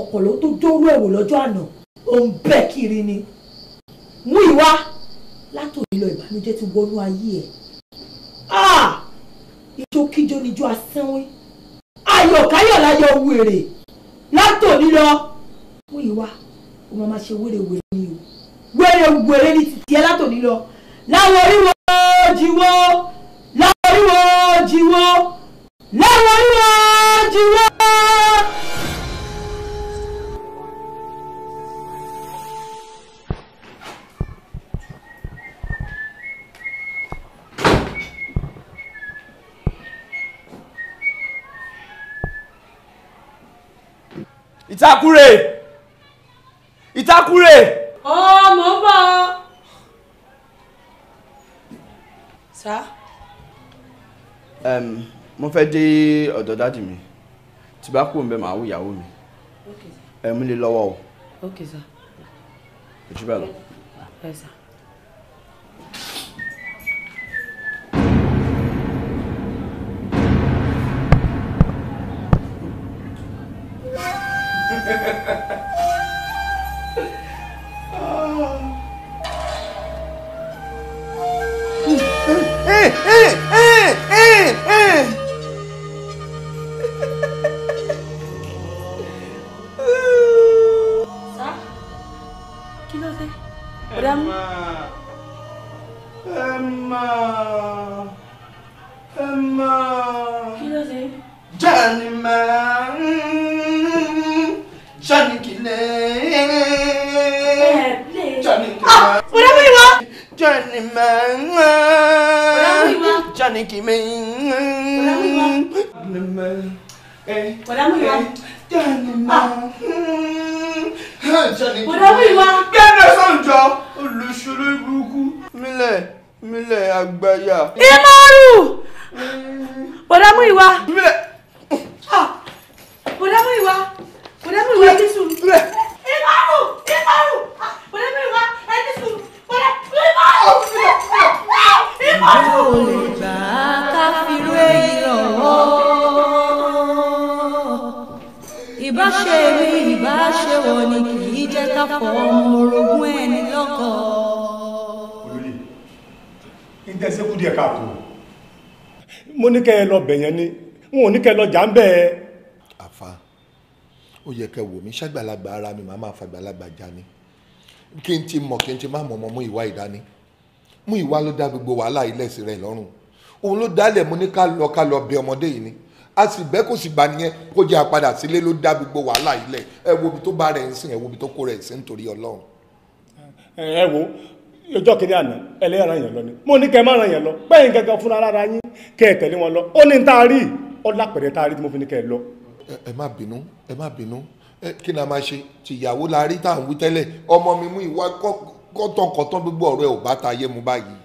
ọ̀pọ̀lọ́ tó dóró ẹ̀wò lọ́jọ́ àná ó ń kiri ni mú ìwá látòrí lọ ìbànújẹ́ ti wọnú ayé ẹ̀ ah! ijó kíjó níjó asínwín ayọ̀káyọ̀ láyọ̀ wèrè látòrí lọ mú ìwá ó máa máa ṣe wèrèwèrè ni o wèrèwèrè ni tìtì ẹ látòrí lọ láwọn oríwọ jíwọ́ láwọn oríwọ jíwọ́ láwọn oríwọ jíwọ́. ìtakùrè ìtakùrè. ọ mò ń bọ̀. sá. mo fẹ́ dé ọ̀dọ̀ dádì mi tí bá kúrò ń bẹ màá wò ìyàwó mi ẹ̀ mú lè lọ́wọ́ o. ok sá. ojú bẹ́ẹ̀ lọ. ẹ sá. Johnny man, Johnny Kimmy, Johnny man, Johnny eh, eh, Johnny man, eh, Johnny man, Johnny man. Kẹ́ndé sọ̀njọ́ olùṣòro ìbùkún. Mílẹ̀ mílẹ̀ àgbáyà. Ìmọ̀rù! Bọ̀dá mú ìwà. Mílẹ̀. Bọ̀dá mú ìwà. Bọ̀dá mú ìwà ẹni sùn. Ìmọ̀rù! Ìmọ̀rù! Bọ̀dá mú ìwà ẹni sùn ìjọ ò lè gbà á ká firú èyí lọ́wọ́. ìbáṣe rí ìbáṣe wọ ni kì í jẹ́ ká fọ ọmọ orogún ẹni lọ́kọ̀. olóyè ń tẹ́sí kú díẹ̀ káàtó. mo ní kẹ́ ẹ lọ bẹ̀yẹn ni n ò ní kẹ́ ẹ lọ jà ń bẹ́ ẹ. àfa ó yẹ kẹ́ wò mí ṣàgbàlagbà ara mi màá máa fàgbàlagbà jà ni kí n ti mọ̀ kí n ti má mọ̀ ọmọ mú ìwà ìdání mú ìwà ló dá gbogbo wàhálà ilẹ̀ sí rẹ̀ lọ́rùn òun ló dálẹ̀ mo ní ká lọ ká lọ bẹ ọmọdé yìí ni a sì bẹ́ kò sì gbà nìyẹn kó jẹ́ àpadà sílé ló dá gbogbo wàhálà ilẹ̀ ẹ wo ibi tó bá rẹ̀ ń sìn ẹ wo ibi tó kó rẹ̀ ń sìn nítorí ọlọ́run. ẹ wo ọjọ́ kiri àná ẹlẹ́yà ara yẹn lọ ni mo ní kẹ́ ẹ má ran yẹn lọ bẹ́ẹ̀ gẹ́gẹ́ fúnra ara yín kẹ́ ẹ tẹ̀lé wọn lọ ó ní ta rí ọlápẹ̀rẹ̀ ta rí tí mo fi ní kẹ́ ẹ lọ. ẹ má bínú ẹ má bínú kí ni a máa ṣe tìyàwó la rí tá à ń wí tẹ́lẹ̀ ọmọ mi mú ìwà kọ́kọ́ kọ́tọ̀kọ́tọ̀ gbogbo ọ̀rọ̀ ẹ̀ ò bá ta ayé mu báyìí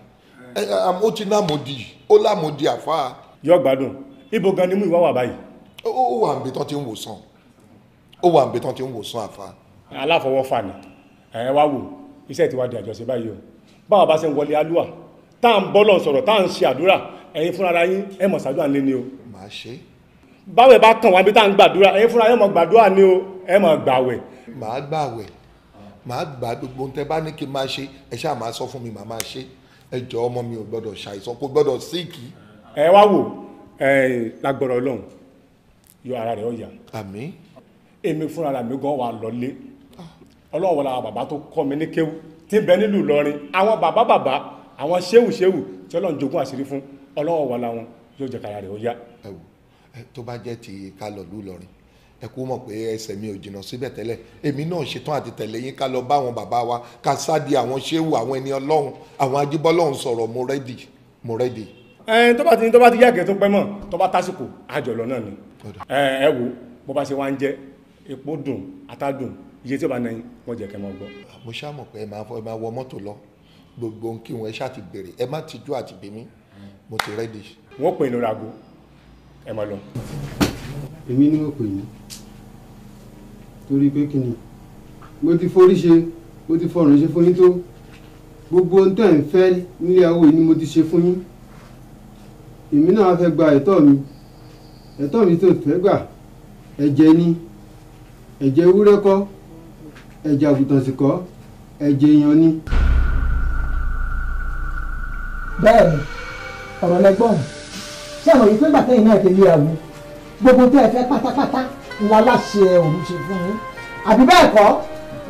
ó ti lámòdì ó lámòdì àfáà. yọ gbádùn ibo gan ni mú ìwà wà báyìí. ó wà níbi tán ti ń wòsàn ó wà níbi tán ti ń wòsàn àfáà. aláfọwọ́fà ni ẹ wá wò iṣẹ́ ti wá di àjọṣe báyìí o báwa bá ṣe ń wọlé alúwà tá à ń bọ́lọ̀ sọ̀rọ̀ tá à ń ṣe àdúrà ẹ̀yin fúnra ara yín ẹ̀ mọ̀ ṣáájú à ń lé ni o. màá ṣe. báwẹ̀ bá tàn wá bí tá à ń gbàdúrà ẹ̀yin fúnra ẹ̀ mọ̀ gbàdúrà ni o ẹ̀ mọ̀ gbàwẹ̀. màá gbàwẹ̀ màá gbà gbogbo ohun tẹ́ bá ní kí n máa ṣe ẹ ṣáà máa sọ fún mi màá máa ṣe ẹ jọ ọmọ mi ò gbọ́dọ̀ ṣàìsàn kò gbọ́dọ̀ síìkì. ẹ wá wò ẹ lágbọrọ Ọlọ́run yọ ara rẹ ọyà. àmín. èmi fúnra mi gan wà lọlé Ọlọ́run wọlé àwọn bàbá tó kọ́ mi ní kéwú tí bẹ nílùú Ìlọrin àwọn bàbá bàbá àwọn ṣéwù ṣéwù tí Ọlọ́run jogún àṣírí fún Ọlọ́run wọlé àwọn yóò jẹ kára rẹ ọyà. ẹ wò tó bá jẹ́ ti kálọ̀ lù lọ́rin ẹ kú mọ̀ pé ẹsẹ̀ mi ò jìnnà síbẹ̀ tẹ́lẹ̀ èmi náà ṣetán àti tẹ̀lé yín ká lọ bá àwọn bàbá wa ká sáàdì àwọn ṣéwù àwọn ẹni ọlọ́run àwọn ajíbọ́lọ́run sọ̀rọ̀ mo rẹ́dì mo rẹ́dì. ẹ tó bá ti tó bá ti yàgẹ̀ tó pẹ́ mọ̀ tó bá tásìkò àjọlọ náà ni ẹ wo bó bá ṣe wá ń jẹ epo dùn atádùn iye tí ó bá náà wọ́n jẹ́ kẹ́ mọ́ gbọ́. mo ṣàmọ̀ pé ẹ máa wọ mọ́tò lọ gbogbo nkí wọn ẹ ṣáà èmi ni mo pè yín torí pé kí ni mo ti forí ṣe mo ti fọrùn ṣe fún yín tó gbogbo ohun tẹ́ ń fẹ́ nílé awo yìí ni mo ti ṣe fún yín èmi náà fẹ́ gba ẹ̀tọ́ mi ẹ̀tọ́ mi tó fẹ́ gbà ẹ̀jẹ̀ ni ẹ̀jẹ̀ ewúrẹ́ kọ́ ẹ̀jẹ̀ àgùntàn sì kọ́ ẹ̀jẹ̀ èèyàn ni. bẹ́ẹ̀ni ọ̀rọ̀ lẹ́gbọ́n ṣé àwọn yìí pé bàtẹ́yìn náà ti lé àwo gbogbo tẹ́ ẹ fẹ́ pátápátá ńlá láṣẹ òun ṣe fún yín àbí bẹ́ẹ̀ kọ́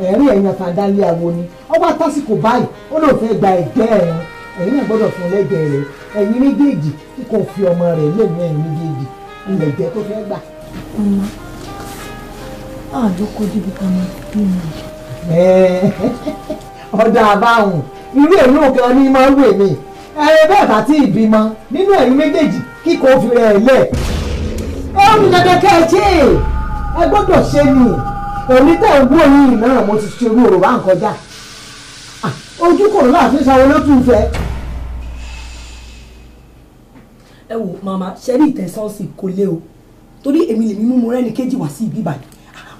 ẹ̀rí ẹ̀yàn fàdálé àwo ni ọba tásìkò báyìí ó lóun fẹ́ gba ẹ̀jẹ̀ ẹ̀yàn ẹ̀yin náà gbọ́dọ̀ fún lẹ́jẹ̀ rẹ̀ ẹ̀yin méjèèjì kíkọ́ fi ọmọ rẹ̀ lẹ́nu ẹ̀yin méjèèjì ilẹ̀ jẹ́ tó fẹ́ gbà. ọmọ àdókò débi ká máa bí mi. ọ̀dà àbáhùn irú èmi ò gan ni máa ń wè mí ẹ̀rẹ́ bẹ́ẹ̀ bá ti ìbímọ nínú ẹ̀yin méjèèjì kíkọ́ fi rẹ̀ lẹ̀ ó ní dandan kẹ́ ẹ ṣe é ẹ gbọ́dọ̀ ṣe ni èmi tẹ̀ ń wò yìí náà mo ti ṣe irú òrò bá ń kọjá ojú kòrò láti ṣàwọn olótùú fẹ́. ẹ wo màmá ṣẹ́rí ìtẹ̀sọ́sì kò lé o torí èmi lèmi mú mo rẹ́ni kejì wá sí ibi ìbàdàn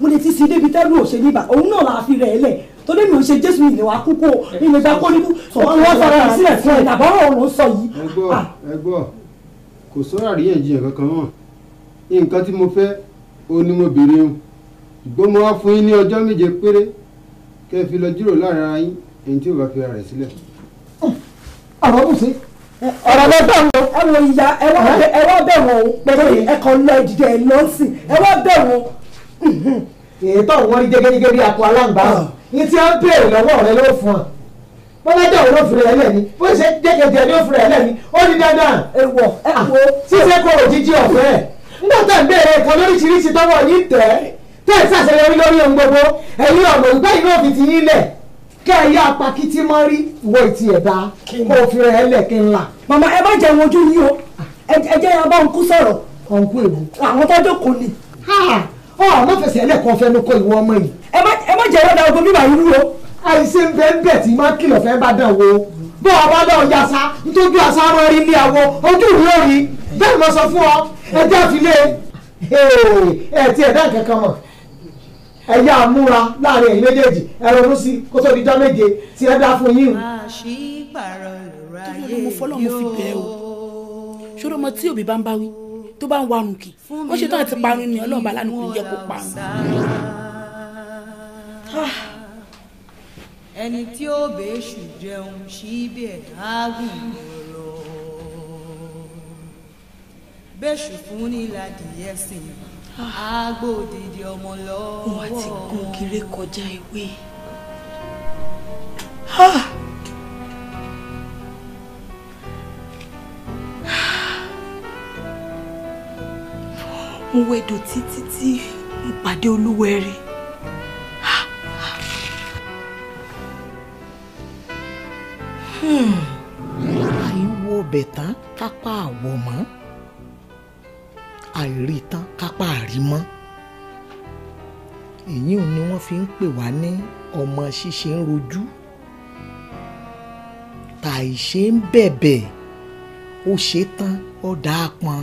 mo lè ti sin débi tẹ́lú òṣèlú ìbà òun náà la fi rẹ̀ ẹ́ lẹ̀ torí mi ò ṣe jésù ìléwà kúkú ilé ìgbà kó nínú wọn sọ̀rọ̀ rẹ̀ sílẹ̀ fún ẹ̀ tàbọ̀rọ̀ òun sọ yìí. ẹ gbọ́ ẹ gbọ́ kò sọ̀rọ̀ àríyànjiyàn kankan mọ́ nǹkan tí mo fẹ́ ó o ṣùgbọ́n mo wá fún yín ní ọjọ́ méje péré kẹ́ ẹ fi lọ jíròrò láàrin ara yín ẹni tí ò bá fi ara rẹ̀ sílẹ̀. ọ̀rọ̀ mú sí ọ̀rọ̀ lọ bẹ̀ wọ́n ẹ wọ ìyá ẹ wá bẹ̀ wọ́n pẹ̀lú ẹ̀kọ́ lọ ìdíje ẹ̀ lọ́sìn ẹ wá bẹ̀ wọ́n. ètò wọn rí gẹ́gẹ́ bí akọ aláǹgbá yín ah. tí wọ́n béèrè lọ́wọ́ rẹ ló fún ọ bọ́lájà òun ló fi rẹ̀ lẹ́ni bó ṣe jẹ́gẹ̀dẹ̀ ló fi rẹ̀ lẹ́ni ó ní dandan. ẹ wọ ẹ ṣíṣe ah. kó òjijì ọ̀fẹ́ nígbà tá à ń béèrè nǹkan lóríṣiríṣi tọwọ́ yín tẹ̀ tẹ̀ ṣàṣeyọrí lórí ohun gbogbo ẹ̀yin ọ̀nà ìgbà yìí náà fi ti yín lẹ̀ kẹ́ ẹ yá apakítí mọ́ rí wo ìtì ẹ̀dá kó o fi rẹ̀ ẹ́ kí n là. màmá ẹ bá jẹ àwọn ojú yín o ẹ jẹ́ abá òǹkú sọ̀rọ̀. òǹkú èwo. àwọn tó jókòó ni. ọ ọ má fẹsẹ̀ ẹlẹ́kọ̀ọ́ fẹ́ ló kọ́ ìwọ ọmọ yìí. ẹ má jẹ́ ìwọ́dà ogun bíbá yín wú àìsè ń bẹ́ẹ̀ bẹ́ẹ̀ tí má kìlọ̀ fẹ́ bá dàn wo bọ́ ọba lọ́ọ́ yasa nítorí àsáró rí ilé àwọ ojú ìwé òrí bẹ́ẹ̀ mo sọ fún ọ ẹjẹ́ àfilé ẹ ti ẹ̀dá kankan mọ̀ ẹ yá múra láàrin ẹ̀yin méjèèjì ẹ ronú sí kó tó dá méje tí ẹ dá fún yín. tó yẹ mo fọlọ́ mo fi bẹ́ẹ̀ o ṣọ́rọ́ ọmọ tí òbí bá ń bá wí tó bá ń wa nùkì wọ́n ṣe tán àti parun ni ọlọ́run lánàá kò ní kó parun. Ah ẹni tí ó bèṣù jẹun síbẹ̀ ágùn ọ̀rọ̀ bẹ́ṣù fún ní ládìyẹ sí àgbò òdìdí ọmọ lọ́wọ́. wọn àti gun kiri kọjá ewé. mo wẹ̀dọ̀ títí tí mo olúwẹ̀rí. àìbẹ̀tán kápá àwọ̀ mọ́ àìrítán kápá àrí mọ́ èyí ni wọ́n fi ń pè wá ní ọmọ ṣíṣe ń rojú tàìṣe ń bẹ̀bẹ̀ ó ṣe tán ó dáa pọn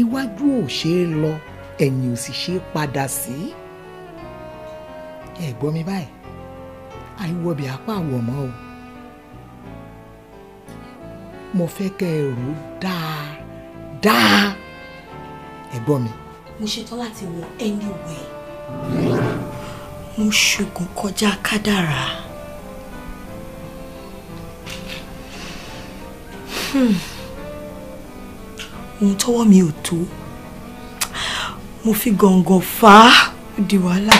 iwájú ò ṣe é lọ ẹ̀yìn ò sì ṣe é padà sí ẹ̀ gbọ́ mi báyìí àìwọ̀bì apá àwọ̀ mọ́ o mo fẹ́ kẹ́ ẹ rò ó dáadáa ẹ̀gbọ́n mi. mo ṣetán láti wọ anyway mo ṣògùn kọjá kádàrá. Hmm. ohun tọ́wọ́ mi ò tó mo fi gàngàn fà á di wàhálà.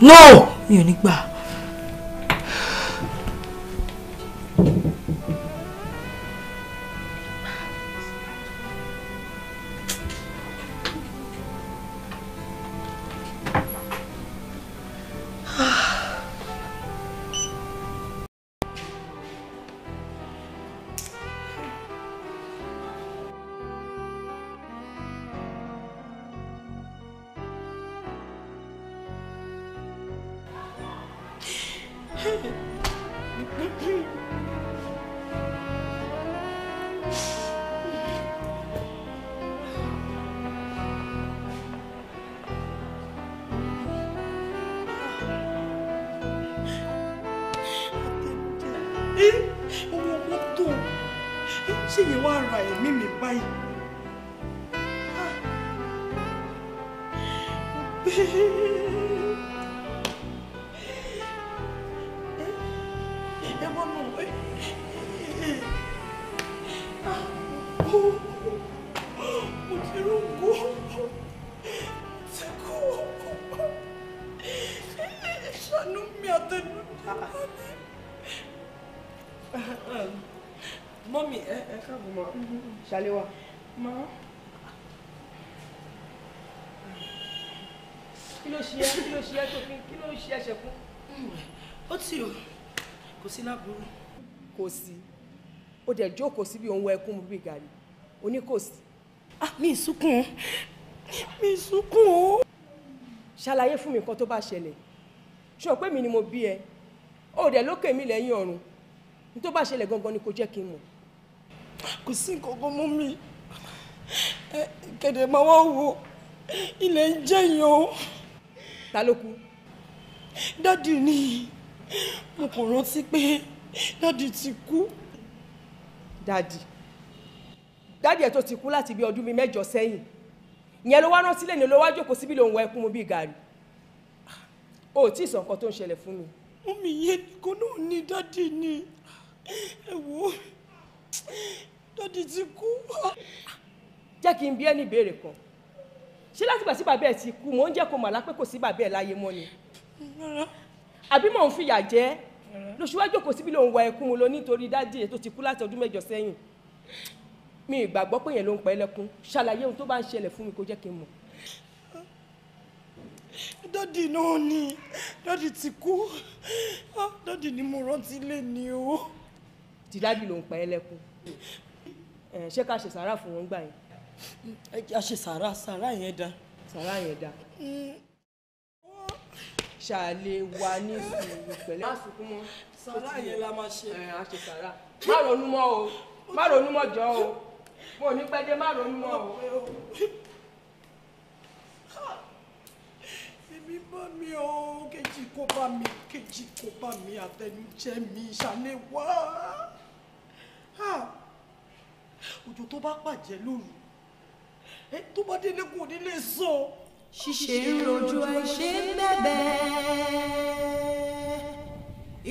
no mi ò ní gbà. jókòó síbi òun wọ ẹkún mu bíi gàrí oníkòsí. mi ìsúkùn mi ìsúkùn o. ṣàlàyé fún mi nǹkan tó bá ṣẹlẹ̀ ṣọ pé mi ni mo bí ẹ ó dẹ̀ lókè mi lẹ́yìn ọ̀run ní tó bá ṣẹlẹ̀ gangan ni kò jẹ́ kí n mọ̀. kò sí nǹkan kan mú mi kẹ̀dẹ̀ máa wá wo ilẹ̀ ń jẹ̀yàn o. ta ló kú. dádì ni mo kò rántí pé dádì ti kú dáàdì dáàdì ẹ̀ tó ti kú láti bí ọdún bíi mẹ́jọ sẹ́yìn ìyẹn ló wá rán sílẹ̀ ní ló wá jókòó síbi lòun wọ ẹkún mu bíi gàrí o ò tí ì sọ nǹkan tó ń ṣẹlẹ̀ fún mi. omi yẹn nìkan náà ni dáàdì ni ẹ wo dáàdì ti kú. jẹ́ kí n bi ẹ́ ní ìbéèrè kan ṣé látìgbà tí bàbá ẹ̀ ti kú mò ń jẹ́ kó màlá pé kò sí bàbá ẹ̀ láyé mọ́ ni àbí mò ń fìyà jẹ lóṣùwájú kò síbi lòun wa ẹkún lo nítorí dádì tó ti kú láti ọdún mẹ́jọ sẹ́yìn mi ìgbàgbọ́ pé yẹn ló ń pa ẹlẹ́kún ṣàlàyé ohun tó bá ń ṣẹlẹ̀ fún mi kó jẹ́ kí n mọ̀. dádì náà ni dádì ti kú ah, dádì ni mo rántí lé ni o. ti dádì ló ń pa ẹlẹ́kún ṣé ká ṣe sàárà fún wọn gbà yẹn. ẹ jẹ́ sàárà sàárà yẹn dá. sàárà yẹn dá. Mm ṣàlè wà ní sùúrù pẹ̀lẹ́. má sunkún mọ́ sàrà yẹn la máa ṣe. ẹ á ṣe sàrà má ronú mọ́ o má ronú mọ́ jọ o mo ní pẹ́ dé má ronú mọ́ o. èmi bá mi o kejì kó bá mi kejì kó bá mi àtẹnujẹ mi ṣàlè wá òjò tó bá pàjẹ́ lóru tó bá délé kò ní lè sọ. So ṣíṣe ń rojú àìṣe ń bẹ̀bẹ̀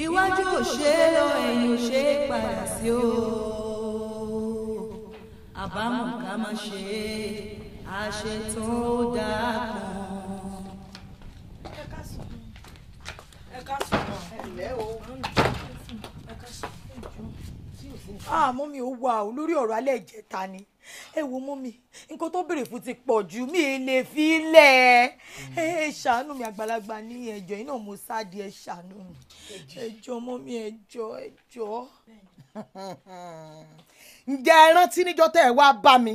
iwájú ò ṣe é lọ ẹ̀yìn ò ṣe é padà sí o àbámọ̀ ká má ṣe é àṣetán dáa kan. ẹ ká mi ò ah, wà ó ọ̀rọ̀ alẹ́ ìjẹta ni ẹ wo mú mi nǹkan tó béèrè fún ti pọ̀ jù mí lè fi lẹ̀ ẹ ẹ ṣàánú mi àgbàlagbà ní ẹjọ́ iná mo sáàdì ẹ ṣàánú mi ẹjọ́ mú mi ẹjọ́ ẹjọ́. ǹjẹ́ ẹ rántí níjọ́ tẹ́ ẹ wá bá mi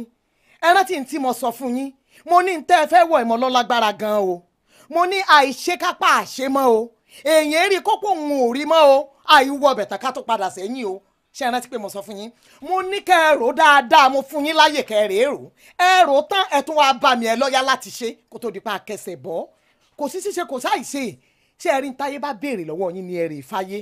ẹ rántí ní tí mo sọ fún yín mo ní tẹ́ ẹ fẹ́ wọ ìmọ̀ lọ́lágbára gan-an o mo ní àìṣekápá àṣemọ́ o èèyàn rí kókó òun ò rí mọ́ o àìwọ̀ bẹ̀tà tó padà sẹ́yìn o ṣé ẹ rántí pé mo sọ fún yín mo ní kẹ́ ẹ rò dáadáa mo fún yín láyè kẹ́ ẹ rèé rò ẹ rò tán ẹ tún wáá bá mi ẹ lọ́yà láti ṣe kó tó di pa akẹsẹ̀ bọ́ kò sí ṣíṣe kò sáìṣe ṣé ẹ rí n táyé bá béèrè lọ́wọ́ yín ni ẹ rè fáyé.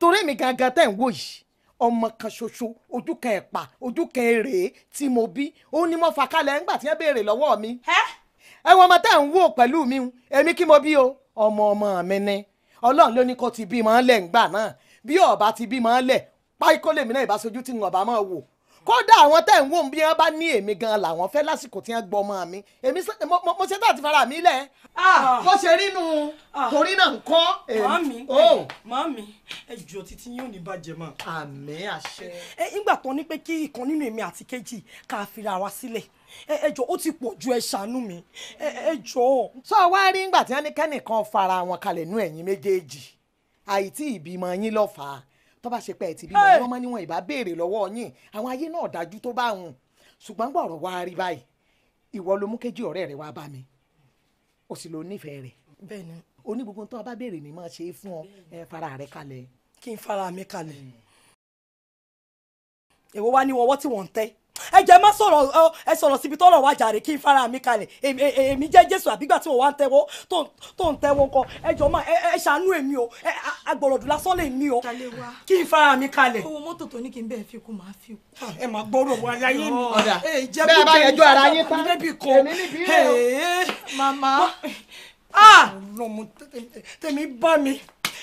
torí mi gangan tẹ̀ ń wò yìí ọmọ kan ṣoṣo ojú kan ẹ̀pà ojú kan èrè tí mo bí ó ní mo fà kalẹ̀ ńgbà tí wọ́n béèrè lọ́wọ́ mi. ẹ wọ́n ọmọ tẹ̀ ń wò pẹ̀lú mi èmi kí mo bí o ọmọ ọmọ mi ni ọlọ́run ló ní kó ti bímọ lẹ́ǹgbà náà bí ọba ti bímọ lẹ̀ páíkó lèmi náà ìbáṣojú tí wọn ọba máa wò kódà àwọn tẹ̀ ń wò bí wọ́n bá ní èmi gan làwọn fẹ́ lásìkò tí wọ́n gbọ́ ọmọ mi èmi mo ṣe tó àti fara mi lẹ̀. Ah! Ah! bó ṣe rí nu ah! torí náà ń kọ́. màámi màámi ẹ jù títí yóò ní bàjẹ́ mọ́. àmín àṣẹ. ẹ ìgbà tán ni pé kí ìkan nínú èmi àti kejì ká fira wa sílẹ̀ ẹ jọ ó ti pọ̀ ju ẹ ṣàánú mi ẹ sọ wá rí ngbà tí wọn ní kẹ́nìkan fara wọn kalẹ̀ nú ẹ̀yin méjèèjì àìtí ìbímọ yín ló fà á tó bá ṣe pé ẹ̀ ti bímọ yín wọ́n mọ́ níwọ̀n ìbá béèrè lọ́wọ́ yín àwọn ayé náà dájú tó bá wọn ṣùgbọ́n gbọ̀rọ̀ wá rí báyìí ìwọ ló mú kéjì ọ̀rẹ́ rẹ wá bá mi o sì lọ nífẹ̀ẹ́ rẹ̀ bẹ́ẹ̀ni oní gbogbo tó bá béèrè ni máa ṣe é fún ọ ẹ fara rẹ kalẹ̀ kí n fara mi kalẹ̀ èwo wá ní ọwọ́ tí wọ́n ń tẹ́ ẹ jẹ́ má sọ̀rọ̀ ẹ sọ̀rọ̀ síbi tọ́lọ̀ wá jàre kí n fara mi kalẹ̀ èmi e, e, jẹ́ jésù àbígbà tí mo wá ń tẹ́wọ́ tó ń tẹ́wọ́ kọ ẹ jọ máa ẹ ṣàánú èmi o agbọ̀rọ̀dù lásán lè mí o kí n fara mi kalẹ̀. owó mọ́tò tó ní kí n bẹ́ẹ̀ fi kú màá fi kú. Ah, ẹ máa gbọ́rọ̀ wọ ayé mi bẹ́ẹ̀ bá yẹjọ́ ara yín pa èmi níbí rẹ̀ o. màmá ah! tèmi bá mi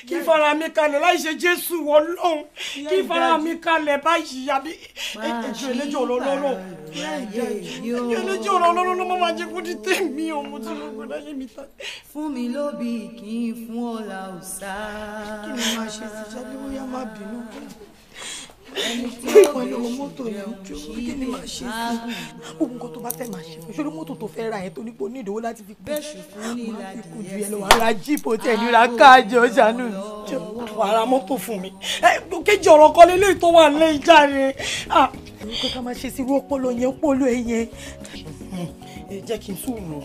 kí fara mi kalẹ̀ láì jésù ọlọ́run kí fara mi kalẹ̀ báyìí àbí ìjọ eléjọ ọlọ́lọ́rọ̀ ìjọ eléjọ ọlọ́lọ́rọ̀ ló máa jẹ́ kó di tèmi o mo ti lọ́gbọ́n mi ta. fún mi lóbi kì í fún ọ̀la ọ̀sà. kí ni màá ṣe ti jáde bóyá má bínú kọ́ pẹ̀lú mọ́tò ní ìjọ kí ni màá ṣe fún un nǹkan tó bá fẹ́ máa ṣe fún ṣọlọ́ mọ́tò tó fẹ́ ra yẹn tó ní kó ní ìdówó láti fi kú máa fi kú ju ẹ ara jíìpù tẹ̀ nira káàjọ ṣàánú jẹ́ ara mọ́tò fún mi kéjì ọ̀rọ̀ kan lélẹ́yìí tó wà lẹ́yìn járe àwọn kó ká máa ṣe sí irú ọpọlọ yẹn ọpọlọ ẹ hmm, jẹ́ kí n tún rò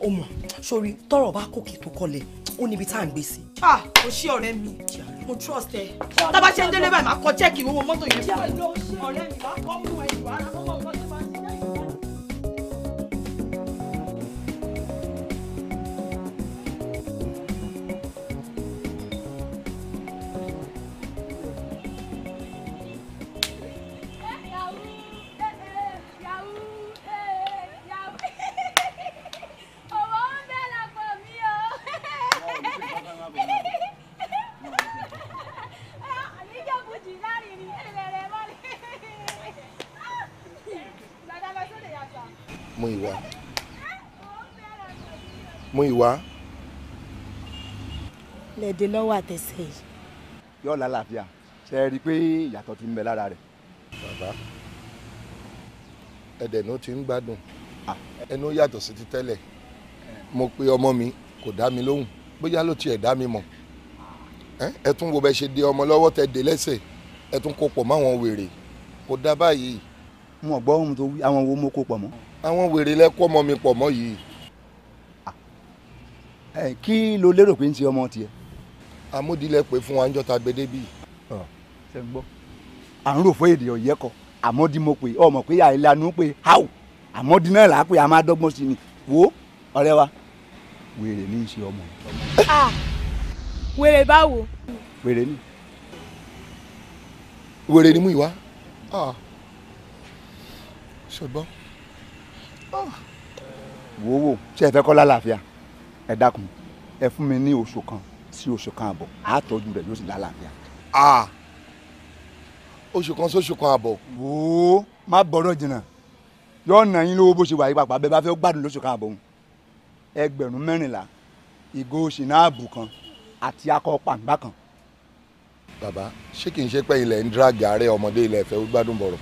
hmm, ó mọ̀ bá kòkè tó kọlẹ̀ ó níbi tá à ń gbé sí. ah o ṣé ọ̀rẹ́ mi mo trust ẹ tábà ṣe ń délé báyìí máa kọ chẹ́ẹ̀kì owó mọ́tò yẹn fún mi máa kọ́ mú ẹ ìwà ara mọ́mọ́ mọ́tò. Múyìwá. lẹ́ẹ̀dẹ̀ lọ́wọ́ àtẹ̀sẹ̀ yìí. yóò lálàáfíà ṣe é rí i pé ìyàtọ̀ ti ń bẹ lára rẹ̀. bàbá ẹ̀dẹ̀nu ti ń gbádùn ẹnu yàtọ̀ sí ti tẹ́lẹ̀ mo pe ọmọ mi kò dá mi lóhùn bóyá ló tiẹ̀ dá mi mọ̀ ẹ tún wo bẹ ṣe de ọmọ lọ́wọ́ tẹ dé lẹ́sẹ̀ ẹ tún kó pọ̀ mọ́ àwọn wèrè kò dá báyìí. wọn gbọ́ ohun tó wí àwọn wo mo kó pọ̀ mọ́. àwọn wèrè lẹ kó ọmọ mi pọ̀ mọ́ yìí kí lo lérò pé ń ṣe ọmọ tiẹ̀. amúdílẹ̀ pé fún wa ń jọta gbede bíi. ṣe ń gbọ́ à ń rò fún èdè ọ̀yẹ́ kọ àmọ́dí mo pè ọmọ pé àìlànà pé how àmọ́dí náà là á pè a máa dọ́gbọ́n sí ni wo ọ̀rẹ́ wa wèrè ní í ṣe ọmọ. wèrè báwo. wèrè ni. wèrè ni mú ìwá ṣùgbọ́n. wo wo ṣe é fẹ́ kọ́ lálàáfíà ẹ dákun ẹ fún mi ní oṣù kan sí oṣù kan àbọ̀ á tọ́jú rẹ̀ yóò sì lálàáfíà. oṣù kan sóṣù kan àbọ̀. wò ó má bọ̀rọ̀ jìnnà yóò nà yín lówó bó ṣe wà yí pàpà bẹ́ẹ̀ bá fẹ́ gbádùn lóṣù kan àbọ̀ òun ẹgbẹ̀rún mẹ́rìnlá ìgò ṣìnáàbù kan àti akọ pàǹgbà kan. bàbá ṣé kì í ṣe pé ilẹ̀ ń dra gàárẹ̀ ọmọdé ilẹ̀ ìfẹ́ gbádùn bọ̀rọ̀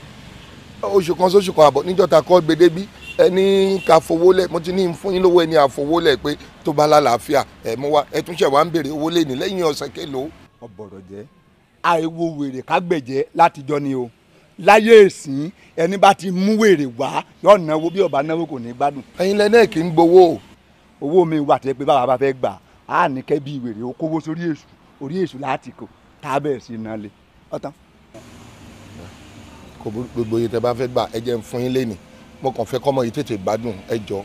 oṣù kan sóṣù kan àbọ̀ níjọ́ta kọ́ gbedébí ẹni ká fowó lẹ̀ mo ti ní fún yín lówó ẹni àfowó lẹ̀ pé tó bá lálàáfíà ẹ mú wa ẹ tún ṣe wá ń béèrè owó lé ní lẹ́yìn ọ̀sẹ̀ kélòó. ọbọrọ jẹ àìwo wèrè kágbẹ̀jẹ́ látijọ́ ni o láyé ìsìn ẹni bá ti mú wèrè wá yóò náwó bí ọba náwó kò ní gbádùn. ẹ̀yin lẹ náà kì í gbowó. owó mi wà tẹ pé bàbá bá fẹ́ gbà á ní kẹ́ bí wèrè ó kówó sórí èṣù orí èṣù láti kò tábẹ̀ sí iná le ọ̀tán. kò gbogbo yìí tẹ bá fẹ́ gbà ẹ jẹ́ ń fún yín lé mo kàn fẹ́ kọ́mọ yìí tètè gbádùn ẹ jọ.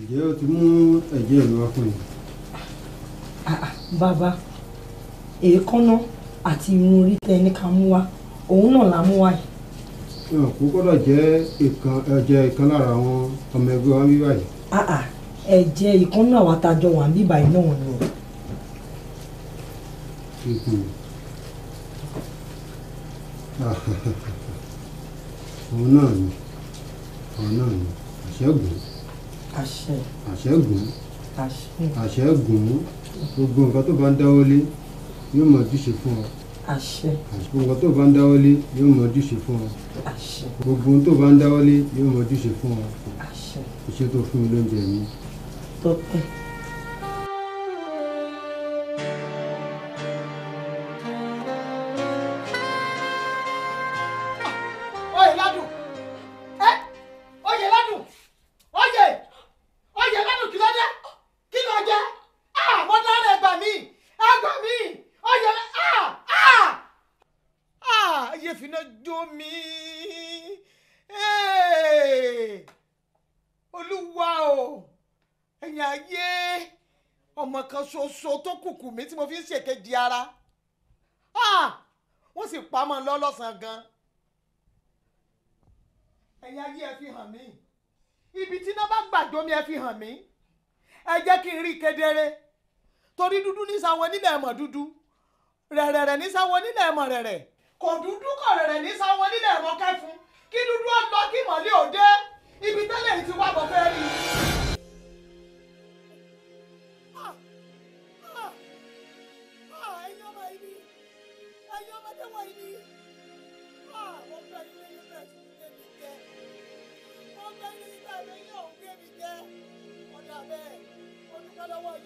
ǹjẹ́ o ti mú ẹ̀jẹ̀ ìlú wá fún yìí. Ah, ah, bàbá èékánná àti irun orí tẹ ní ká mú wá òun náà là mú wá yìí. kò gbọ́dọ̀ jẹ́ ìkan ẹ̀jẹ̀ ìkan lára àwọn ọmọ ẹgbẹ́ wa bíbá yìí. ẹ̀jẹ̀ ìkan náà wà tájọ wà bíbá yìí náà ni. òun náà ni òun náà ni àṣẹ́gun àṣẹ́gun àṣẹ́gun gbogbo nǹkan tó bá ń dáwọ́lé yóò mọ ojúṣe fún ọ. àṣẹ. gbogbo tó bá ń dáwọ́lé yóò mọ ojúṣe fún ọ. àṣẹ. gbogbo tó bá ń dáwọ́lé yóò mọ ojúṣe fún ọ. àṣẹ. iṣẹ́ tó fún mi lóúnjẹ mi. tọ́tẹ̀. bùkù mi tí mo fi ń ṣèkejì ara ah! wọ́n sì pamọ́ lọ́lọ́sàn gan. ẹ̀yin ayé ẹ fi hàn mí ibi tí iná bá gbàjọ́ ẹ fi hàn mí ẹ jẹ́ kí n rí kedere torí dúdú ní sáwọn nílẹ̀ ẹ̀mọ̀ dúdú rẹ̀rẹ̀rẹ̀ ní sáwọn nílẹ̀ ẹ̀mọ̀ rẹ̀rẹ̀ kò dúdú kọ̀ rẹ̀rẹ̀ ní sáwọn nílẹ̀ ẹ̀mọ̀ kẹfun kí dúdú ọ̀ lọ kí mọ̀lẹ́ òde ibi tẹ́lẹ̀ ti wá bọ̀ fẹ́ rí i. Kalawa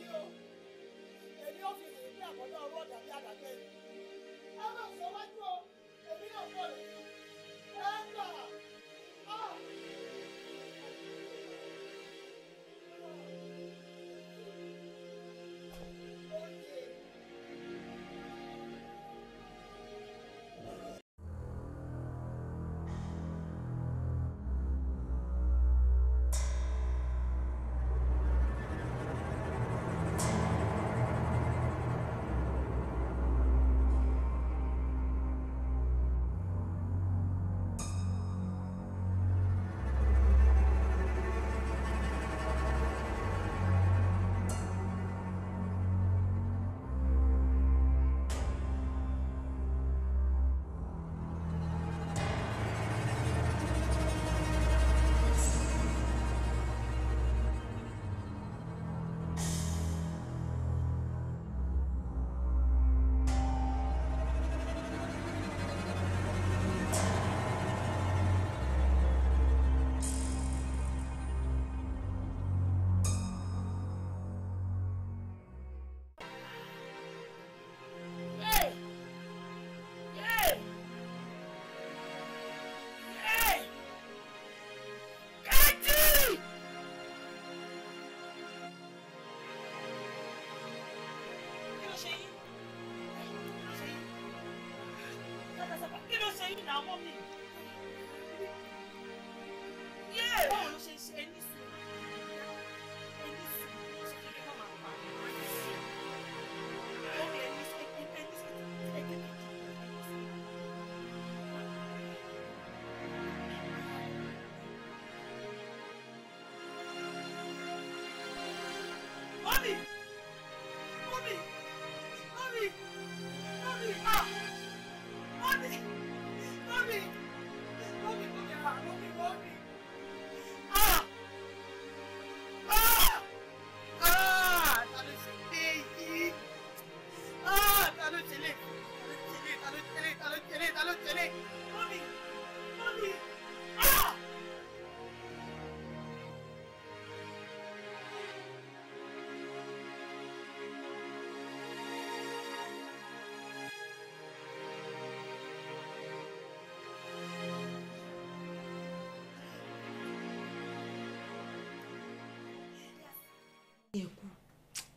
I'm on the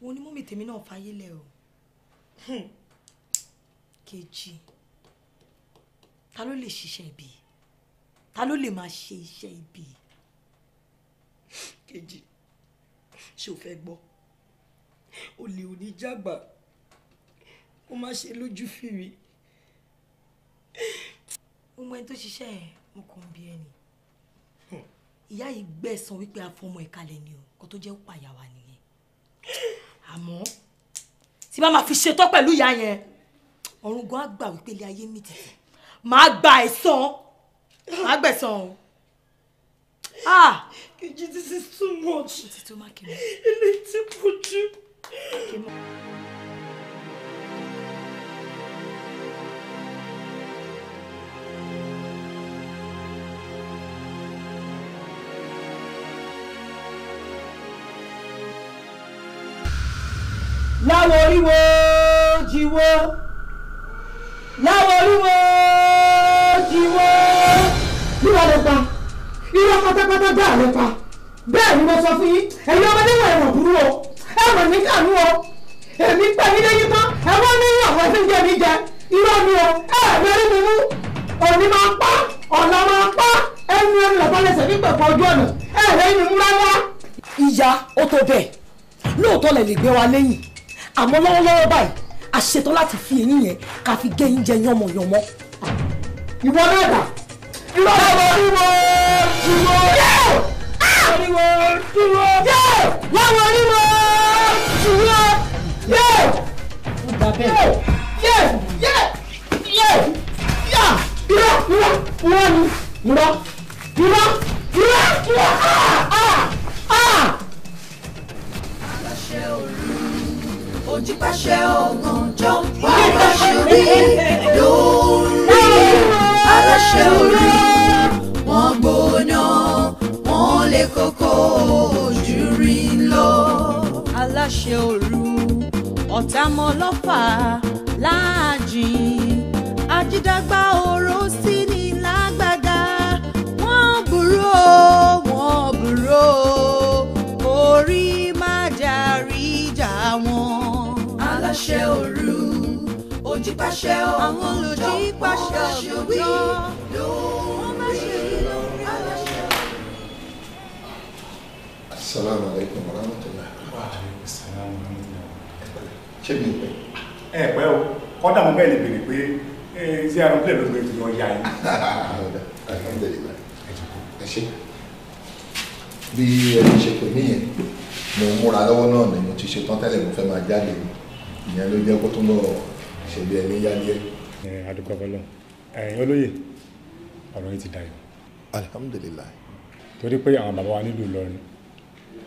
òun ni mọ́mì tèmi náà fayé lẹ̀ o hmm. kejì ta ló lè ṣiṣẹ́ ibi ta ló lè máa ṣe iṣẹ́ ibi kejì ṣé o fẹ́ gbọ́ olè oníjàgbà o má ṣe lójú fìrí ọmọ ẹni tó ṣiṣẹ́ ẹ̀ mo kàn ń bí ẹni hmm. ìyá yìí gbẹ̀san wípé afọmọ ẹ̀ kalẹ̀ o kó tó jẹ́ pàyà wa ni àmọ́ tí bá máa fi ṣetán pẹ̀lú ìyá yẹn ọ̀run gan á wípé ilé ayé mi tẹ̀lé màá gba ẹ̀san màá gbẹ̀san o. Ah! Kejì, this is too much. Ilé tí kò jù. láworíwo jíwó láworíwo jíwó irọ́ ló pa irọ́ pátápátá dáa ló pa bẹ́ẹ̀ ni mo sọ fún yín ẹ̀yin ọmọdé wọ̀ ẹ̀wọ̀n burú o ẹ̀wọ̀n ní kàánú o èmi pẹ̀ mí lẹ́yìn tán ẹ̀wọ̀n mi àwọn ẹ̀sìn jẹ́ mi jẹ irọ́ mi o ẹ̀ẹ̀mí orí mi mú òní máa pa ọ̀nà máa pa ẹnu ẹnu lọ́pàá lẹ́sẹ̀ nígbà kan ojú ọ̀nà ẹ̀ẹ̀rẹ́ mi mú rárá. ìyá ó tó bẹ́ẹ̀ lóòótọ́ lẹ̀ lè gbé wa lẹ́yìn àmọ́ lọ́wọ́lọ́wọ́ báyìí a ṣetán láti fi eyín yẹn ká fi gé yín jẹ yánmọ̀yánmọ̀ ìwọ náà dà ìwọ náà dà ìwọ ìwọ ìwọ ìwọ ìwọ ìwọ ìwọ yóò gba bẹ́ẹ̀. yẹ yẹ yẹ yà irọ́ irọ́ irọ́ ni irọ́ irọ́ irọ́ irọ́ ah ah ah. òjìpàṣẹ ọ̀gànjọ́ aláṣẹ orí lórí aláṣẹ orí wọ́n gbóná wọ́n lè kókó ojú rí lọ. aláṣẹ òru ọ̀tá mọ́ lọ́fà láàjìn ajídágbá oró sí. pàṣẹ o àwọn olùjí pàṣẹ òdodo lòun máa ṣe lòun rí aláṣẹ. asalaamu alaykum wa rahmatulah. wa aleykum salaam wa rahmatulah. ṣé mi pẹ́. ẹ pẹ́ o kọ́dà mo bẹ́ẹ̀ lè béèrè pé ṣé àrùn plẹ̀ lóṣù tó yọ yìí. alhamdulilayi ẹ ṣe bí ẹni ṣe pè mí yẹn mo múra lọ́wọ́ náà ni mo ti ṣetán tẹ́lẹ̀ mo fẹ́ máa jáde ìyẹn ló jẹ́ kó tún lọ́ọ́ ṣèlú ẹni yá díẹ̀. adúgbò ọlọ ẹ̀yin olóyè ọ̀rọ̀ yìí ti dayọ̀. alihamudulilayi. torí pé àwọn bàbá wa nílùú Ìlọrin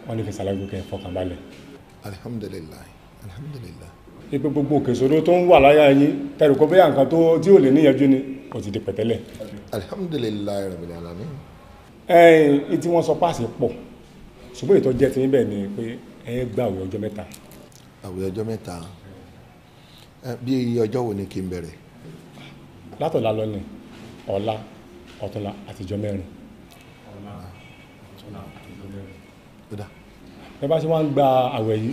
wọn ní fi ṣàlágbó kẹ́ ẹ fọkàn balẹ̀. alihamudulilayi alihamudulilayi. ipe gbogbo òkèsòro tó ń wà láyà yín tẹ̀rù kó bẹ́yà nǹkan tí ò lè níyanjú ni ó ti di pẹ̀tẹ́lẹ̀. alihamudulilayi rabbil alamin. ẹ̀yin tí wọ́n sọ páàsì pọ̀ ṣùgbọ́n ìtọ́jẹ́ ti ń bẹ̀ ni pé ẹ̀yin gba àwẹ̀ mẹ́ta. àwẹ̀ mẹ́ta bí ọjọ́ wo ni kí n bẹ̀rẹ̀. látọ̀la lọ ni ọ̀la ọ̀túnla àtijọ́ mẹ́rin. ọ̀la ọ̀túnla àtijọ́ mẹ́rin. bí wọ́n bá ṣe wá ń gba àwẹ̀ yìí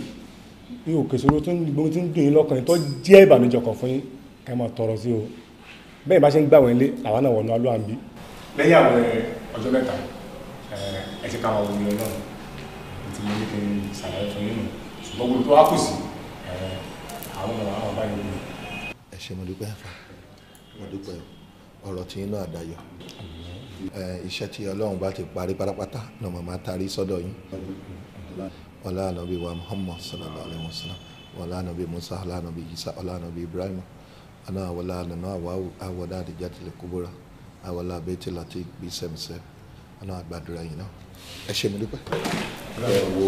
ní òkè ìṣòro tó ń gbóhùn tí ń dùn yín lọ́kàn yín tó jẹ́ ìbànújẹ́ kan fún yín ká máa tọrọ sí o bẹ́ẹ̀ bá ṣe ń gbà wọ́n lé àwa náà wọnú alóhàn bí. lẹ́yìn àwọn ọjọ́ mẹ́ta ẹ ti ká àwọn omi ọlọ́run tí mo ní kí n ṣàlàyé fún yín nù ṣùgbọ́n gbogbo tó wá kù sí àwọn ọmọ àwọn ọba yẹn lónìí. ẹ ṣe mo dúpẹ́ àfà mo dúpẹ́ ọ̀rọ̀ tí inú àdáyọ̀ iṣẹ́ tí ọlọ́run bá ti parí pátápátá ló máa máa tarí sọ́dọ̀ yín ọlá ànábì wa muhammad sallallahu alayhi wa sallam ọlá ànábì musa ọlá ànábì isa ọlá ànábì ibrahim ọlá àwọlá ànábì àwọlá àdìjátìlẹ̀ kúbúrà àwọlá abẹ́tẹ̀ láti bí sẹ́mìsẹ́mì ọlá àgbàdúrà yìí náà ẹ ṣe mi dúpẹ́. ẹ wo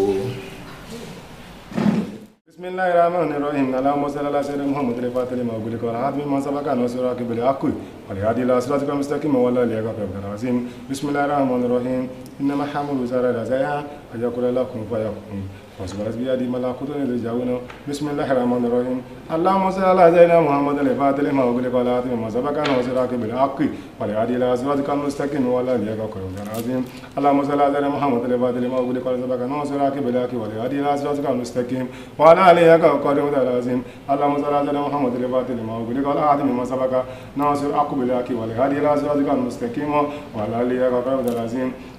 bisimilahi rahman rahim alamu salala sere muhammad le fatali ma guli kora hadmi man sabaka no sura ke bele akui wal hadi la sura ka mustaqim wala li ka fa azim bismillahi rahman rahim inna mahamul wasu baras biya di mala kudu ne da jawuna bismillahir rahmanir rahim allahumma salli ala sayyidina muhammad al fatil ma ugli qala ma sabaka na wasira ke bil haqqi wa la adi la azwaj kan mustaqim wa la yaka qawlan azim allahumma salli ala muhammad al fatil ma ugli qala sabaka na wasira ke bil haqqi wa la adi la azwaj kan mustaqim wa la yaka qawlan azim allahumma salli ala muhammad al fatil ma ugli qala azim ma sabaka na wasira ke bil haqqi wa la adi la azwaj kan mustaqim wa la yaka qawlan azim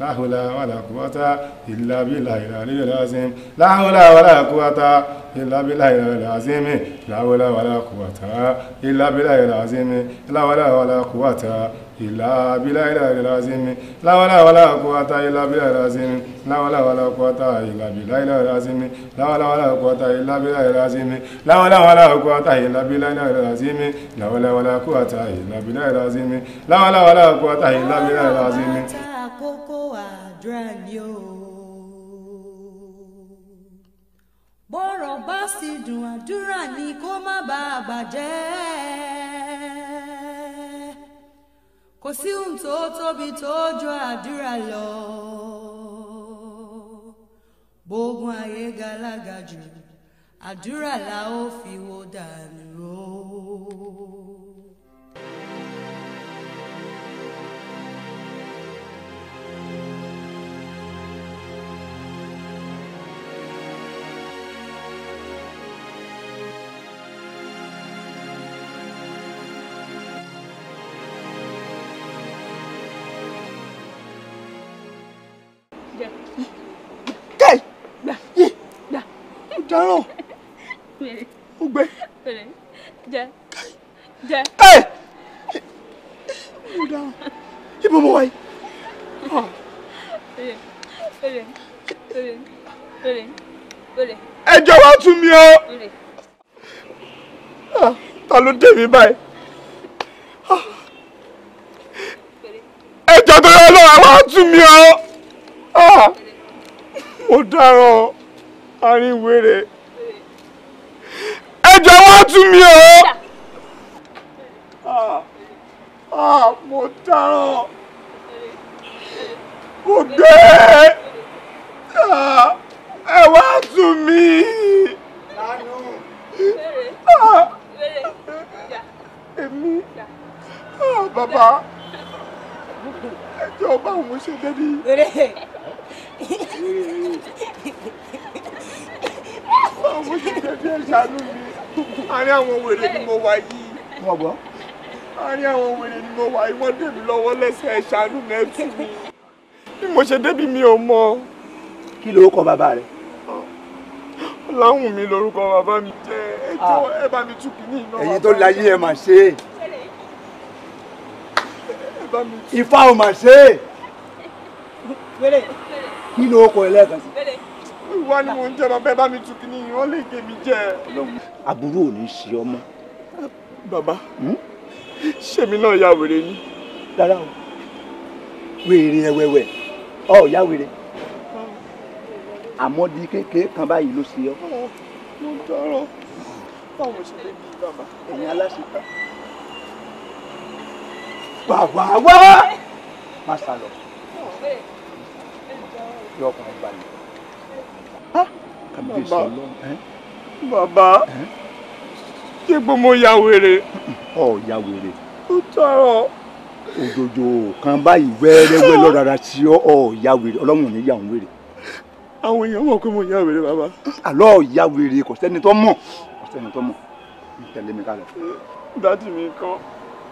لا حول ولا قوة إلا بالله العلي العظيم لا حول ولا قوة إلا بالله العظيم لا حول ولا قوة إلا بالله العظيم لا حول ولا قوة إلا بالله العظيم لا حول ولا قوة إلا بالله العظيم لا حول ولا قوة إلا بالله العظيم لا حول ولا قوة إلا بالله العظيم لا حول ولا قوة إلا بالله العظيم لا حول ولا قوة إلا بالله العظيم لا حول ولا قوة إلا بالله العظيم àkókò àdúrà yo, o. bọ́rọ̀ bá sì dùn àdúrà ni kó má bàa bàjẹ́. kò sí ohun tó tóbi tó ju àdúrà lọ. bógun ayé galaga àdúrà la ó fi wo dànù o. dáràn ó gbé. jẹ jẹ. ẹ mo dáràn ibo mo wà yìí. Ah. ẹ jọ̀wọ́ tún mi o ah, ta ló dé mi báyìí ah. ẹjọ́ tó yọ lọ́wọ́ wá tún mi o mo dáràn arínwèrè ẹ jọ̀wọ́ tú mi o ah, ah, mo dáràn mo ah, ẹ wá tú mi. Ah, èmi bàbá ẹ jọ̀ọ́ báwo mo ṣe dé ní ọmọ ṣẹlẹ̀ bí ẹ̀ṣà ló mi àárín àwọn wèrè ni mo wà yìí. wọ́n gbọ́. àárín àwọn wèrè ni mo wà yìí wọ́n dèmi lọ́wọ́ mo ṣe débi mi ò mọ. kí ló kọ bàbá rẹ. láwùn mi lórúkọ bàbá mi jẹ ẹjọ ah. ẹ bá mi tún kìíní iná. ẹ̀yin tó láyé ẹ mà ṣe é. ifá ò mà ṣe é. kí ló kọ ẹ lẹ́ẹ̀kan sí wá ni mò ń jẹ́ bàbá ẹ bá mi tù kí ni wọ́n lè gé mi jẹ. àbúrò ò ní ṣe ọmọ. bàbá hmm? ṣèmi náà ya ni. rárá o wèrè ẹ̀wẹ̀wẹ̀ ọ̀ ya wèrè àmọ́ di kékeré kan báyìí ló ṣe ọ́. mo tọrọ báwo ṣe lè bí bàbá. ẹ̀yin aláṣetá. bàbá wá má sá yọ ọkùnrin balẹ̀. Ah, Baba, ọlọ́run. bàbá ṣé pé mo ya wèrè. ọ ya wèrè. ó tọrọ. òjòjò kan báyìí wẹ́rẹ́wẹ́ lọ́rara tí ọ ya wèrè ọlọ́run ò ní yà ń wèrè. àwọn èèyàn mọ̀ pé mo ya wèrè bàbá. àlọ́ ya wèrè kò sẹ́ni tó mọ̀ kò sẹ́ni tó mọ̀ ń tẹ̀lé mi kálẹ̀. dádì mi kọ́.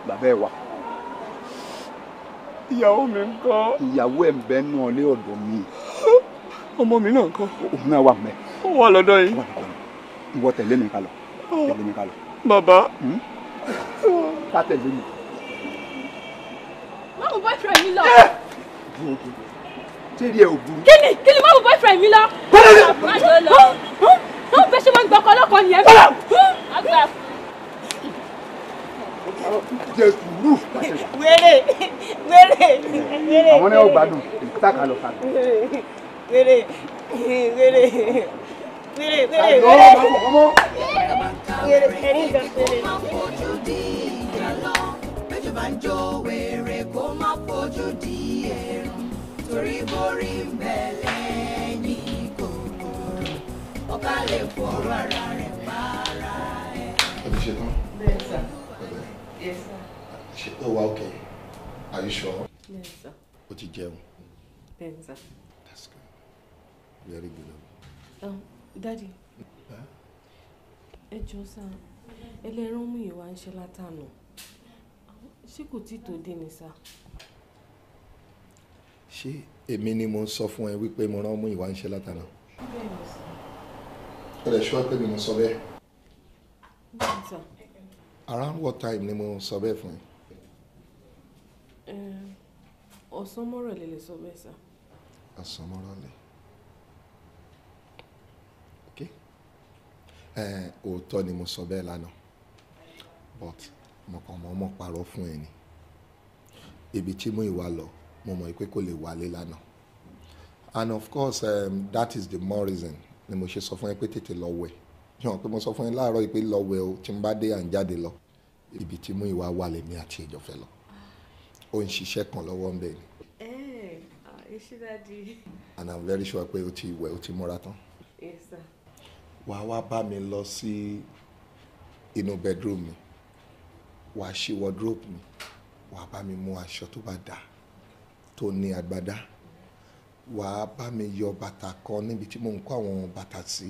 bàbá ẹ wà ìyàwó mi ń kọ́. ìyàwó ẹ̀ ń bẹ́ náà lé ọ̀dọ̀ mi ọmọ mi náà kọ́. òun náà wà mẹ́. ó wà lọ́dọ̀ yìí. ìwọ tẹ̀lé mi ká lọ. tẹ̀lé mi ká lọ. bàbá. Hmm? ká tẹ̀lé mi. má mú boyfriend mi lọ. ṣé rí ẹ ò burú. kí ni kí ni má mú boyfriend mi lọ. kọ́lá má jọ lọ. má mú bẹ́sẹ̀ máa ń gbọ́kọ̀ lọ́kọ̀ nìyẹn. kọ́lá. àgbà. jésù rú. wéré wéré wéré. àwọn náà ó gbádùn ìtàkà lọ kàdùn wèrè wèrè wèrè wèrè wèrè ẹni ìgbà wèrè. Bẹ́jọ́ bá ń jó wèrè kó má fojú di ẹ̀rùn torí borí ń bẹ̀ lẹ́yìn Yes sà. Ṣé ó Are you sure? Yes sir. O ti jẹun. Bẹ́ẹ̀ sà very good Um, um daddy. ẹ jọ sá ẹlẹ́rán mú ìwà ń ṣe látànà ṣé kò tí tó dé ni sá. ṣé èmi ni mo sọ fún ẹ wípé mo rán mú ìwà ń ṣe látànà. ẹ lè ṣọ́ pé mi mo sọ bẹ́ẹ̀. around what time ni mo sọ bẹ́ẹ̀ fún ẹ. ọ̀sán mọ́rọ̀ lè lè sọ bẹ́ẹ̀ sá. ọ̀sán mọ́rọ̀ òótọ́ ni mo sọ bẹ́ẹ̀ lánàá but mo kàn mọ́ mọ́ parọ́ fún ẹ ni ibi tí mo ìwà lọ mo mọ̀ pé kò lè wálé lánàá and of course um, that is the more reason ni mo ṣe sọ fún ẹ pé tètè lọ wẹ̀ yàn pé mo sọ fún ẹ láàárọ̀ yìí pé lọ wẹ̀ o tí n bá dé à ń jáde lọ ibi tí mo ìwà wà lèmi àti ìjọfẹ́ lọ ó ń ṣiṣẹ́ kan lọ́wọ́ ń bẹ̀ ni. ẹ ẹ ṣe dáadé. and i'm very sure pé o ti wẹ̀ o ti múra tán. yes wà á wá bá mi lọ sí inú bedroom mi wà á ṣí wardrobe mi wà á bá mi mú aṣọ tó bá dà tó ní agbádá wà bá mi yọ bàtà kan níbi tí mò ń kó àwọn bàtà sí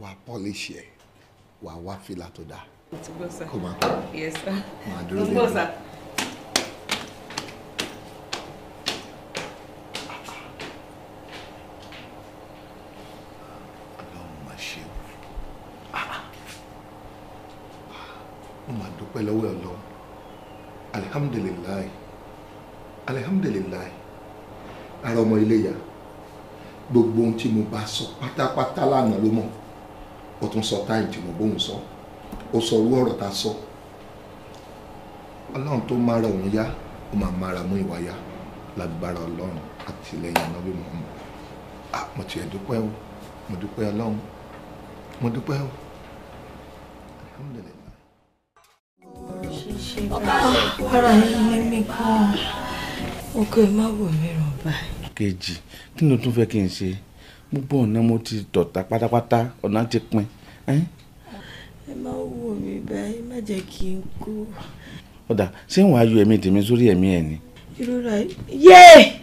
wà á pọ́líṣì wà wá fìlà tó dáa. kò máa kọ́ máa dúró dé mi. dúpẹ́ lọ́wọ́ ẹ̀ lọ alihamdulilayi alihamdulilayi ara ọmọ iléyà gbogbo ohun tí mo bá sọ pátápátá lánàá ló mọ̀ ó tún sọ táyì tí mo bóun sọ ó sọ orú ọ̀rọ̀ tá sọ ọlọ́run tó mára òun yá ó máa mára mú ìwà yá lágbára ọlọ́run àtìlẹ́yìn ànábì Muhammad ah mo tiẹ̀ dúpẹ́ o mo dúpẹ́ ọlọ́run mo dúpẹ́ o alhamdulilayi ara yín lé mi gan-an ọkọ ẹ má wò mí ràn báyìí. kejì kí ni o tún fẹ́ kí n ṣe gbogbo ọ̀nà mo ti dọ̀tá pátápátá ọ̀nà ti pin. ẹ má wò mí báyìí má jẹ́ kí n kú. ọ̀dà ṣé wàá yọ ẹ̀mí tèmi sórí ẹ̀mí ẹ̀ ni. ìrora yéé.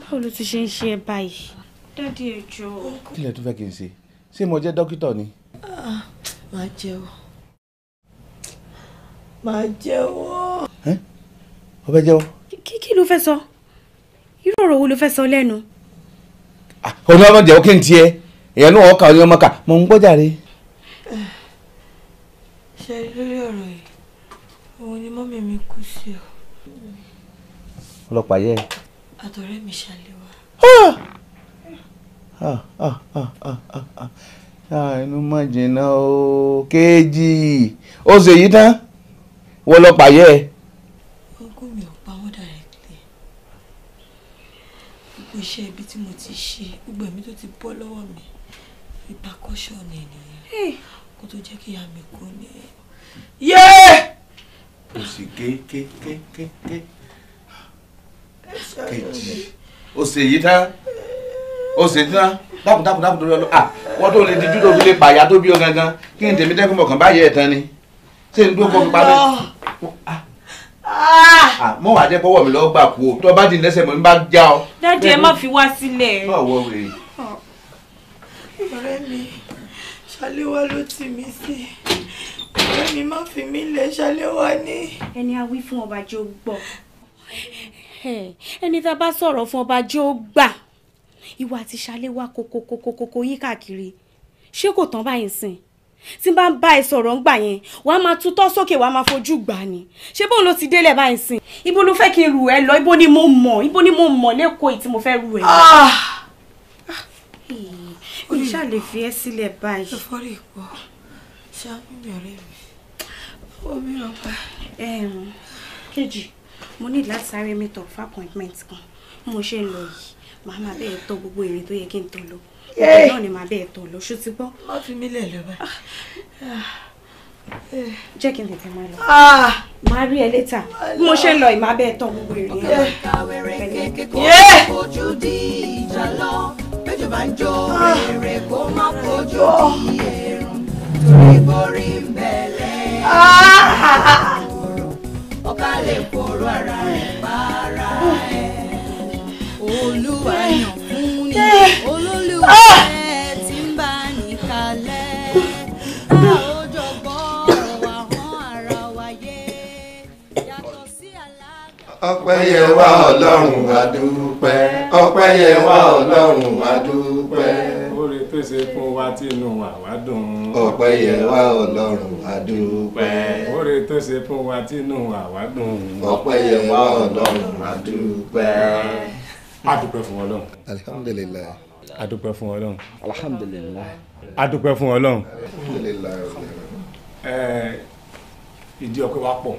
báwo ló ti ṣe ń ṣe ẹ báyìí. dádì ẹ jọ̀ọ́. kí lẹ tún fẹ́ kí n ṣe ṣé mo jẹ́ dókítà ni. Ah, màá jẹ́ o máa jẹ́wọ́. ó fẹ́ jẹ́wọ́. kí kí ló fẹ́ sọ irú ọ̀rọ̀ wo ló fẹ́ sọ lẹ́nu. ọ̀nà ọmọ jẹ́wọ́ kí n tiẹ̀ èèyàn náà ọkà ọ̀nà ọmọ kà mọ̀ ń gbọ́jà rẹ. ṣe lórí ọ̀rọ̀ yìí òun ni mọ́mí mi kú sí o. ọlọ́pàá yẹ. àtọ̀rẹ́ mi Ah! wá. inú má jìnnà o kéèjì ó ṣèyí tán wọ́n lọ pààyẹ́ ẹ. ogún mi ò pa wọ́n directly gbogbo iṣẹ́ ibi tí mo ti ṣe gbogbo ẹ̀mí tó ti bọ́ lọ́wọ́ mi repercussion ẹ̀ nìyẹn kó tó jẹ́ kí ìyá mi kú ni. yéé. kò sí kékékékéké kejì o sì yí tán o sì tán dákun dákun dákun torí ọlọ́pàá ah, wọ́n tó lè dijú tó fi lè pààyà tó bí ọ gangan kí n tèmi tẹ́kùn mọ̀kàn báyẹ̀ ẹ̀ tán ni ṣé n dúró kọ́ mi pa mí. Ah! Ah, mọ wàá jẹ bọwọ mi lọ gbà kú o tó bá di lẹ́sẹ̀ mọ mi bá já ọ. dáàdi ẹ má fi wá sílẹ̀. má wọ wèrè. ọ̀rẹ́ mi ṣàléwá ló tì mí sí ọ̀rẹ́ mi má fi mí lẹ̀ ṣàléwá ní. ẹni a wí fún ọba jẹ́ ó ẹni tá a bá sọ̀rọ̀ fún ọba jẹ́ ó gbà ìwà àti ṣàléwá kókókókókó yí káàkiri ṣé kò tán báyìí sìn tí n bá ń bá ẹ sọ̀rọ̀ ńgbà yẹn wàá máa tutọ́ sókè wàá máa fojú gbà ni ṣé bóun ló ti délẹ̀ báyìí sìn ibo ló fẹ́ kí n rù ẹ lọ ibo ni mo mọ̀ ibo ni mo mọ̀ lẹ́kọ̀ọ́ tí mo fẹ́ rù ẹ. olùṣà ah! lè fi ẹ́ sílẹ̀ báyìí. ẹ̀fọ́rí ìpọ̀ ṣáájú mi ọ̀rẹ́ mi omi ọ̀pá. kejì mo ní láti sáré meet up for appointment kan mo ṣe ń lọ yìí màá máa bẹ́ẹ̀ tọ́ gbogbo èrè tó yẹ kí n tọ́ lọ́wọ́ ọbẹ̀ náà ni màá bẹ́ẹ̀ tọ̀ lóṣù ti gbọ́. má fi mí lẹ̀ lọ́ba. Ah. Eh, jẹ́ kí n tètè máa lọ. Ah! màá rí ẹ létà bí mo ṣe ń lọ ì máa tọ̀ gbogbo ìrìn ẹ̀. kàwéré kékeré di ìjà lọ péjọ bá ń jó ah. rèrè kó má fojú oh. di èrùn torí borí ń bẹ̀lẹ̀ ọ̀ká lè kóró ara rẹ̀ bá ara oh. ẹ̀ olúwa yàn fún ni olólùwà ẹ ti ń bá ní kalẹ̀ tá ò jọ gbọ́ ọ̀rọ̀ àwọn ara wa yé yàtọ̀ sí alága. ọpẹ́ yẹ wá ọlọ́run àdúpẹ́ ọpẹ́ yẹ wá ọlọ́run àdúpẹ́. orí tó ṣe fún wa tí inú àwa dùn. ọpẹ́ yẹ wá ọlọ́run àdúpẹ́. orí tó ṣe fún wa tí inú àwa dùn. ọpẹ́ yẹ wá ọlọ́run àdúpẹ́ a dúpẹ́ fún ọlọ́run. alihamudulilayi. a dúpẹ́ fún ọlọ́run. alihamudulilayi. a dúpẹ́ fún ọlọ́run. alihamudulilayi. ẹẹ ìdí ọpẹ́ wa pọ̀.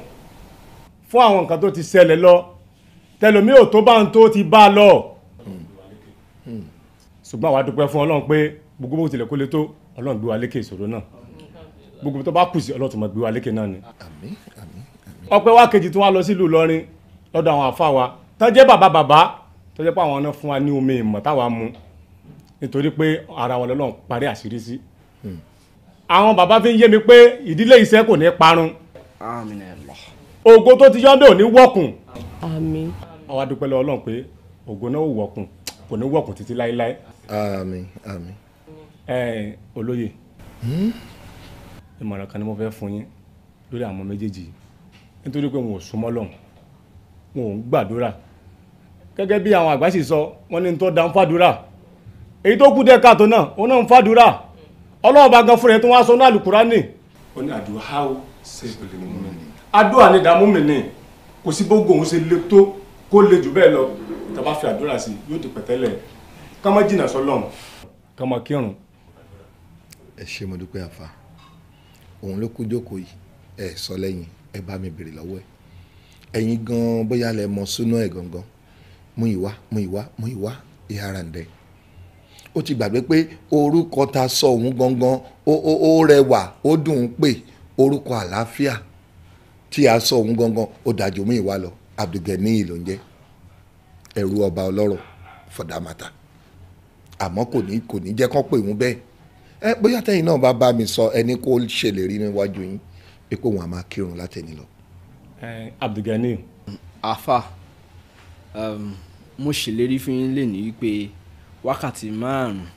fún àwọn nǹkan tó ti ṣẹlẹ̀ lọ tẹlomi ò tó bá ń tó ti bá a lọ. ṣùgbọ́n àwa dúpẹ́ fún ọlọ́run pé gbogbo bó tilẹ̀ kó lè tó ọlọ́run gbé wa lékè ìṣòro náà gbogbo tó bá kù sí ọlọ́run tó máa gbé wa lékè náà ni. ọpẹ́ wa kejì tó wá lọ sílùú lọ́rin lọ́dọ̀ àwọn àfa wa tán jẹ́ bàbá bàbá tó jẹ́ pé àwọn náà fún wa ní omi ìmọ̀ táwa mu nítorí pé ara wọn lọ́lọ́run parí àṣírí sí. àwọn bàbá fi ń yé mi pé ìdílé iṣẹ́ kò ní parun. àmín. ògo tó ti yọ́ndé ò ní wọ̀kùn. àmín. àwa dúpẹ́ lọ́wọ́ ọlọ́run pé ògo náà ò wọ̀kùn kò ní wọ̀kùn títí láéláé. àmín àmín. ẹ ẹ olóye ìmọ̀ràn kan ni mo fẹ́ fún yín lórí àwọn méjèèjì nítorí pé wọn ò súnmọ́ lọ́hùn wọn ò ń gbàdúrà gẹ́gẹ́ bí àwọn àgbà sì sọ wọ́n ní tó da ń fàdúrà èyí tó kú dẹ́ka tó náà òun náà ń fàdúrà ọlọ́run bá gan fúnra ẹ̀ tó wá sọ ní àlùkùránì. ó ní àdúrà how save the woman. àdúrà ni ìdààmú mi ni kò sí gbogbo òun ṣe le tó kó le jù bẹ́ẹ̀ lọ tàbá fi àdúrà sí yóò di pẹ̀tẹ́lẹ̀ ká jìnnà sọlọ́run ká kírun. ẹ ṣe mo dúpẹ́ àfa òun ló kú jókòó yìí ẹ sọ lẹ́yìn ẹ bá mi béèrè lọ́wọ́ ẹ ẹ̀yin gan bóyá lẹ mọ súnú ẹ̀ gangan mú ìwá mú ìwá mú ìwá ìharandẹ ó ti gbàgbé pé orúkọ ta sọ òun gangan ó rẹwà ó dùn ún pè orúkọ àlàáfíà tí a sọ òun gangan ó dájú mú ìwá lọ Abdulganiyi ló ń jẹ ẹrú ọba ọlọ́rọ̀ fọdàmàtà àmọ́ kò ní kò ní jẹ́ kán pè wọ́n bẹ́ẹ̀ ẹ bóyá tẹ́yìn náà bá bá mi sọ ẹni kó ṣèlérí níwájú yín pé kó wọn a máa kírun látẹni lọ. Abdulganiyi. afa mo ṣèlérí fún yín lè ní wípé wákàtí márùn-ún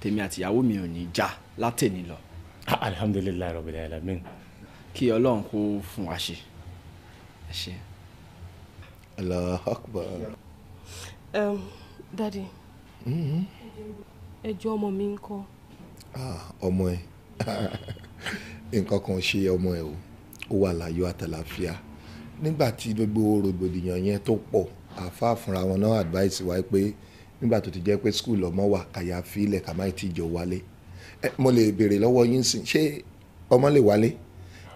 tèmi àti ìyàwó mi ò ní já látẹ̀ni lọ. Ah, alhamdulilayi rabbil alamin. kí ọlọ́run kó fún wa ṣe. ẹ ṣe. Allahu akbar. Um, dadi. Mm-hmm. ẹjọ́ ọmọ mi ń kọ́. Ah, ọmọ ẹ nǹkan kan ṣe ọmọ ẹ o ó wà láyọ̀ àtàlàfíà nígbà tí gbogbo rògbòdìyàn yẹn tó pọ̀ àfa fúnra wọn náà advice wa pé nígbà tó ti jẹ́ pé school ọmọ wa kàyà fílẹ̀ kà má ti jọ wálé mo lè béèrè lọ́wọ́ yín sìn ṣé ọmọ lè wálé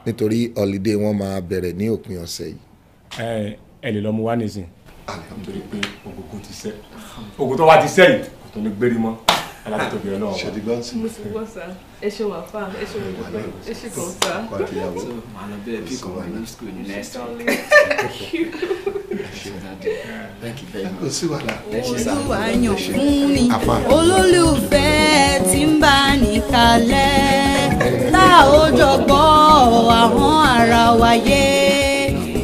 nítorí holiday wọn máa bẹ̀rẹ̀ ní òpin ọ̀sẹ̀ yìí. ẹ ẹ lè lọ mú wá nísìn. alhamdulilayi pé ogun ti sẹ ogun tó wá ti sẹ yìí tó ní gbérí mọ́ alátìtòbí ọlọ́run. ṣèdígbọ́n sí. mo ti wọ́ sá ẹ ṣe wà fà ẹ ṣe wà fà ẹ ṣe kàn fà. so màá lọ bẹ́ẹ̀ bí kò wà ní school next week. olólùfẹ́ tí ń bá ní kalẹ̀ àwọn ara wa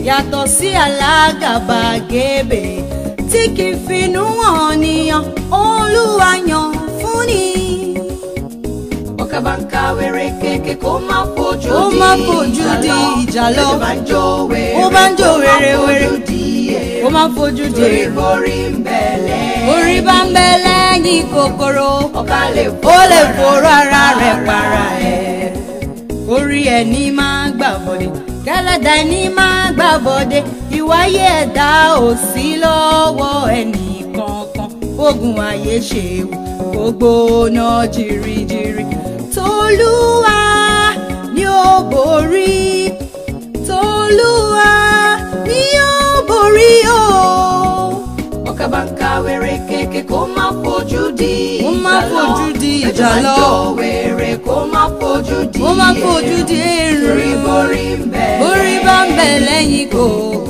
yàtọ̀ sí alágàbàgebè tí kì finú hàn níyàn olúwa yàn bankabanka wèrè kéèké kó má fojú di ìjà lọ kó má fojú di ìjà lọ ó bá ń jó wèrè wèrè kó má fojú di èrè orí ń bẹ lẹ́yìn orí bá ń bẹ lẹ́yìn kòkòrò ó lè forú ara rẹ̀ para ẹ̀ orí ẹni máa gbà bọ̀dẹ̀ kẹlẹ́dà ẹni máa gbà bọ̀dẹ̀ ìwáyé ẹ̀dá ò sí lọ́wọ́ ẹni kankan ogun ayé ṣe wò gbogbo náà jìrìjìrì Tolúwa ni ó borí Tolúwa ni ó borí o. ọ̀kà bá ń ka wèrè kéèké kó má fojú di ìjà lọ kó má fojú di ìjà lọ ẹjọ́ wèrè kó má fojú di èrò kó má fojú di èrò torí borí ń bẹ̀ borí bá ń bẹ̀ lẹ́yìn kò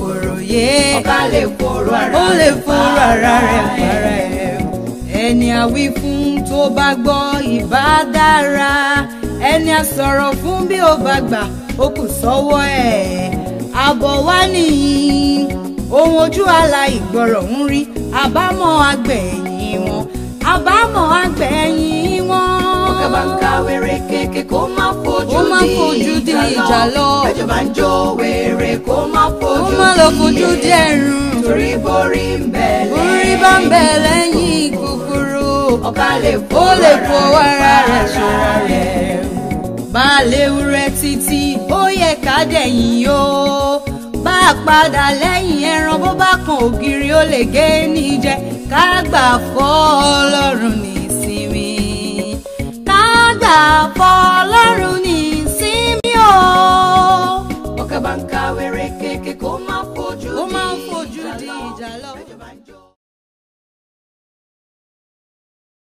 òròyé ọ̀kà lè fòrò ara rẹ̀ fara ẹ̀ ẹni àwí fún tó bá gbọ́ ìbá dára ẹni a sọ̀rọ̀ fún bí ó bá gbà ó kù sọ́wọ́ ẹ̀ àbọ̀ wá nìyí ohun ojú àlà ìgbọ̀rọ̀ ń rí àbámọ̀ àgbẹ̀yìn wọn àbámọ̀ àgbẹ̀yìn wọn. ọ̀gá bá ń ka wèrè kéèké kó má fojú di ìjà lọ. ẹjọ́ bá ń jó wèrè kó má fojú di ẹ̀rù. kó má lọ fojú di ẹ̀rù. torí borí ń bẹ̀ lẹ́yìn. borí ọba lè fó lè fowó ara rẹ̀ ṣọ́ra rẹ̀ bá léwu rẹ̀ títí ó yẹ ká dẹ̀yìn o bá a padà lẹ́yìn ẹran bó bá kan ògiri ó lè gé níjẹ ká gbà fọ́ ọlọ́run ní ìsinmi ká gbà fọ́ ọlọ́run ní ìsinmi o ọkọ̀ bá ń kàwé rẹ̀